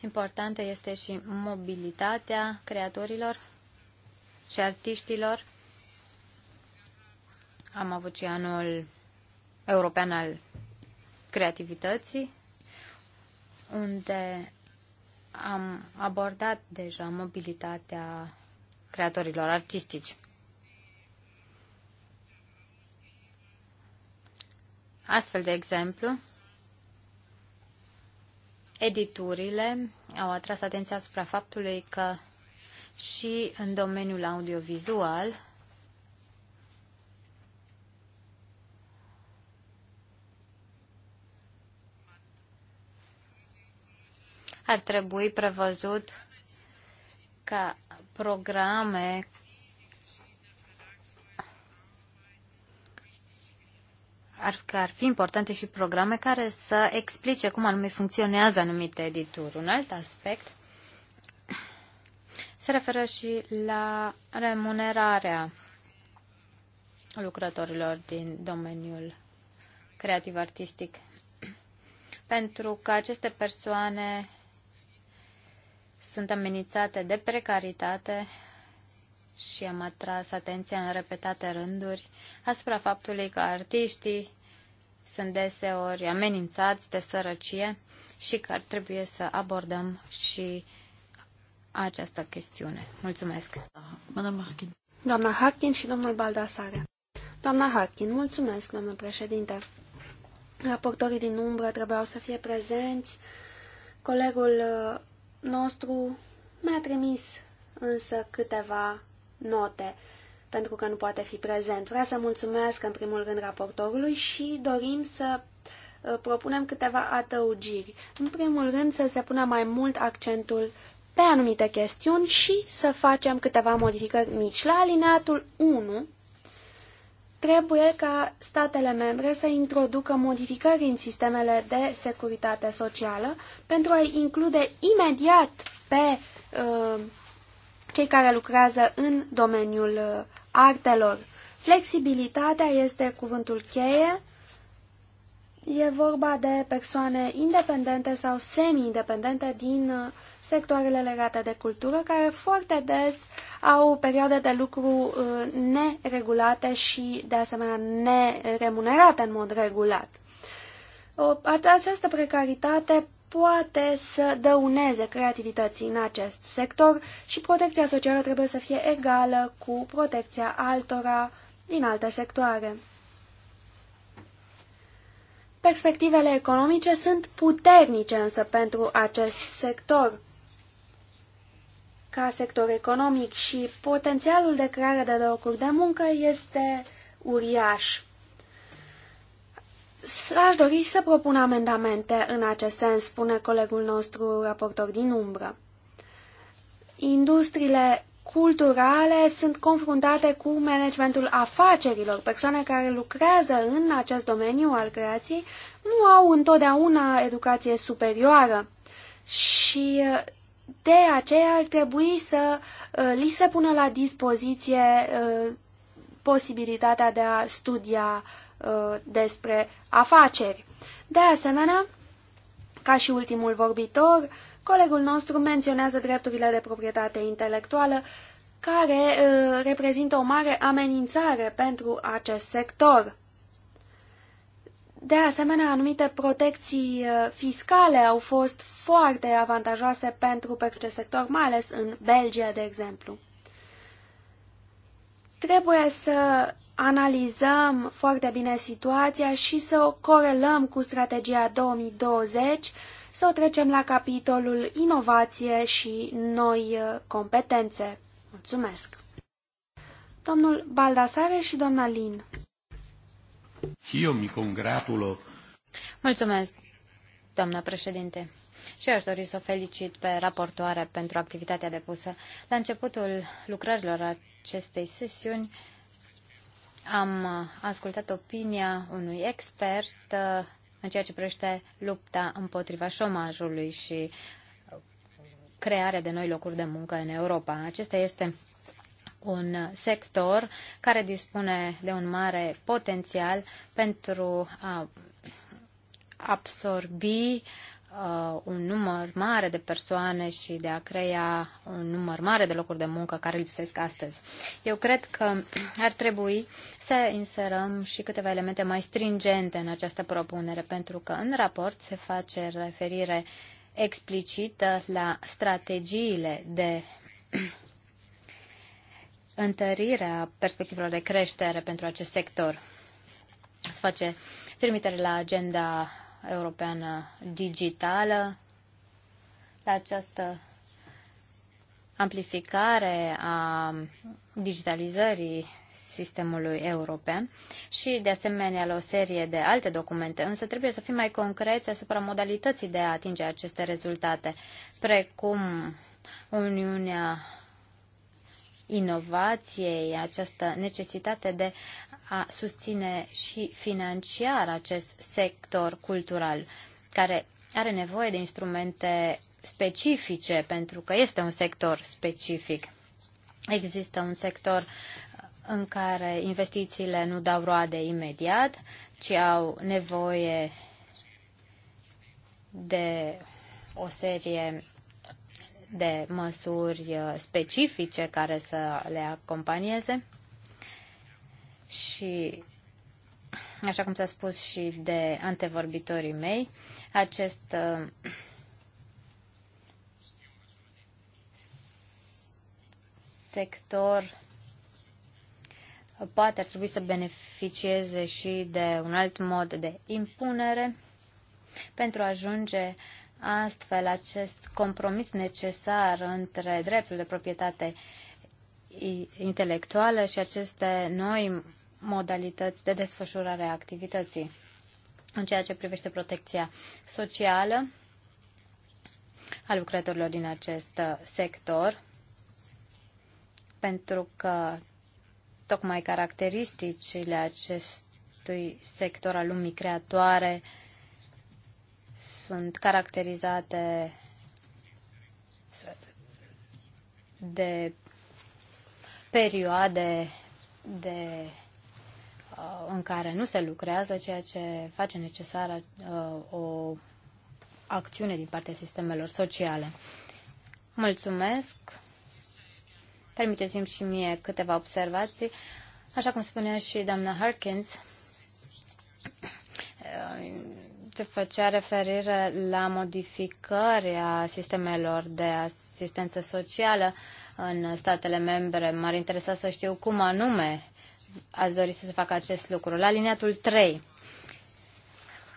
Importantă este și mobilitatea creatorilor și artiștilor. Am avut și anul european al creativității, unde am abordat deja mobilitatea creatorilor artistici. Astfel, de exemplu, editurile au atras atenția asupra faptului că și în domeniul audiovizual ar trebui prevăzut ca programe ar, că ar fi importante și programe care să explice cum anume funcționează anumite edituri. Un alt aspect se referă și la remunerarea lucrătorilor din domeniul creativ artistic. Pentru că aceste persoane sunt amenințate de precaritate, și am atras atenția în repetate rânduri asupra faptului că artiștii sunt deseori amenințați de sărăcie și că ar trebui să abordăm și această chestiune. Mulțumesc! Doamna Harkin și domnul Baldasare. Doamna Harkin, mulțumesc, domnul președinte. Raportorii din umbră trebuiau să fie prezenți. Colegul uh, nostru mi-a trimis însă câteva note, pentru că nu poate fi prezent. Vreau să mulțumesc în primul rând raportorului și dorim să uh, propunem câteva adăugiri. În primul rând să se pună mai mult accentul pe anumite chestiuni și să facem câteva modificări mici. La alineatul 1 trebuie ca statele membre să introducă modificări în sistemele de securitate socială pentru a include imediat pe uh, cei care lucrează în domeniul uh, artelor. Flexibilitatea este cuvântul cheie. E vorba de persoane independente sau semi-independente din uh, sectoarele legate de cultură, care foarte des au perioade de lucru uh, neregulate și, de asemenea, neremunerate în mod regulat. această precaritate poate să dăuneze creativității în acest sector și protecția socială trebuie să fie egală cu protecția altora din alte sectoare. Perspectivele economice sunt puternice însă pentru acest sector. Ca sector economic și potențialul de creare de locuri de muncă este uriaș. Aș dori să propun amendamente în acest sens, spune colegul nostru raportor din umbră. Industriile culturale sunt confruntate cu managementul afacerilor. Persoane care lucrează în acest domeniu al creației nu au întotdeauna educație superioară și de aceea ar trebui să uh, li se pună la dispoziție uh, posibilitatea de a studia Uh, despre afaceri. De asemenea, ca și ultimul vorbitor, colegul nostru menționează drepturile de proprietate intelectuală, care uh, reprezintă o mare amenințare pentru acest sector. De asemenea, anumite protecții uh, fiscale au fost foarte avantajoase pentru acest sector, mai ales în Belgia, de exemplu. Trebuie să analizăm foarte bine situația și să o corelăm cu strategia 2020, să o trecem la capitolul inovație și noi uh, competențe. Mulțumesc! Domnul Baldasare și doamna Lin. Și eu mi congratulo. Mulțumesc, doamna președinte. Și eu aș dori să o felicit pe raportoare pentru activitatea depusă. La începutul lucrărilor acestei sesiuni, am uh, ascultat opinia unui expert uh, în ceea ce privește lupta împotriva șomajului și uh, crearea de noi locuri de muncă în Europa. Acesta este un sector care dispune de un mare potențial pentru a absorbi uh, un număr mare de persoane și de a crea un număr mare de locuri de muncă care lipsesc astăzi. Eu cred că ar trebui să inserăm și câteva elemente mai stringente în această propunere, pentru că în raport se face referire explicită la strategiile de întărirea perspectivelor de creștere pentru acest sector. Se face trimitere la agenda Europeană Digitală, la această amplificare a digitalizării sistemului european și, de asemenea, la o serie de alte documente, însă trebuie să fim mai concreți asupra modalității de a atinge aceste rezultate, precum Uniunea inovației, această necesitate de a susține și financiar acest sector cultural, care are nevoie de instrumente specifice, pentru că este un sector specific. Există un sector în care investițiile nu dau roade imediat, ci au nevoie de o serie de măsuri uh, specifice care să le acompanieze și, așa cum s-a spus și de antevorbitorii mei, acest uh, sector poate ar trebui să beneficieze și de un alt mod de impunere pentru a ajunge Astfel, acest compromis necesar între dreptul de proprietate intelectuală și aceste noi modalități de desfășurare a activității. În ceea ce privește protecția socială a lucrătorilor din acest uh, sector, pentru că tocmai caracteristicile acestui sector al lumii creatoare uh, sunt caracterizate de perioade de, uh, în care nu se lucrează, ceea ce face necesară uh, o acțiune din partea sistemelor sociale. Mulțumesc! Permiteți-mi și mie câteva observații. Așa cum spunea și doamna Harkins, se făcea referire la modificarea sistemelor de asistență socială în statele membre. M-ar interesa să știu cum anume ați dori să se facă acest lucru. La liniatul 3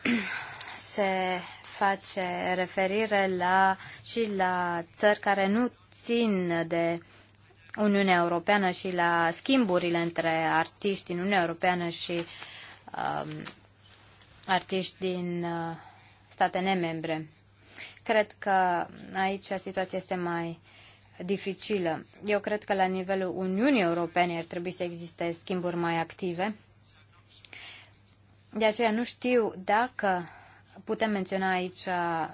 se face referire la, și la țări care nu țin de Uniunea Europeană și la schimburile între artiști în Uniunea Europeană și um, artiști din uh, state nemembre. Cred că aici situația este mai dificilă. Eu cred că la nivelul Uniunii Europene ar trebui să existe schimburi mai active. De aceea nu știu dacă putem menționa aici uh,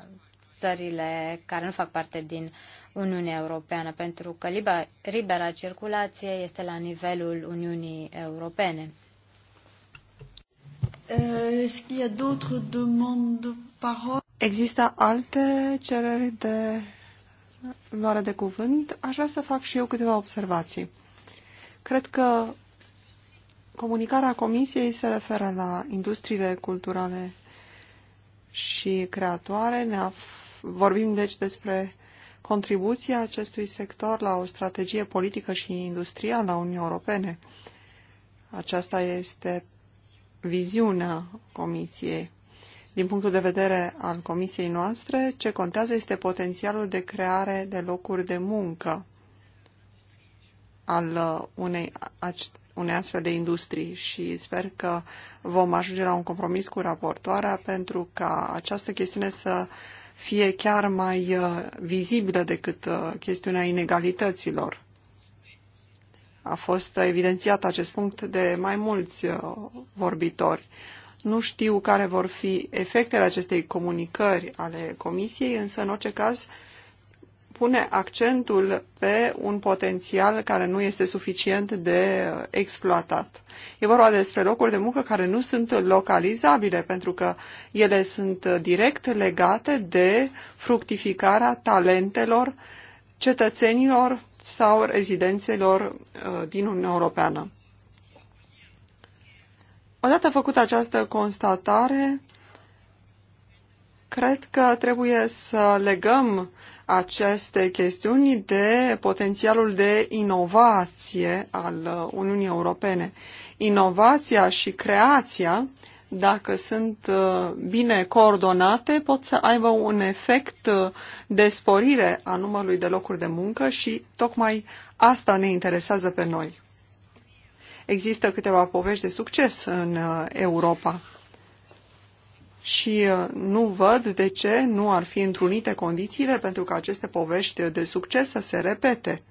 țările care nu fac parte din Uniunea Europeană, pentru că libera circulație este la nivelul Uniunii Europene. Euh, est-ce qu'il y a d'autres demandes de parole? Există alte cereri de luare de cuvânt? Aș vrea să fac și eu câteva observații. Cred că comunicarea Comisiei se referă la industriile culturale și creatoare. Ne vorbim deci despre contribuția acestui sector la o strategie politică și industrială a Uniunii Europene. Aceasta este viziunea Comisiei. Din punctul de vedere al Comisiei noastre, ce contează este potențialul de creare de locuri de muncă al uh, unei, unei astfel de industrii și sper că vom ajunge la un compromis cu raportoarea pentru ca această chestiune să fie chiar mai uh, vizibilă decât uh, chestiunea inegalităților. A fost evidențiat acest punct de mai mulți uh, vorbitori. Nu știu care vor fi efectele acestei comunicări ale Comisiei, însă, în orice caz, pune accentul pe un potențial care nu este suficient de uh, exploatat. E vorba despre locuri de muncă care nu sunt localizabile, pentru că ele sunt uh, direct legate de fructificarea talentelor cetățenilor sau rezidențelor uh, din Uniunea Europeană. Odată făcută această constatare, cred că trebuie să legăm aceste chestiuni de potențialul de inovație al uh, Uniunii Europene. Inovația și creația dacă sunt uh, bine coordonate, pot să aibă un efect uh, de sporire a numărului de locuri de muncă și tocmai asta ne interesează pe noi. Există câteva povești de succes în uh, Europa și nu văd de ce nu ar fi întrunite condițiile pentru ca aceste povești de succes să se repete.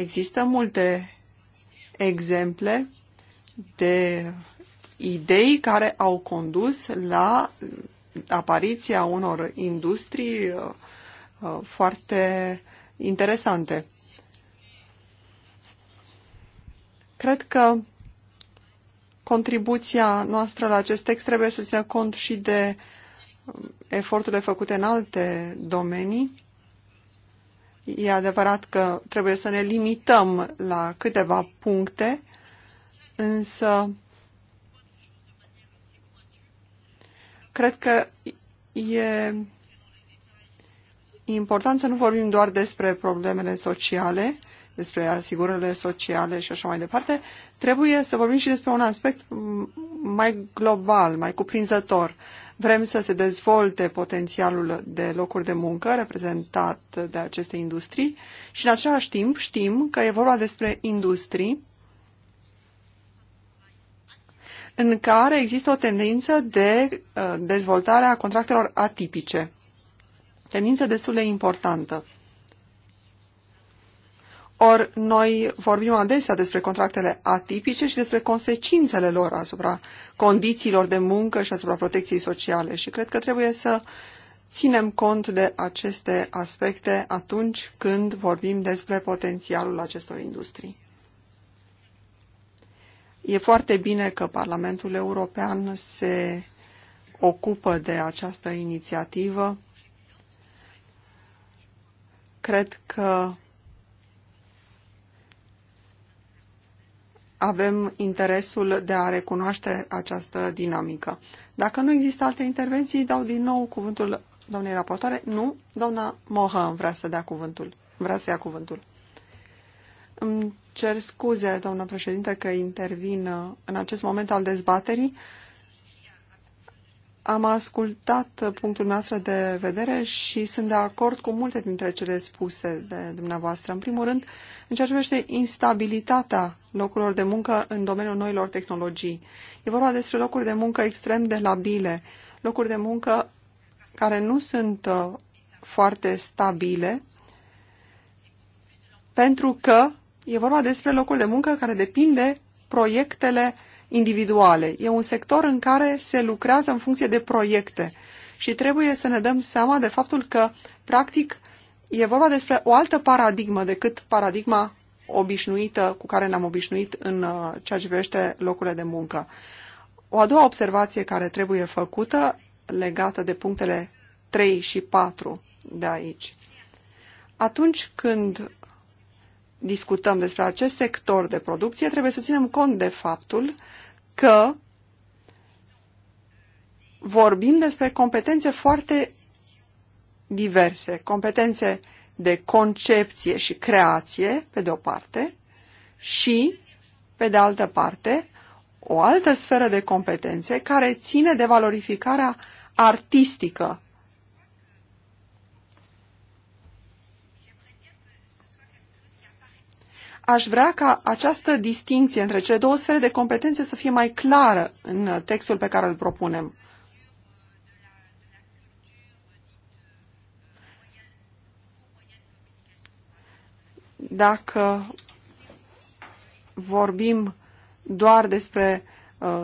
Există multe exemple de idei care au condus la apariția unor industrii uh, uh, foarte interesante. Cred că contribuția noastră la acest text trebuie să se cont și de um, eforturile făcute în alte domenii. E adevărat că trebuie să ne limităm la câteva puncte, însă cred că e important să nu vorbim doar despre problemele sociale, despre asigurările sociale și așa mai departe, trebuie să vorbim și despre un aspect mai global, mai cuprinzător. Vrem să se dezvolte potențialul de locuri de muncă reprezentat de aceste industrii și în același timp știm că e vorba despre industrii în care există o tendință de uh, dezvoltare a contractelor atipice. Tendință destul de importantă. Ori noi vorbim adesea despre contractele atipice și despre consecințele lor asupra condițiilor de muncă și asupra protecției sociale și cred că trebuie să ținem cont de aceste aspecte atunci când vorbim despre potențialul acestor industrii. E foarte bine că Parlamentul European se ocupă de această inițiativă. Cred că avem interesul de a recunoaște această dinamică. Dacă nu există alte intervenții, dau din nou cuvântul doamnei raportoare. Nu, doamna Mohan vrea să dea cuvântul. Vrea să ia cuvântul. Îmi cer scuze, doamna președinte, că intervin uh, în acest moment al dezbaterii. Am ascultat punctul noastră de vedere și sunt de acord cu multe dintre cele spuse de dumneavoastră. În primul rând, în ceea ce privește instabilitatea locurilor de muncă în domeniul noilor tehnologii. E vorba despre locuri de muncă extrem de labile, locuri de muncă care nu sunt uh, foarte stabile, pentru că e vorba despre locuri de muncă care depind de proiectele uh, individuale. E un sector în care se lucrează în funcție de proiecte și trebuie să ne dăm seama de faptul că, practic, e vorba despre o altă paradigmă decât paradigma obișnuită cu care ne-am obișnuit în uh, ceea ce privește locurile de muncă. O a doua observație care trebuie făcută legată de punctele 3 și 4 de aici. Atunci când discutăm despre acest sector de producție, trebuie să ținem cont de faptul că vorbim despre competențe foarte diverse, competențe de concepție și creație, pe de o parte, și, pe de altă parte, o altă sferă de competențe care ține de valorificarea artistică aș vrea ca această distinție între cele două sfere de competențe să fie mai clară în textul pe care îl propunem. Dacă vorbim doar despre uh,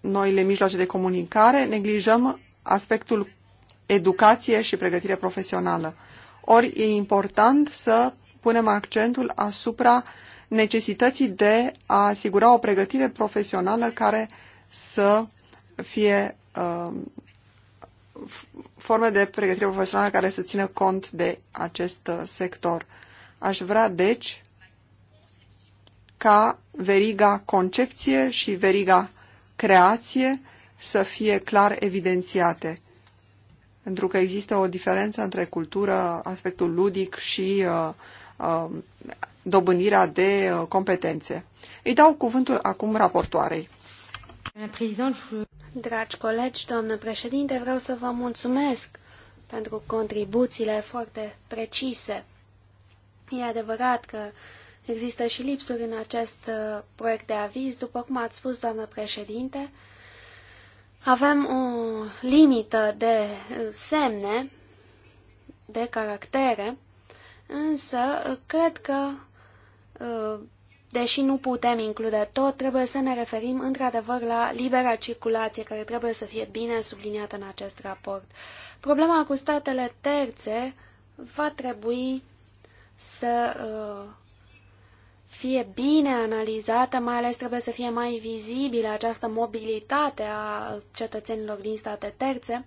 noile mijloace de comunicare, neglijăm aspectul educație și pregătire profesională. Ori e important să punem accentul asupra uh, necesității de a asigura o pregătire profesională care să fie uh, forme de pregătire profesională care să țină cont de acest uh, sector. Aș vrea, deci, ca veriga concepție și veriga creație să fie clar evidențiate. Pentru că există o diferență între cultură, aspectul ludic și uh, uh, dobândirea de uh, competențe. Îi dau cuvântul acum raportoarei. Dragi colegi, doamnă președinte, vreau să vă mulțumesc pentru contribuțiile foarte precise. E adevărat că există și lipsuri în acest uh, proiect de aviz, după cum ați spus, doamnă președinte. Avem o limită de uh, semne, de caractere, însă cred că Uh, deși nu putem include tot, trebuie să ne referim într-adevăr la libera circulație, care trebuie să fie bine subliniată în acest raport. Problema cu statele terțe va trebui să uh, fie bine analizată, mai ales trebuie să fie mai vizibilă această mobilitate a cetățenilor din state terțe.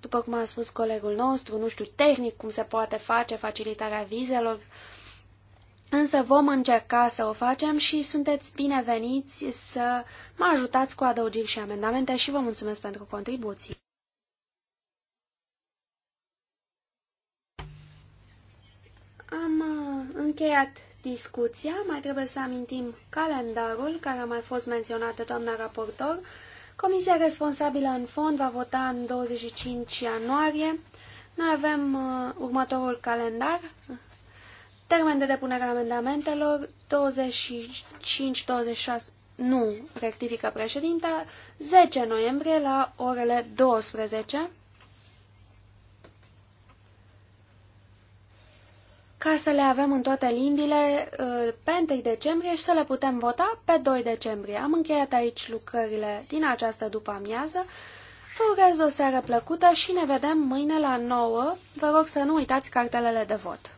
După cum a spus colegul nostru, nu știu tehnic cum se poate face facilitarea vizelor, uh, Însă vom încerca să o facem și sunteți bineveniți să mă ajutați cu adăugiri și amendamente și vă mulțumesc pentru contribuții. Am uh, încheiat discuția, mai trebuie să amintim calendarul care a mai fost menționat de doamna raportor. Comisia responsabilă în fond va vota în 25 ianuarie. Noi avem uh, următorul calendar, Termen de depunere a amendamentelor 25-26, nu rectifică președinta, 10 noiembrie la orele 12. ca să le avem în toate limbile uh, pe 1 decembrie și să le putem vota pe 2 decembrie. Am încheiat aici lucrările din această după-amiază. Vă urez o seară plăcută și ne vedem mâine la 9. Vă rog să nu uitați cartelele de vot.